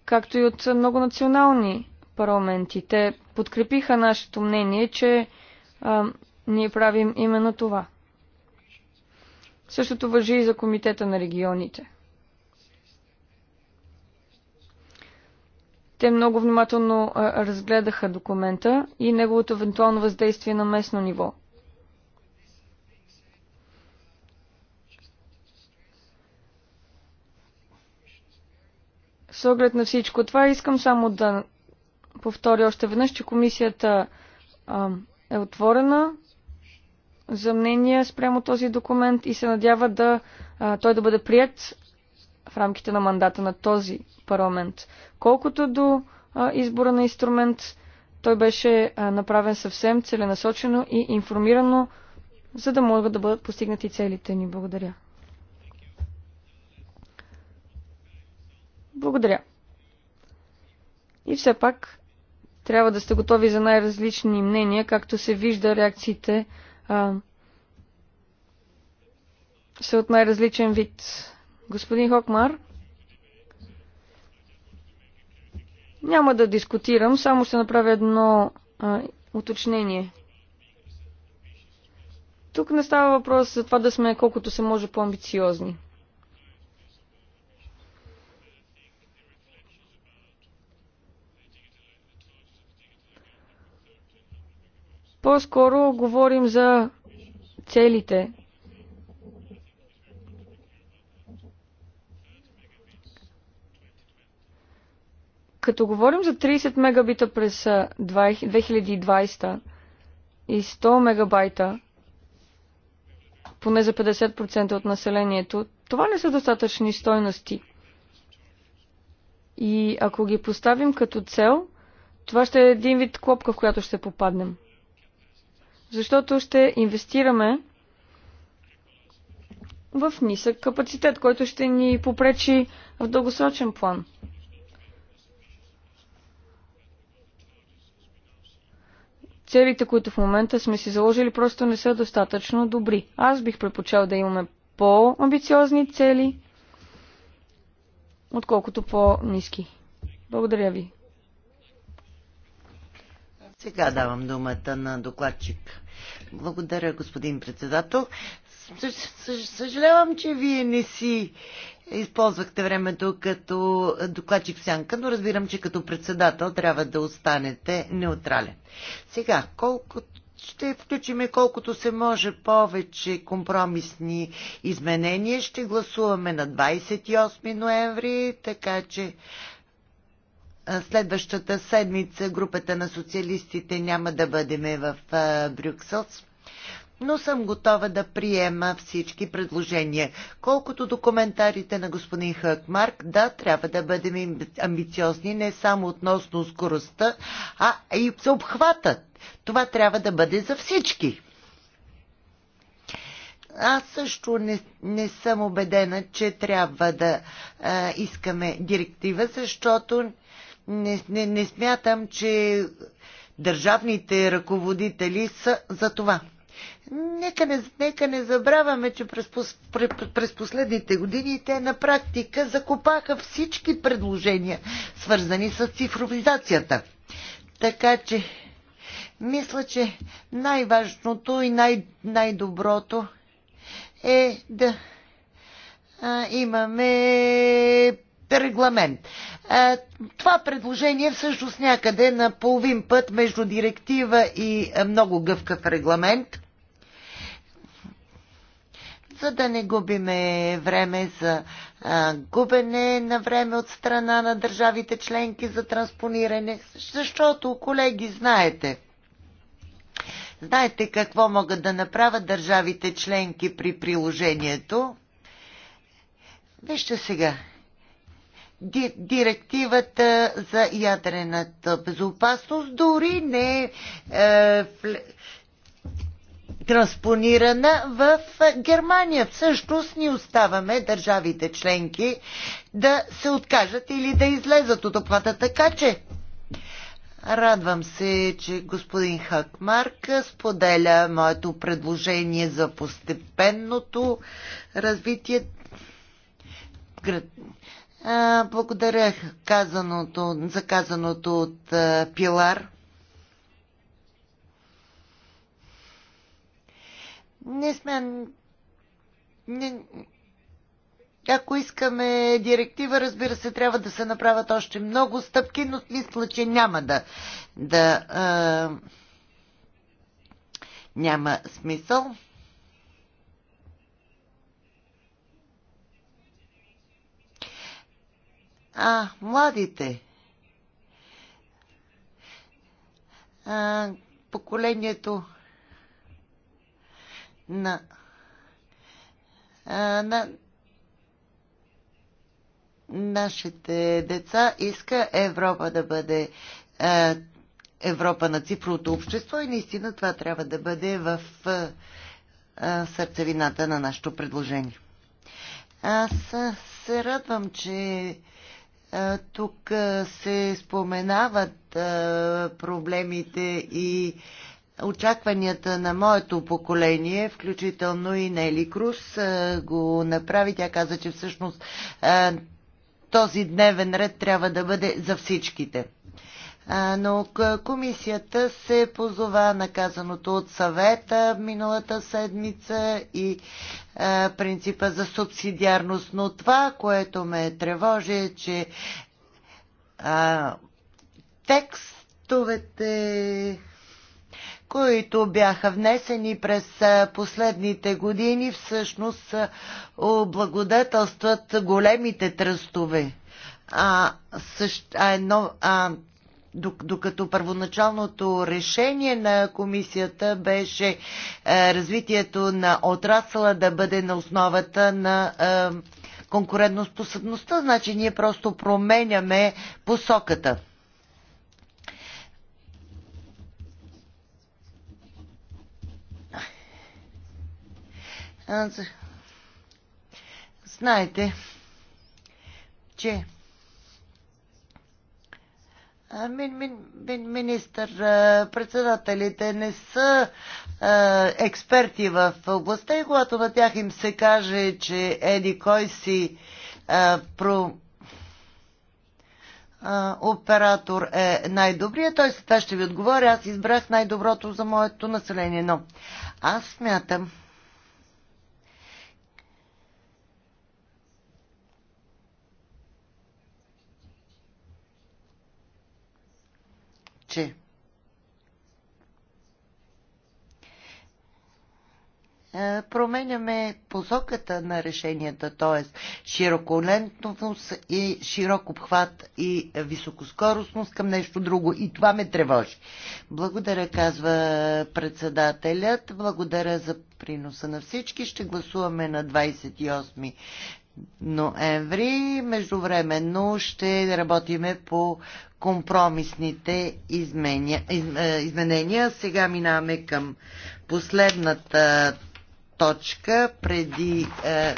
както и от много национални парламенти. Те подкрепиха нашето мнение, че а, ние правим именно това. Същото въжи и за Комитета на регионите. Те много внимателно а, разгледаха документа и неговото евентуално въздействие на местно ниво. С оглед на всичко това искам само да повторя още веднъж, че комисията а, е отворена за мнение спрямо този документ и се надява да а, той да бъде прият в рамките на мандата на този парламент. Колкото до а, избора на инструмент, той беше а, направен съвсем целенасочено и информирано, за да могат да бъдат постигнати целите ни. Благодаря. Благодаря. И все пак трябва да сте готови за най-различни мнения, както се вижда реакциите а, са от най-различен вид. Господин Хокмар, няма да дискутирам, само ще направя едно а, уточнение. Тук не става въпрос за това да сме колкото се може по-амбициозни. По-скоро говорим за целите. Като говорим за 30 мегабита през 2020 и 100 мегабайта, поне за 50% от населението, това не са достатъчни стойности. И ако ги поставим като цел, това ще е един вид клопка, в която ще попаднем защото ще инвестираме в нисък капацитет, който ще ни попречи в дългосрочен план. Целите, които в момента сме си заложили, просто не са достатъчно добри. Аз бих предпочел да имаме по-амбициозни цели, отколкото по-низки. Благодаря ви. Сега давам думата на докладчик. Благодаря, господин председател. Съжалявам, че вие не си използвахте времето като докладчик в сянка, но разбирам, че като председател трябва да останете неутрален. Сега, колко ще включиме колкото се може повече компромисни изменения. Ще гласуваме на 28 ноември, така че Следващата седмица групата на социалистите няма да бъдеме в Брюксел, но съм готова да приема всички предложения. Колкото до коментарите на господин Хакмарк, да, трябва да бъдем амбициозни не само относно скоростта, а и за обхватът. Това трябва да бъде за всички. Аз също не, не съм убедена, че трябва да а, искаме директива, защото не, не, не смятам, че държавните ръководители са за това. Нека не, нека не забравяме, че през, през, през последните години те на практика закопаха всички предложения, свързани с цифровизацията. Така че, мисля, че най-важното и най- най-доброто е да а, имаме регламент. Това предложение е всъщност някъде на половин път между директива и много гъвкав регламент, за да не губиме време за губене на време от страна на държавите членки за транспониране, защото, колеги, знаете, знаете какво могат да направят държавите членки при приложението. Вижте сега, директивата за ядрената безопасност дори не е, е транспонирана в Германия. Всъщност ни оставаме държавите членки да се откажат или да излезат от обхвата. Така че Радвам се, че господин Хакмарк споделя моето предложение за постепенното развитие. А, благодаря казаното, за казаното от а, Пилар. Не сме... Не... Ако искаме директива, разбира се, трябва да се направят още много стъпки, но мисля, че няма да... да а... Няма смисъл. А, младите. А, поколението на, а, на нашите деца иска Европа да бъде а, Европа на цифровото общество и наистина това трябва да бъде в а, сърцевината на нашето предложение. Аз се радвам, че е, тук е, се споменават е, проблемите и очакванията на моето поколение, включително и Нели Крус, го направи. Тя каза, че всъщност този дневен ред трябва да бъде за всичките но комисията се позова на казаното от съвета миналата седмица и принципа за субсидиарност. Но това, което ме тревожи е, че текстовете които бяха внесени през последните години, всъщност облагодетелстват големите тръстове. А, също, а, едно, а докато първоначалното решение на комисията беше е, развитието на отрасъла да бъде на основата на е, конкурентоспособността, значи ние просто променяме посоката. Знаете, че Мин, мин, мин, министър, председателите не са а, експерти в областта и когато на тях им се каже, че еди кой си а, про, а, оператор е най-добрият, той след това ще ви отговори. Аз избрах най-доброто за моето население, но аз смятам, че е, променяме посоката на решенията, т.е. широколентност и широк обхват и високоскоростност към нещо друго. И това ме тревожи. Благодаря, казва председателят. Благодаря за приноса на всички. Ще гласуваме на 28 ноември. Междувременно ще работиме по компромисните изменя, е, изменения. Сега минаваме към последната точка преди е,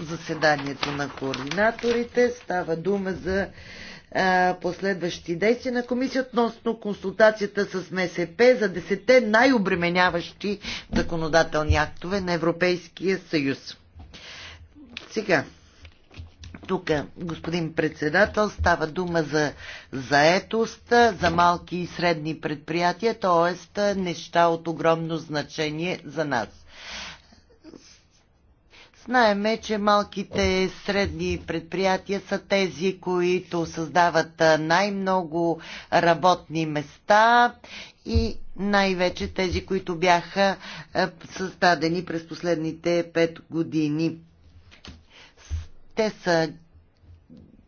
заседанието на координаторите. Става дума за е, последващи действия на комисията относно консултацията с МСП за десете най-обременяващи законодателни актове на Европейския съюз. Сега, тук, господин председател, става дума за заетост, за малки и средни предприятия, т.е. неща от огромно значение за нас. Знаеме, че малките средни предприятия са тези, които създават най-много работни места и най-вече тези, които бяха създадени през последните пет години. Те са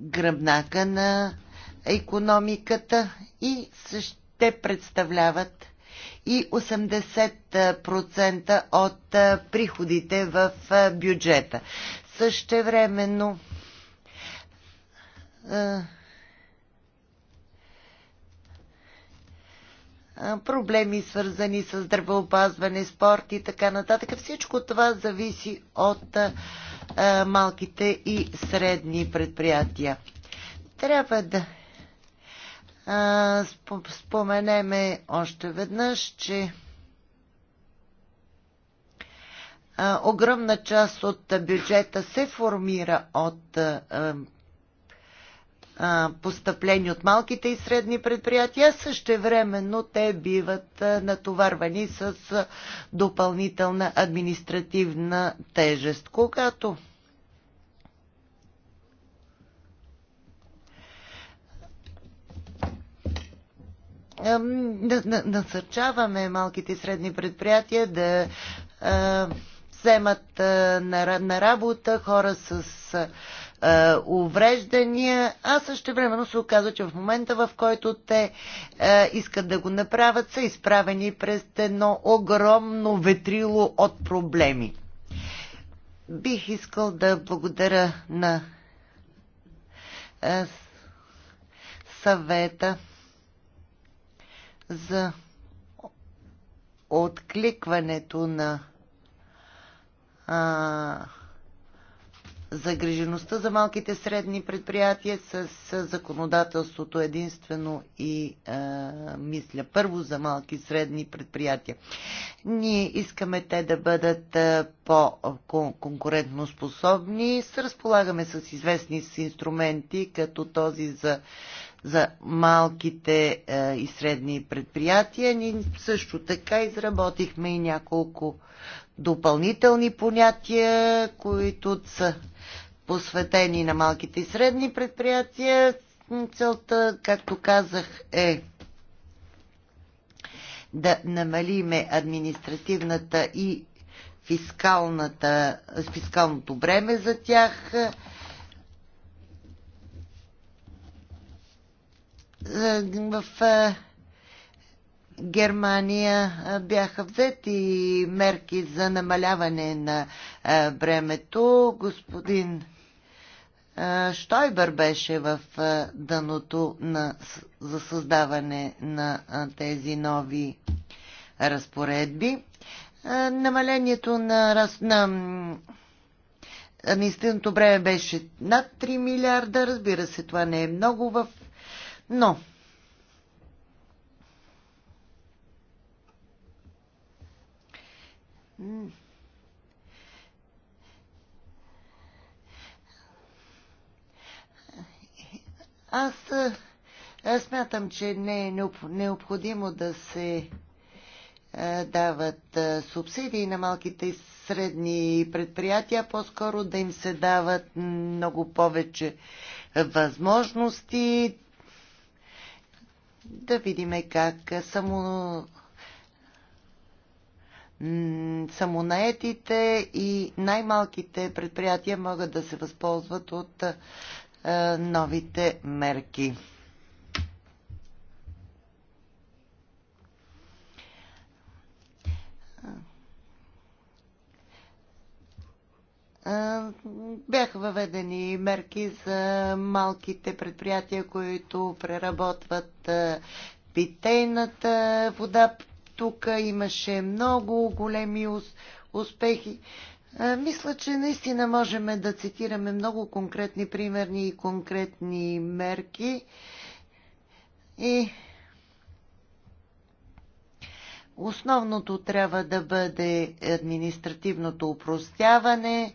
гръбнака на економиката и ще представляват и 80% от приходите в бюджета. Същевременно проблеми, свързани с здравеопазване, спорт и така нататък. Всичко това зависи от е, малките и средни предприятия. Трябва да е, споменеме още веднъж, че е, огромна част от бюджета се формира от постъпления от малките и средни предприятия, същевременно те биват натоварвани с допълнителна административна тежест. Когато насърчаваме малките и средни предприятия да вземат на работа хора с е, увреждания, а също времено се оказва, че в момента в който те е, искат да го направят, са изправени през едно огромно ветрило от проблеми. Бих искал да благодаря на е, съвета за откликването на а, загрижеността за малките средни предприятия с, с законодателството единствено и а, мисля първо за малки средни предприятия. Ние искаме те да бъдат по-конкурентно способни. Разполагаме с известни с инструменти, като този за за малките и средни предприятия. Ние също така изработихме и няколко допълнителни понятия, които са посветени на малките и средни предприятия. Целта, както казах, е да намалиме административната и фискалната, фискалното бреме за тях. Е, в е, Германия бяха взети мерки за намаляване на бремето. Господин Штойбър беше в дъното на, за създаване на тези нови разпоредби. Намалението на, на административното бреме беше над 3 милиарда. Разбира се, това не е много в... Но Аз, аз смятам, че не е необходимо да се а, дават а, субсидии на малките и средни предприятия, по-скоро да им се дават много повече възможности. Да видиме как само самонаетите и най-малките предприятия могат да се възползват от е, новите мерки. Е, бяха въведени мерки за малките предприятия, които преработват е, питейната вода, тук имаше много големи успехи. Мисля, че наистина можем да цитираме много конкретни примерни и конкретни мерки. И основното трябва да бъде административното упростяване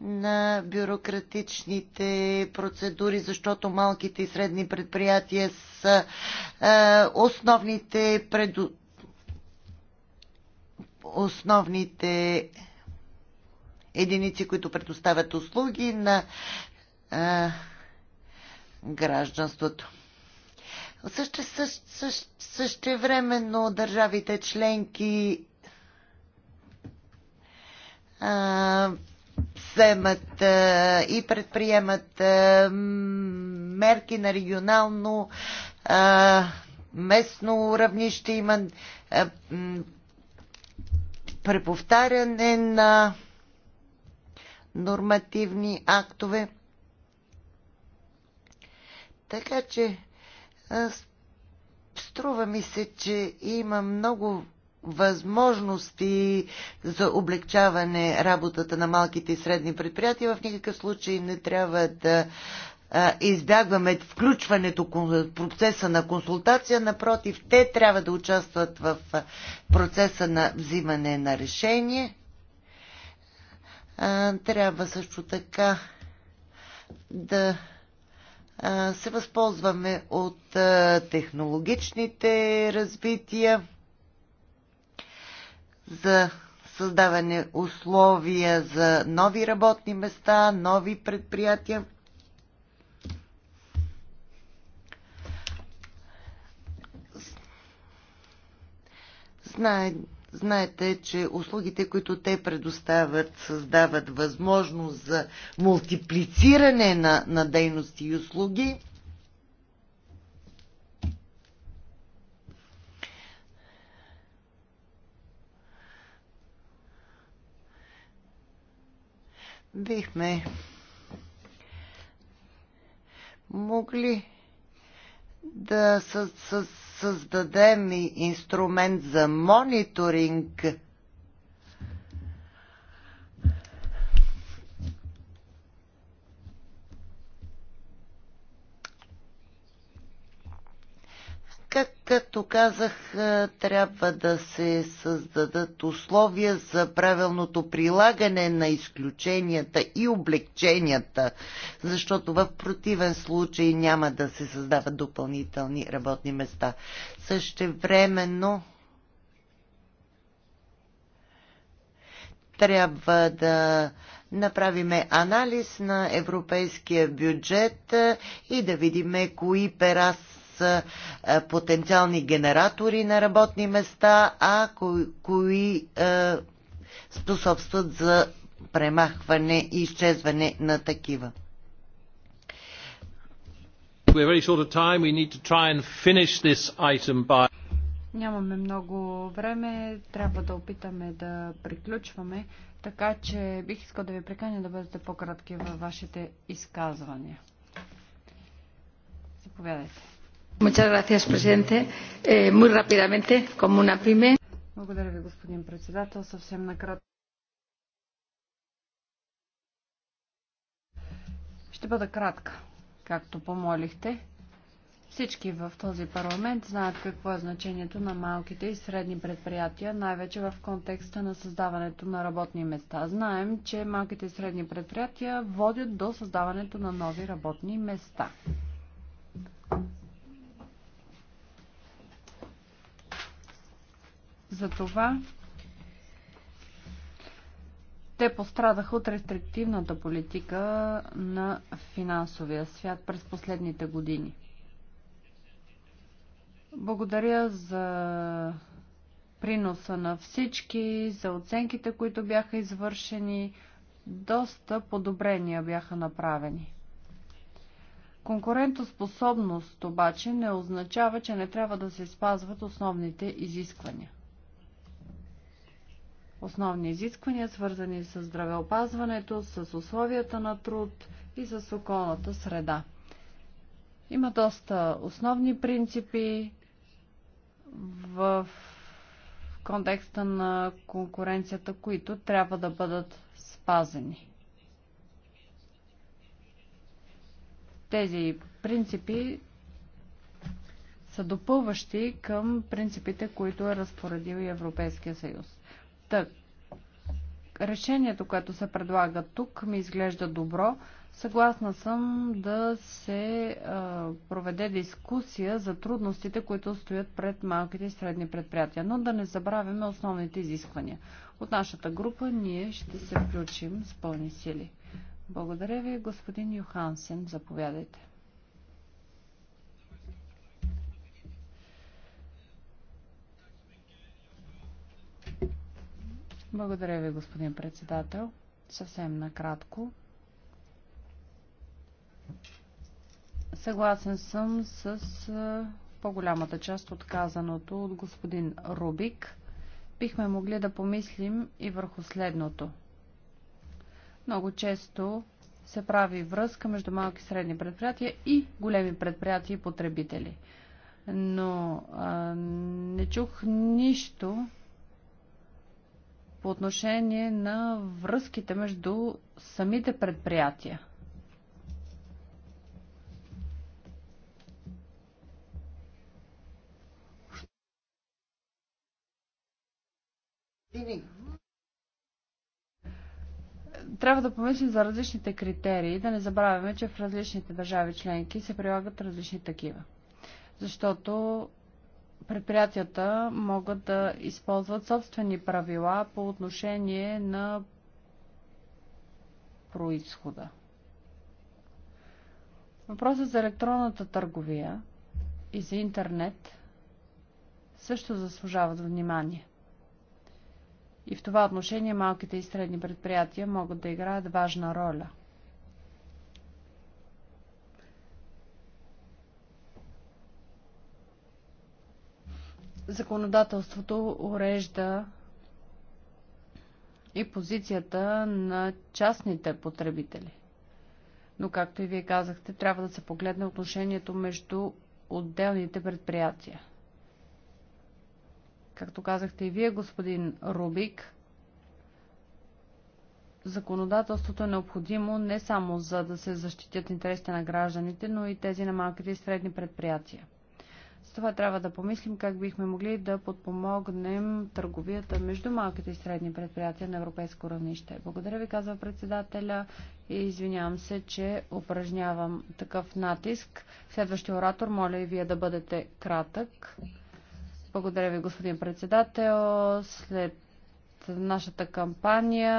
на бюрократичните процедури, защото малките и средни предприятия са основните предотвратители основните единици, които предоставят услуги на а, гражданството. Също, също, също, същевременно държавите членки а, вземат а, и предприемат а, мерки на регионално, а, местно равнище. Има а, преповтаряне на нормативни актове. Така че струва ми се, че има много възможности за облегчаване работата на малките и средни предприятия. В никакъв случай не трябва да избягваме включването процеса на консултация, напротив, те трябва да участват в процеса на взимане на решение. Трябва също така да се възползваме от технологичните развития за създаване условия за нови работни места, нови предприятия. Знае, знаете, че услугите, които те предоставят, създават възможност за мултиплициране на, на дейности и услуги. бихме могли да с? с създадем инструмент за мониторинг Как, както казах, е, трябва да се създадат условия за правилното прилагане на изключенията и облегченията, защото в противен случай няма да се създават допълнителни работни места. Същевременно трябва да направиме анализ на европейския бюджет и да видиме кои пера е, потенциални генератори на работни места, а кои, кои е, способстват за премахване и изчезване на такива. Нямаме много време, трябва да опитаме да приключваме, така че бих искал да ви приканя да бъдете по-кратки във вашите изказвания. Заповядайте señor presidente eh, Muy rápidamente, como una pyme. Благодаря ви, господин председател. Съвсем накратко. Ще бъда кратка, както помолихте. Всички в този парламент знаят какво е значението на малките и средни предприятия, най-вече в контекста на създаването на работни места. Знаем, че малките и средни предприятия водят до създаването на нови работни места. Затова те пострадаха от рестриктивната политика на финансовия свят през последните години. Благодаря за приноса на всички, за оценките, които бяха извършени. Доста подобрения бяха направени. Конкурентоспособност обаче не означава, че не трябва да се спазват основните изисквания основни изисквания, свързани с здравеопазването, с условията на труд и с околната среда. Има доста основни принципи в контекста на конкуренцията, които трябва да бъдат спазени. Тези принципи са допълващи към принципите, които е разпоредил и Европейския съюз. Та, решението, което се предлага тук, ми изглежда добро. Съгласна съм да се а, проведе дискусия за трудностите, които стоят пред малките и средни предприятия, но да не забравяме основните изисквания. От нашата група ние ще се включим с пълни сили. Благодаря ви, господин Йохансен, Заповядайте. Благодаря ви, господин председател. Съвсем накратко. Съгласен съм с по-голямата част от казаното от господин Рубик. Бихме могли да помислим и върху следното. Много често се прави връзка между малки и средни предприятия и големи предприятия и потребители. Но а, не чух нищо по отношение на връзките между самите предприятия. Трябва да помислим за различните критерии, да не забравяме, че в различните държави членки се прилагат различни такива. Защото предприятията могат да използват собствени правила по отношение на происхода. Въпросът за електронната търговия и за интернет също заслужават внимание. И в това отношение малките и средни предприятия могат да играят важна роля – Законодателството урежда и позицията на частните потребители. Но, както и вие казахте, трябва да се погледне отношението между отделните предприятия. Както казахте и вие, господин Рубик, законодателството е необходимо не само за да се защитят интересите на гражданите, но и тези на малките и средни предприятия това трябва да помислим как бихме могли да подпомогнем търговията между малките и средни предприятия на европейско равнище. Благодаря ви, казва председателя и извинявам се, че упражнявам такъв натиск. Следващия оратор, моля и вие да бъдете кратък. Благодаря ви, господин председател. След нашата кампания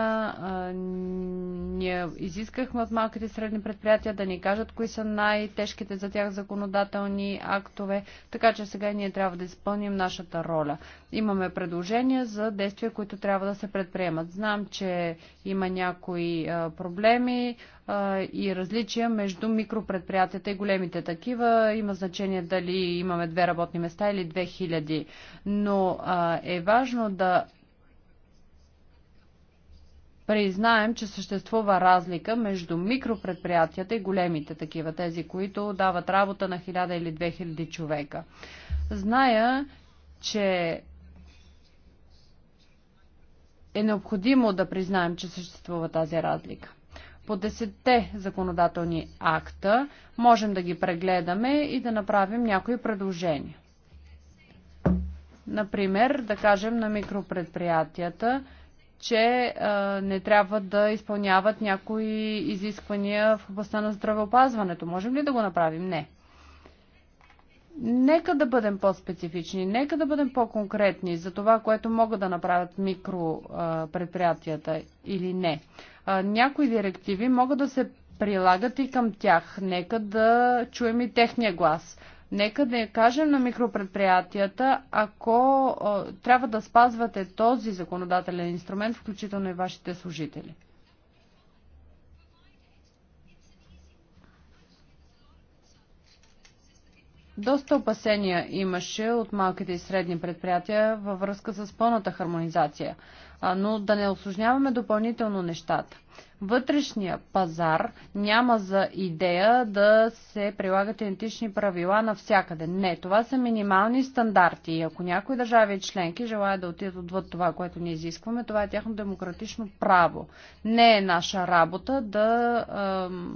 ние изискахме от малките и средни предприятия да ни кажат кои са най-тежките за тях законодателни актове, така че сега ние трябва да изпълним нашата роля. Имаме предложения за действия, които трябва да се предприемат. Знам, че има някои проблеми и различия между микропредприятията и големите такива. Има значение дали имаме две работни места или две хиляди. Но е важно да признаем, че съществува разлика между микропредприятията и големите такива, тези, които дават работа на 1000 или 2000 човека. Зная, че е необходимо да признаем, че съществува тази разлика. По десетте законодателни акта можем да ги прегледаме и да направим някои предложения. Например, да кажем на микропредприятията, че а, не трябва да изпълняват някои изисквания в областта на здравеопазването. Можем ли да го направим? Не. Нека да бъдем по-специфични, нека да бъдем по-конкретни за това, което могат да направят микропредприятията или не. А, някои директиви могат да се прилагат и към тях. Нека да чуем и техния глас. Нека да я кажем на микропредприятията, ако а, трябва да спазвате този законодателен инструмент, включително и вашите служители. Доста опасения имаше от малките и средни предприятия във връзка с пълната хармонизация, но да не осложняваме допълнително нещата. Вътрешния пазар няма за идея да се прилагат идентични правила навсякъде. Не, това са минимални стандарти. И ако някои държави членки желаят да отидат отвъд това, което ние изискваме, това е тяхно демократично право. Не е наша работа да ем,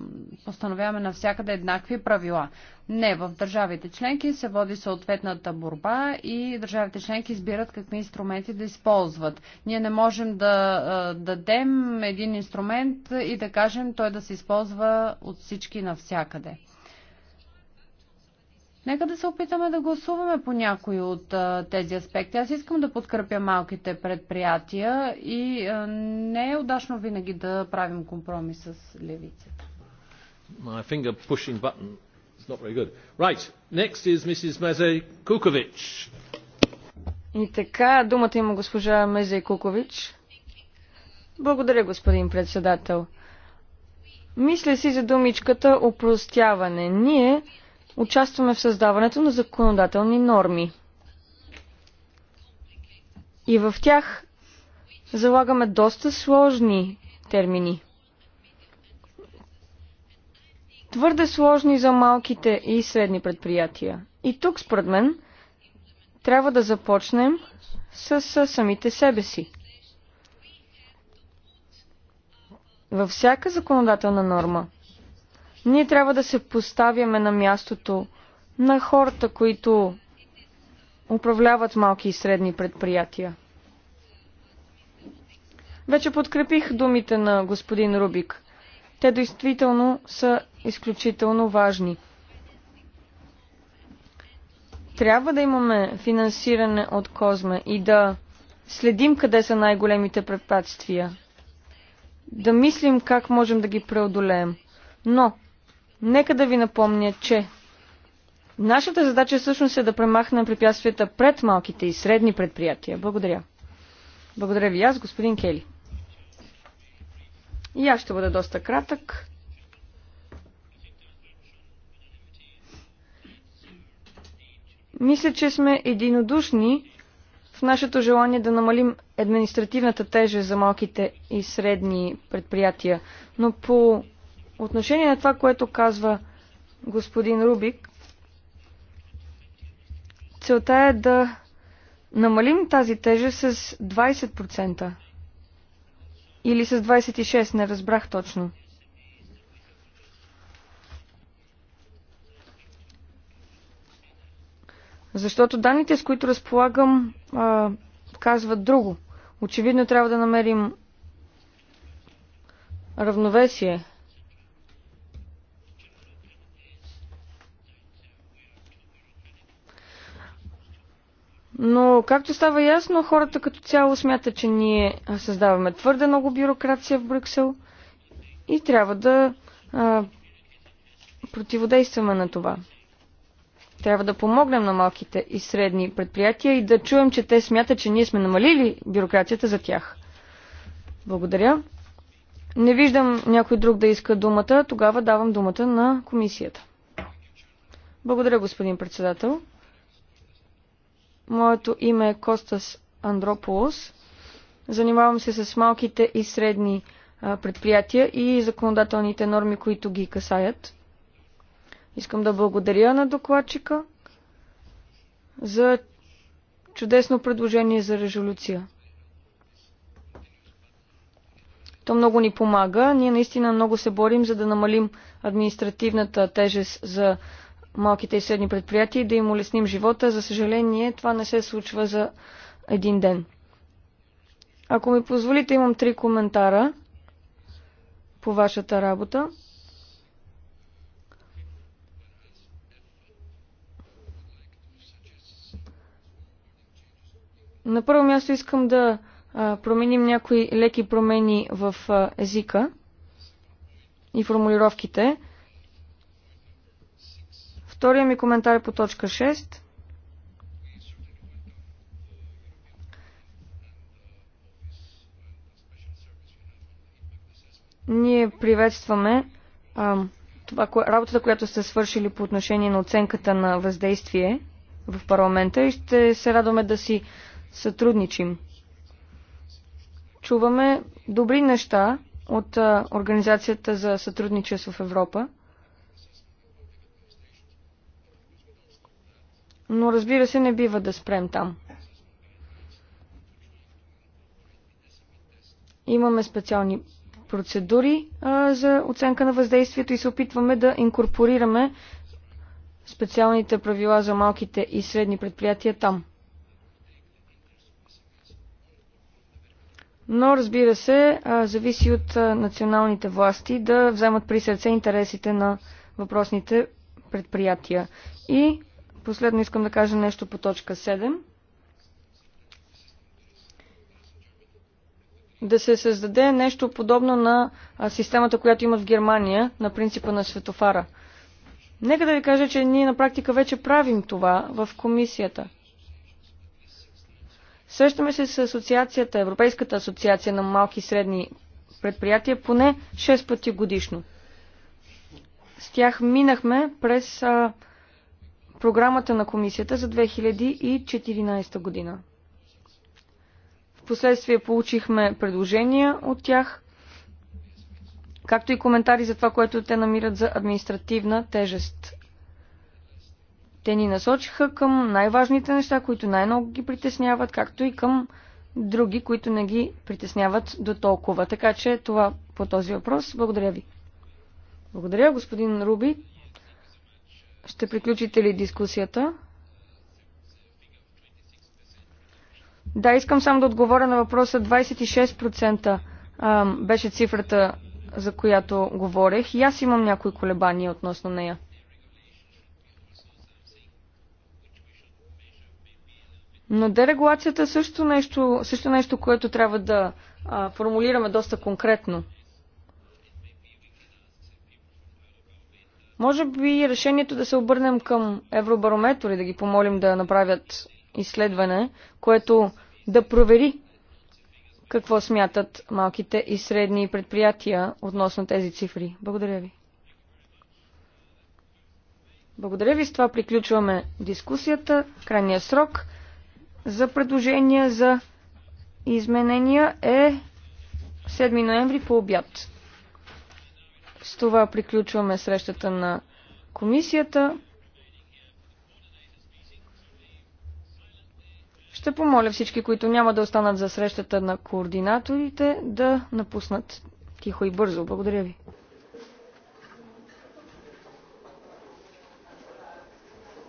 постановяваме навсякъде еднакви правила. Не, в държавите членки се води съответната борба и държавите членки избират какви инструменти да използват. Ние не можем да дадем един инструмент, инструмент и да кажем той да се използва от всички навсякъде. Нека да се опитаме да гласуваме по някои от а, тези аспекти. Аз искам да подкрепя малките предприятия и а, не е удачно винаги да правим компромис с левицата. My finger pushing button is not very good. Right, next is Mrs. Meze Kukovic. И така, думата има госпожа Мезе Кукович. Благодаря, господин председател. Мисля си за думичката опростяване. Ние участваме в създаването на законодателни норми. И в тях залагаме доста сложни термини. Твърде сложни за малките и средни предприятия. И тук, според мен, трябва да започнем с самите себе си. във всяка законодателна норма, ние трябва да се поставяме на мястото на хората, които управляват малки и средни предприятия. Вече подкрепих думите на господин Рубик. Те действително са изключително важни. Трябва да имаме финансиране от Козме и да следим къде са най-големите препятствия да мислим как можем да ги преодолеем. Но, нека да ви напомня, че нашата задача всъщност е да премахнем препятствията пред малките и средни предприятия. Благодаря. Благодаря ви аз, господин Кели. И аз ще бъда доста кратък. Мисля, че сме единодушни в нашето желание да намалим административната тежест за малките и средни предприятия. Но по отношение на това, което казва господин Рубик, целта е да намалим тази тежест с 20% или с 26%, не разбрах точно. Защото данните, с които разполагам, а, казват друго. Очевидно трябва да намерим равновесие. Но, както става ясно, хората като цяло смятат, че ние създаваме твърде много бюрокрация в Брюксел и трябва да а, противодействаме на това. Трябва да помогнем на малките и средни предприятия и да чуем, че те смятат, че ние сме намалили бюрокрацията за тях. Благодаря. Не виждам някой друг да иска думата, тогава давам думата на комисията. Благодаря, господин председател. Моето име е Костас Андрополос. Занимавам се с малките и средни предприятия и законодателните норми, които ги касаят. Искам да благодаря на докладчика за чудесно предложение за резолюция. То много ни помага. Ние наистина много се борим, за да намалим административната тежест за малките и средни предприятия и да им улесним живота. За съжаление, това не се случва за един ден. Ако ми позволите, имам три коментара по вашата работа. На първо място искам да променим някои леки промени в езика и формулировките. Втория ми коментар е по точка 6. Ние приветстваме а, това, кое, работата, която сте свършили по отношение на оценката на въздействие в парламента и ще се радваме да си сътрудничим. Чуваме добри неща от Организацията за сътрудничество в Европа. Но разбира се, не бива да спрем там. Имаме специални процедури а, за оценка на въздействието и се опитваме да инкорпорираме специалните правила за малките и средни предприятия там. но разбира се, зависи от националните власти да вземат при сърце интересите на въпросните предприятия. И последно искам да кажа нещо по точка 7. Да се създаде нещо подобно на системата, която имат в Германия, на принципа на светофара. Нека да ви кажа, че ние на практика вече правим това в комисията – Срещаме се с асоциацията, Европейската асоциация на малки и средни предприятия поне 6 пъти годишно. С тях минахме през а, програмата на комисията за 2014 година. Впоследствие получихме предложения от тях, както и коментари за това, което те намират за административна тежест те ни насочиха към най-важните неща, които най-много ги притесняват, както и към други, които не ги притесняват до толкова. Така че това по този въпрос. Благодаря ви. Благодаря, господин Руби. Ще приключите ли дискусията? Да, искам само да отговоря на въпроса. 26% беше цифрата, за която говорех. И аз имам някои колебания относно нея. Но дерегулацията е също нещо, също нещо което трябва да а, формулираме доста конкретно. Може би решението да се обърнем към евробарометри, и да ги помолим да направят изследване, което да провери какво смятат малките и средни предприятия относно тези цифри. Благодаря ви. Благодаря ви. С това приключваме дискусията. Крайния срок за предложения за изменения е 7 ноември по обяд. С това приключваме срещата на комисията. Ще помоля всички, които няма да останат за срещата на координаторите, да напуснат тихо и бързо. Благодаря ви.